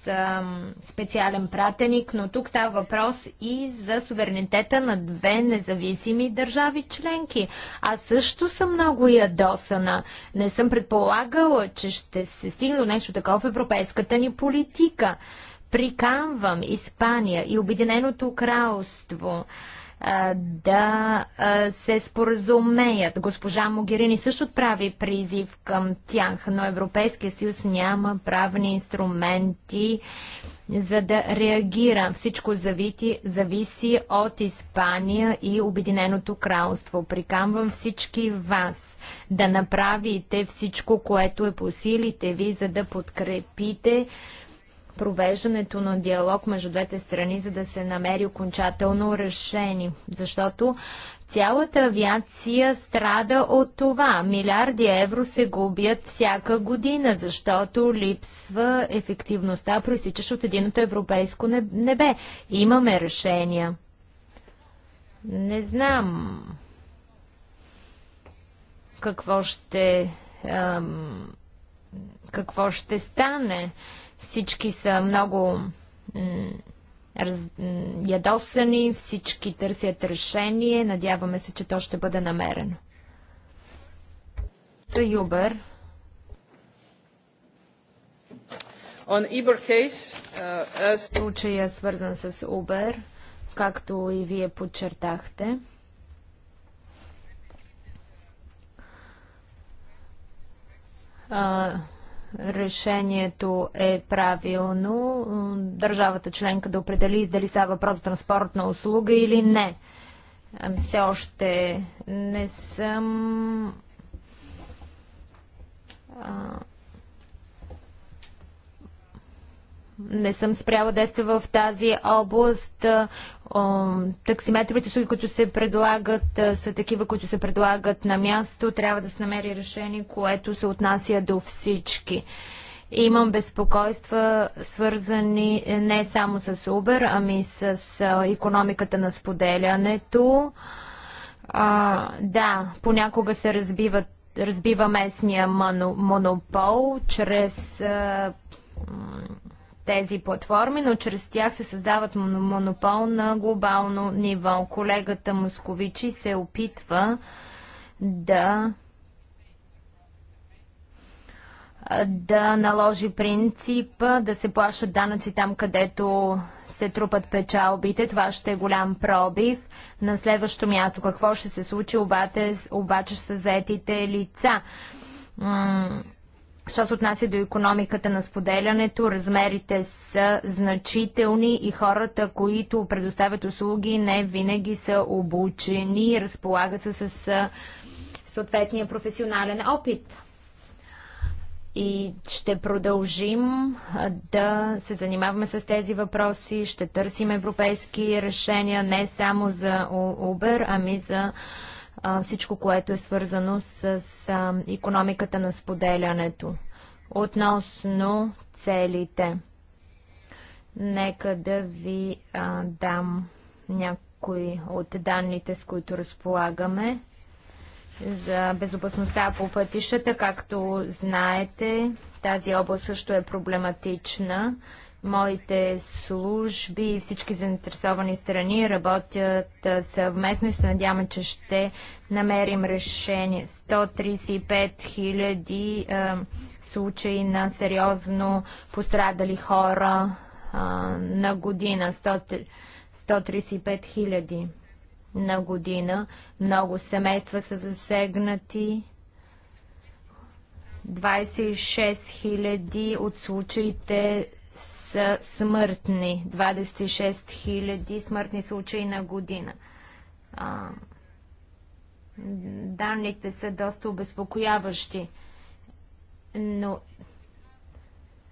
за специален пратеник, но тук става въпрос и за суверенитета на две независими държави членки. Аз също съм много ядосана. Не съм предполагала, че ще се стигне до нещо такова в европейската ни политика. Приканвам Испания и Обединеното кралство да се споразумеят. Госпожа Могерини също отправи призив към тях, но Европейския съюз няма правни инструменти за да реагира. Всичко завити, зависи от Испания и Обединеното кралство. Прикамвам всички вас да направите всичко, което е по силите ви, за да подкрепите провеждането на диалог между двете страни, за да се намери окончателно решение. Защото цялата авиация страда от това. Милиарди евро се губят всяка година, защото липсва ефективността, проистичаш от единото европейско небе. Имаме решения. Не знам какво ще, ам, какво ще стане. Всички са много ядосани, всички търсят решение. Надяваме се, че то ще бъде намерено. За Юбер. On Uber case, uh, as... Случая е свързан с Uber, както и вие подчертахте. Uh, решението е правилно държавата членка да определи дали става въпрос за транспортна услуга или не. Все още не съм не съм спряла действа в тази област. Е, таксиметровите услуги, които се предлагат, е, са такива, които се предлагат на място. Трябва да се намери решение, което се отнася до всички. Имам безпокойства, свързани е, не само с Uber, ами с економиката на споделянето. А, да, понякога се разбиват, разбива местния монопол чрез а, тези платформи, но чрез тях се създават монопол на глобално ниво. Колегата Московичи се опитва да да наложи принцип да се плащат данъци там, където се трупат печалбите. Това ще е голям пробив. На следващо място, какво ще се случи обаче, обаче с заетите лица? Що се отнася до економиката на споделянето, размерите са значителни и хората, които предоставят услуги, не винаги са обучени и разполагат се с съответния професионален опит. И ще продължим да се занимаваме с тези въпроси, ще търсим европейски решения не само за Uber, ами за всичко, което е свързано с а, економиката на споделянето. Относно целите, нека да ви а, дам някои от данните, с които разполагаме за безопасността по пътищата. Както знаете, тази област също е проблематична. Моите служби и всички заинтересовани страни работят съвместно и се надяваме, че ще намерим решение. 135 хиляди случаи на сериозно пострадали хора а, на година. 100, 135 хиляди на година. Много семейства са засегнати. 26 хиляди от случаите са смъртни, 26 000 смъртни случаи на година. А, данните са доста обезпокояващи. Но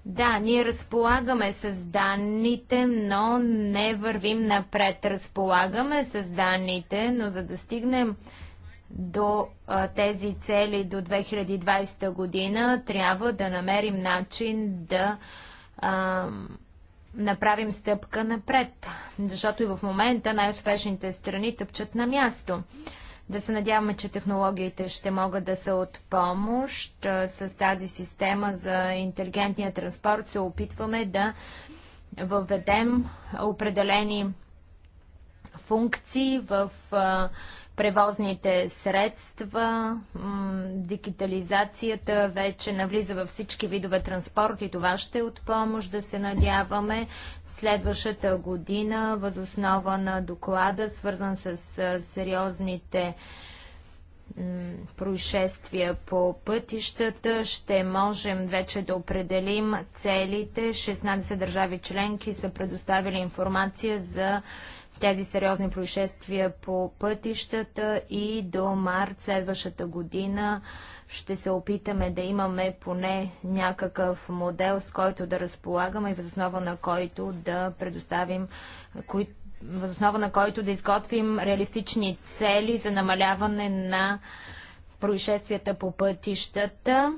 да, ние разполагаме с данните, но не вървим напред. Разполагаме с данните, но за да стигнем до а, тези цели до 2020 година, трябва да намерим начин да а, направим стъпка напред. Защото и в момента най-успешните страни тъпчат на място. Да се надяваме, че технологиите ще могат да са от помощ. С тази система за интелигентния транспорт се опитваме да въведем определени функции в а, превозните средства, дигитализацията вече навлиза във всички видове транспорт и това ще е от помощ да се надяваме. Следващата година, възоснова на доклада, свързан с сериозните происшествия по пътищата, ще можем вече да определим целите. 16 държави членки са предоставили информация за тези сериозни происшествия по пътищата и до март следващата година ще се опитаме да имаме поне някакъв модел, с който да разполагаме и възоснова на който да предоставим кои, възоснова на който да изготвим реалистични цели за намаляване на происшествията по пътищата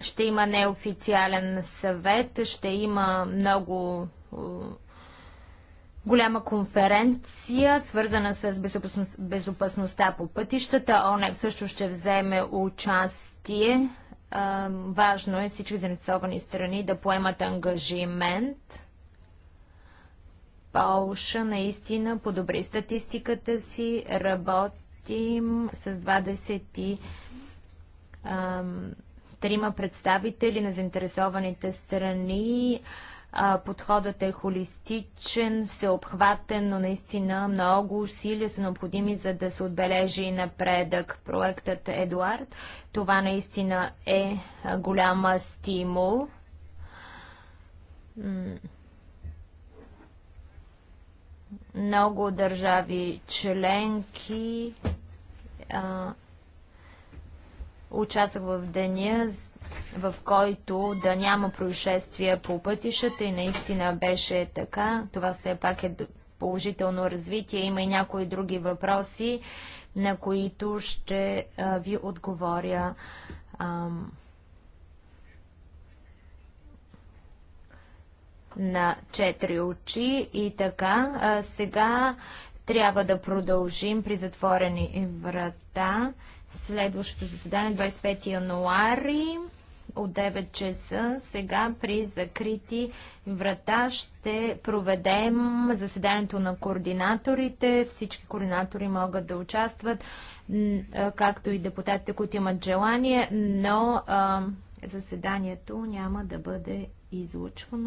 ще има неофициален съвет, ще има много голяма конференция, свързана с безопасност, безопасността по пътищата. ОНЕК също ще вземе участие. важно е всички заинтересовани страни да поемат ангажимент. Полша наистина подобри статистиката си. Работим с 20 трима представители на заинтересованите страни. Подходът е холистичен, всеобхватен, но наистина много усилия са необходими, за да се отбележи напредък проектът Едуард. Това наистина е голяма стимул. Много държави членки Участвах в деня, в който да няма происшествия по пътищата и наистина беше така. Това все пак е положително развитие. Има и някои други въпроси, на които ще а, ви отговоря. на четири очи и така. А, сега трябва да продължим при затворени врата. Следващото заседание 25 януари от 9 часа. Сега при закрити врата ще проведем заседанието на координаторите. Всички координатори могат да участват, както и депутатите, които имат желание, но заседанието няма да бъде излучвано.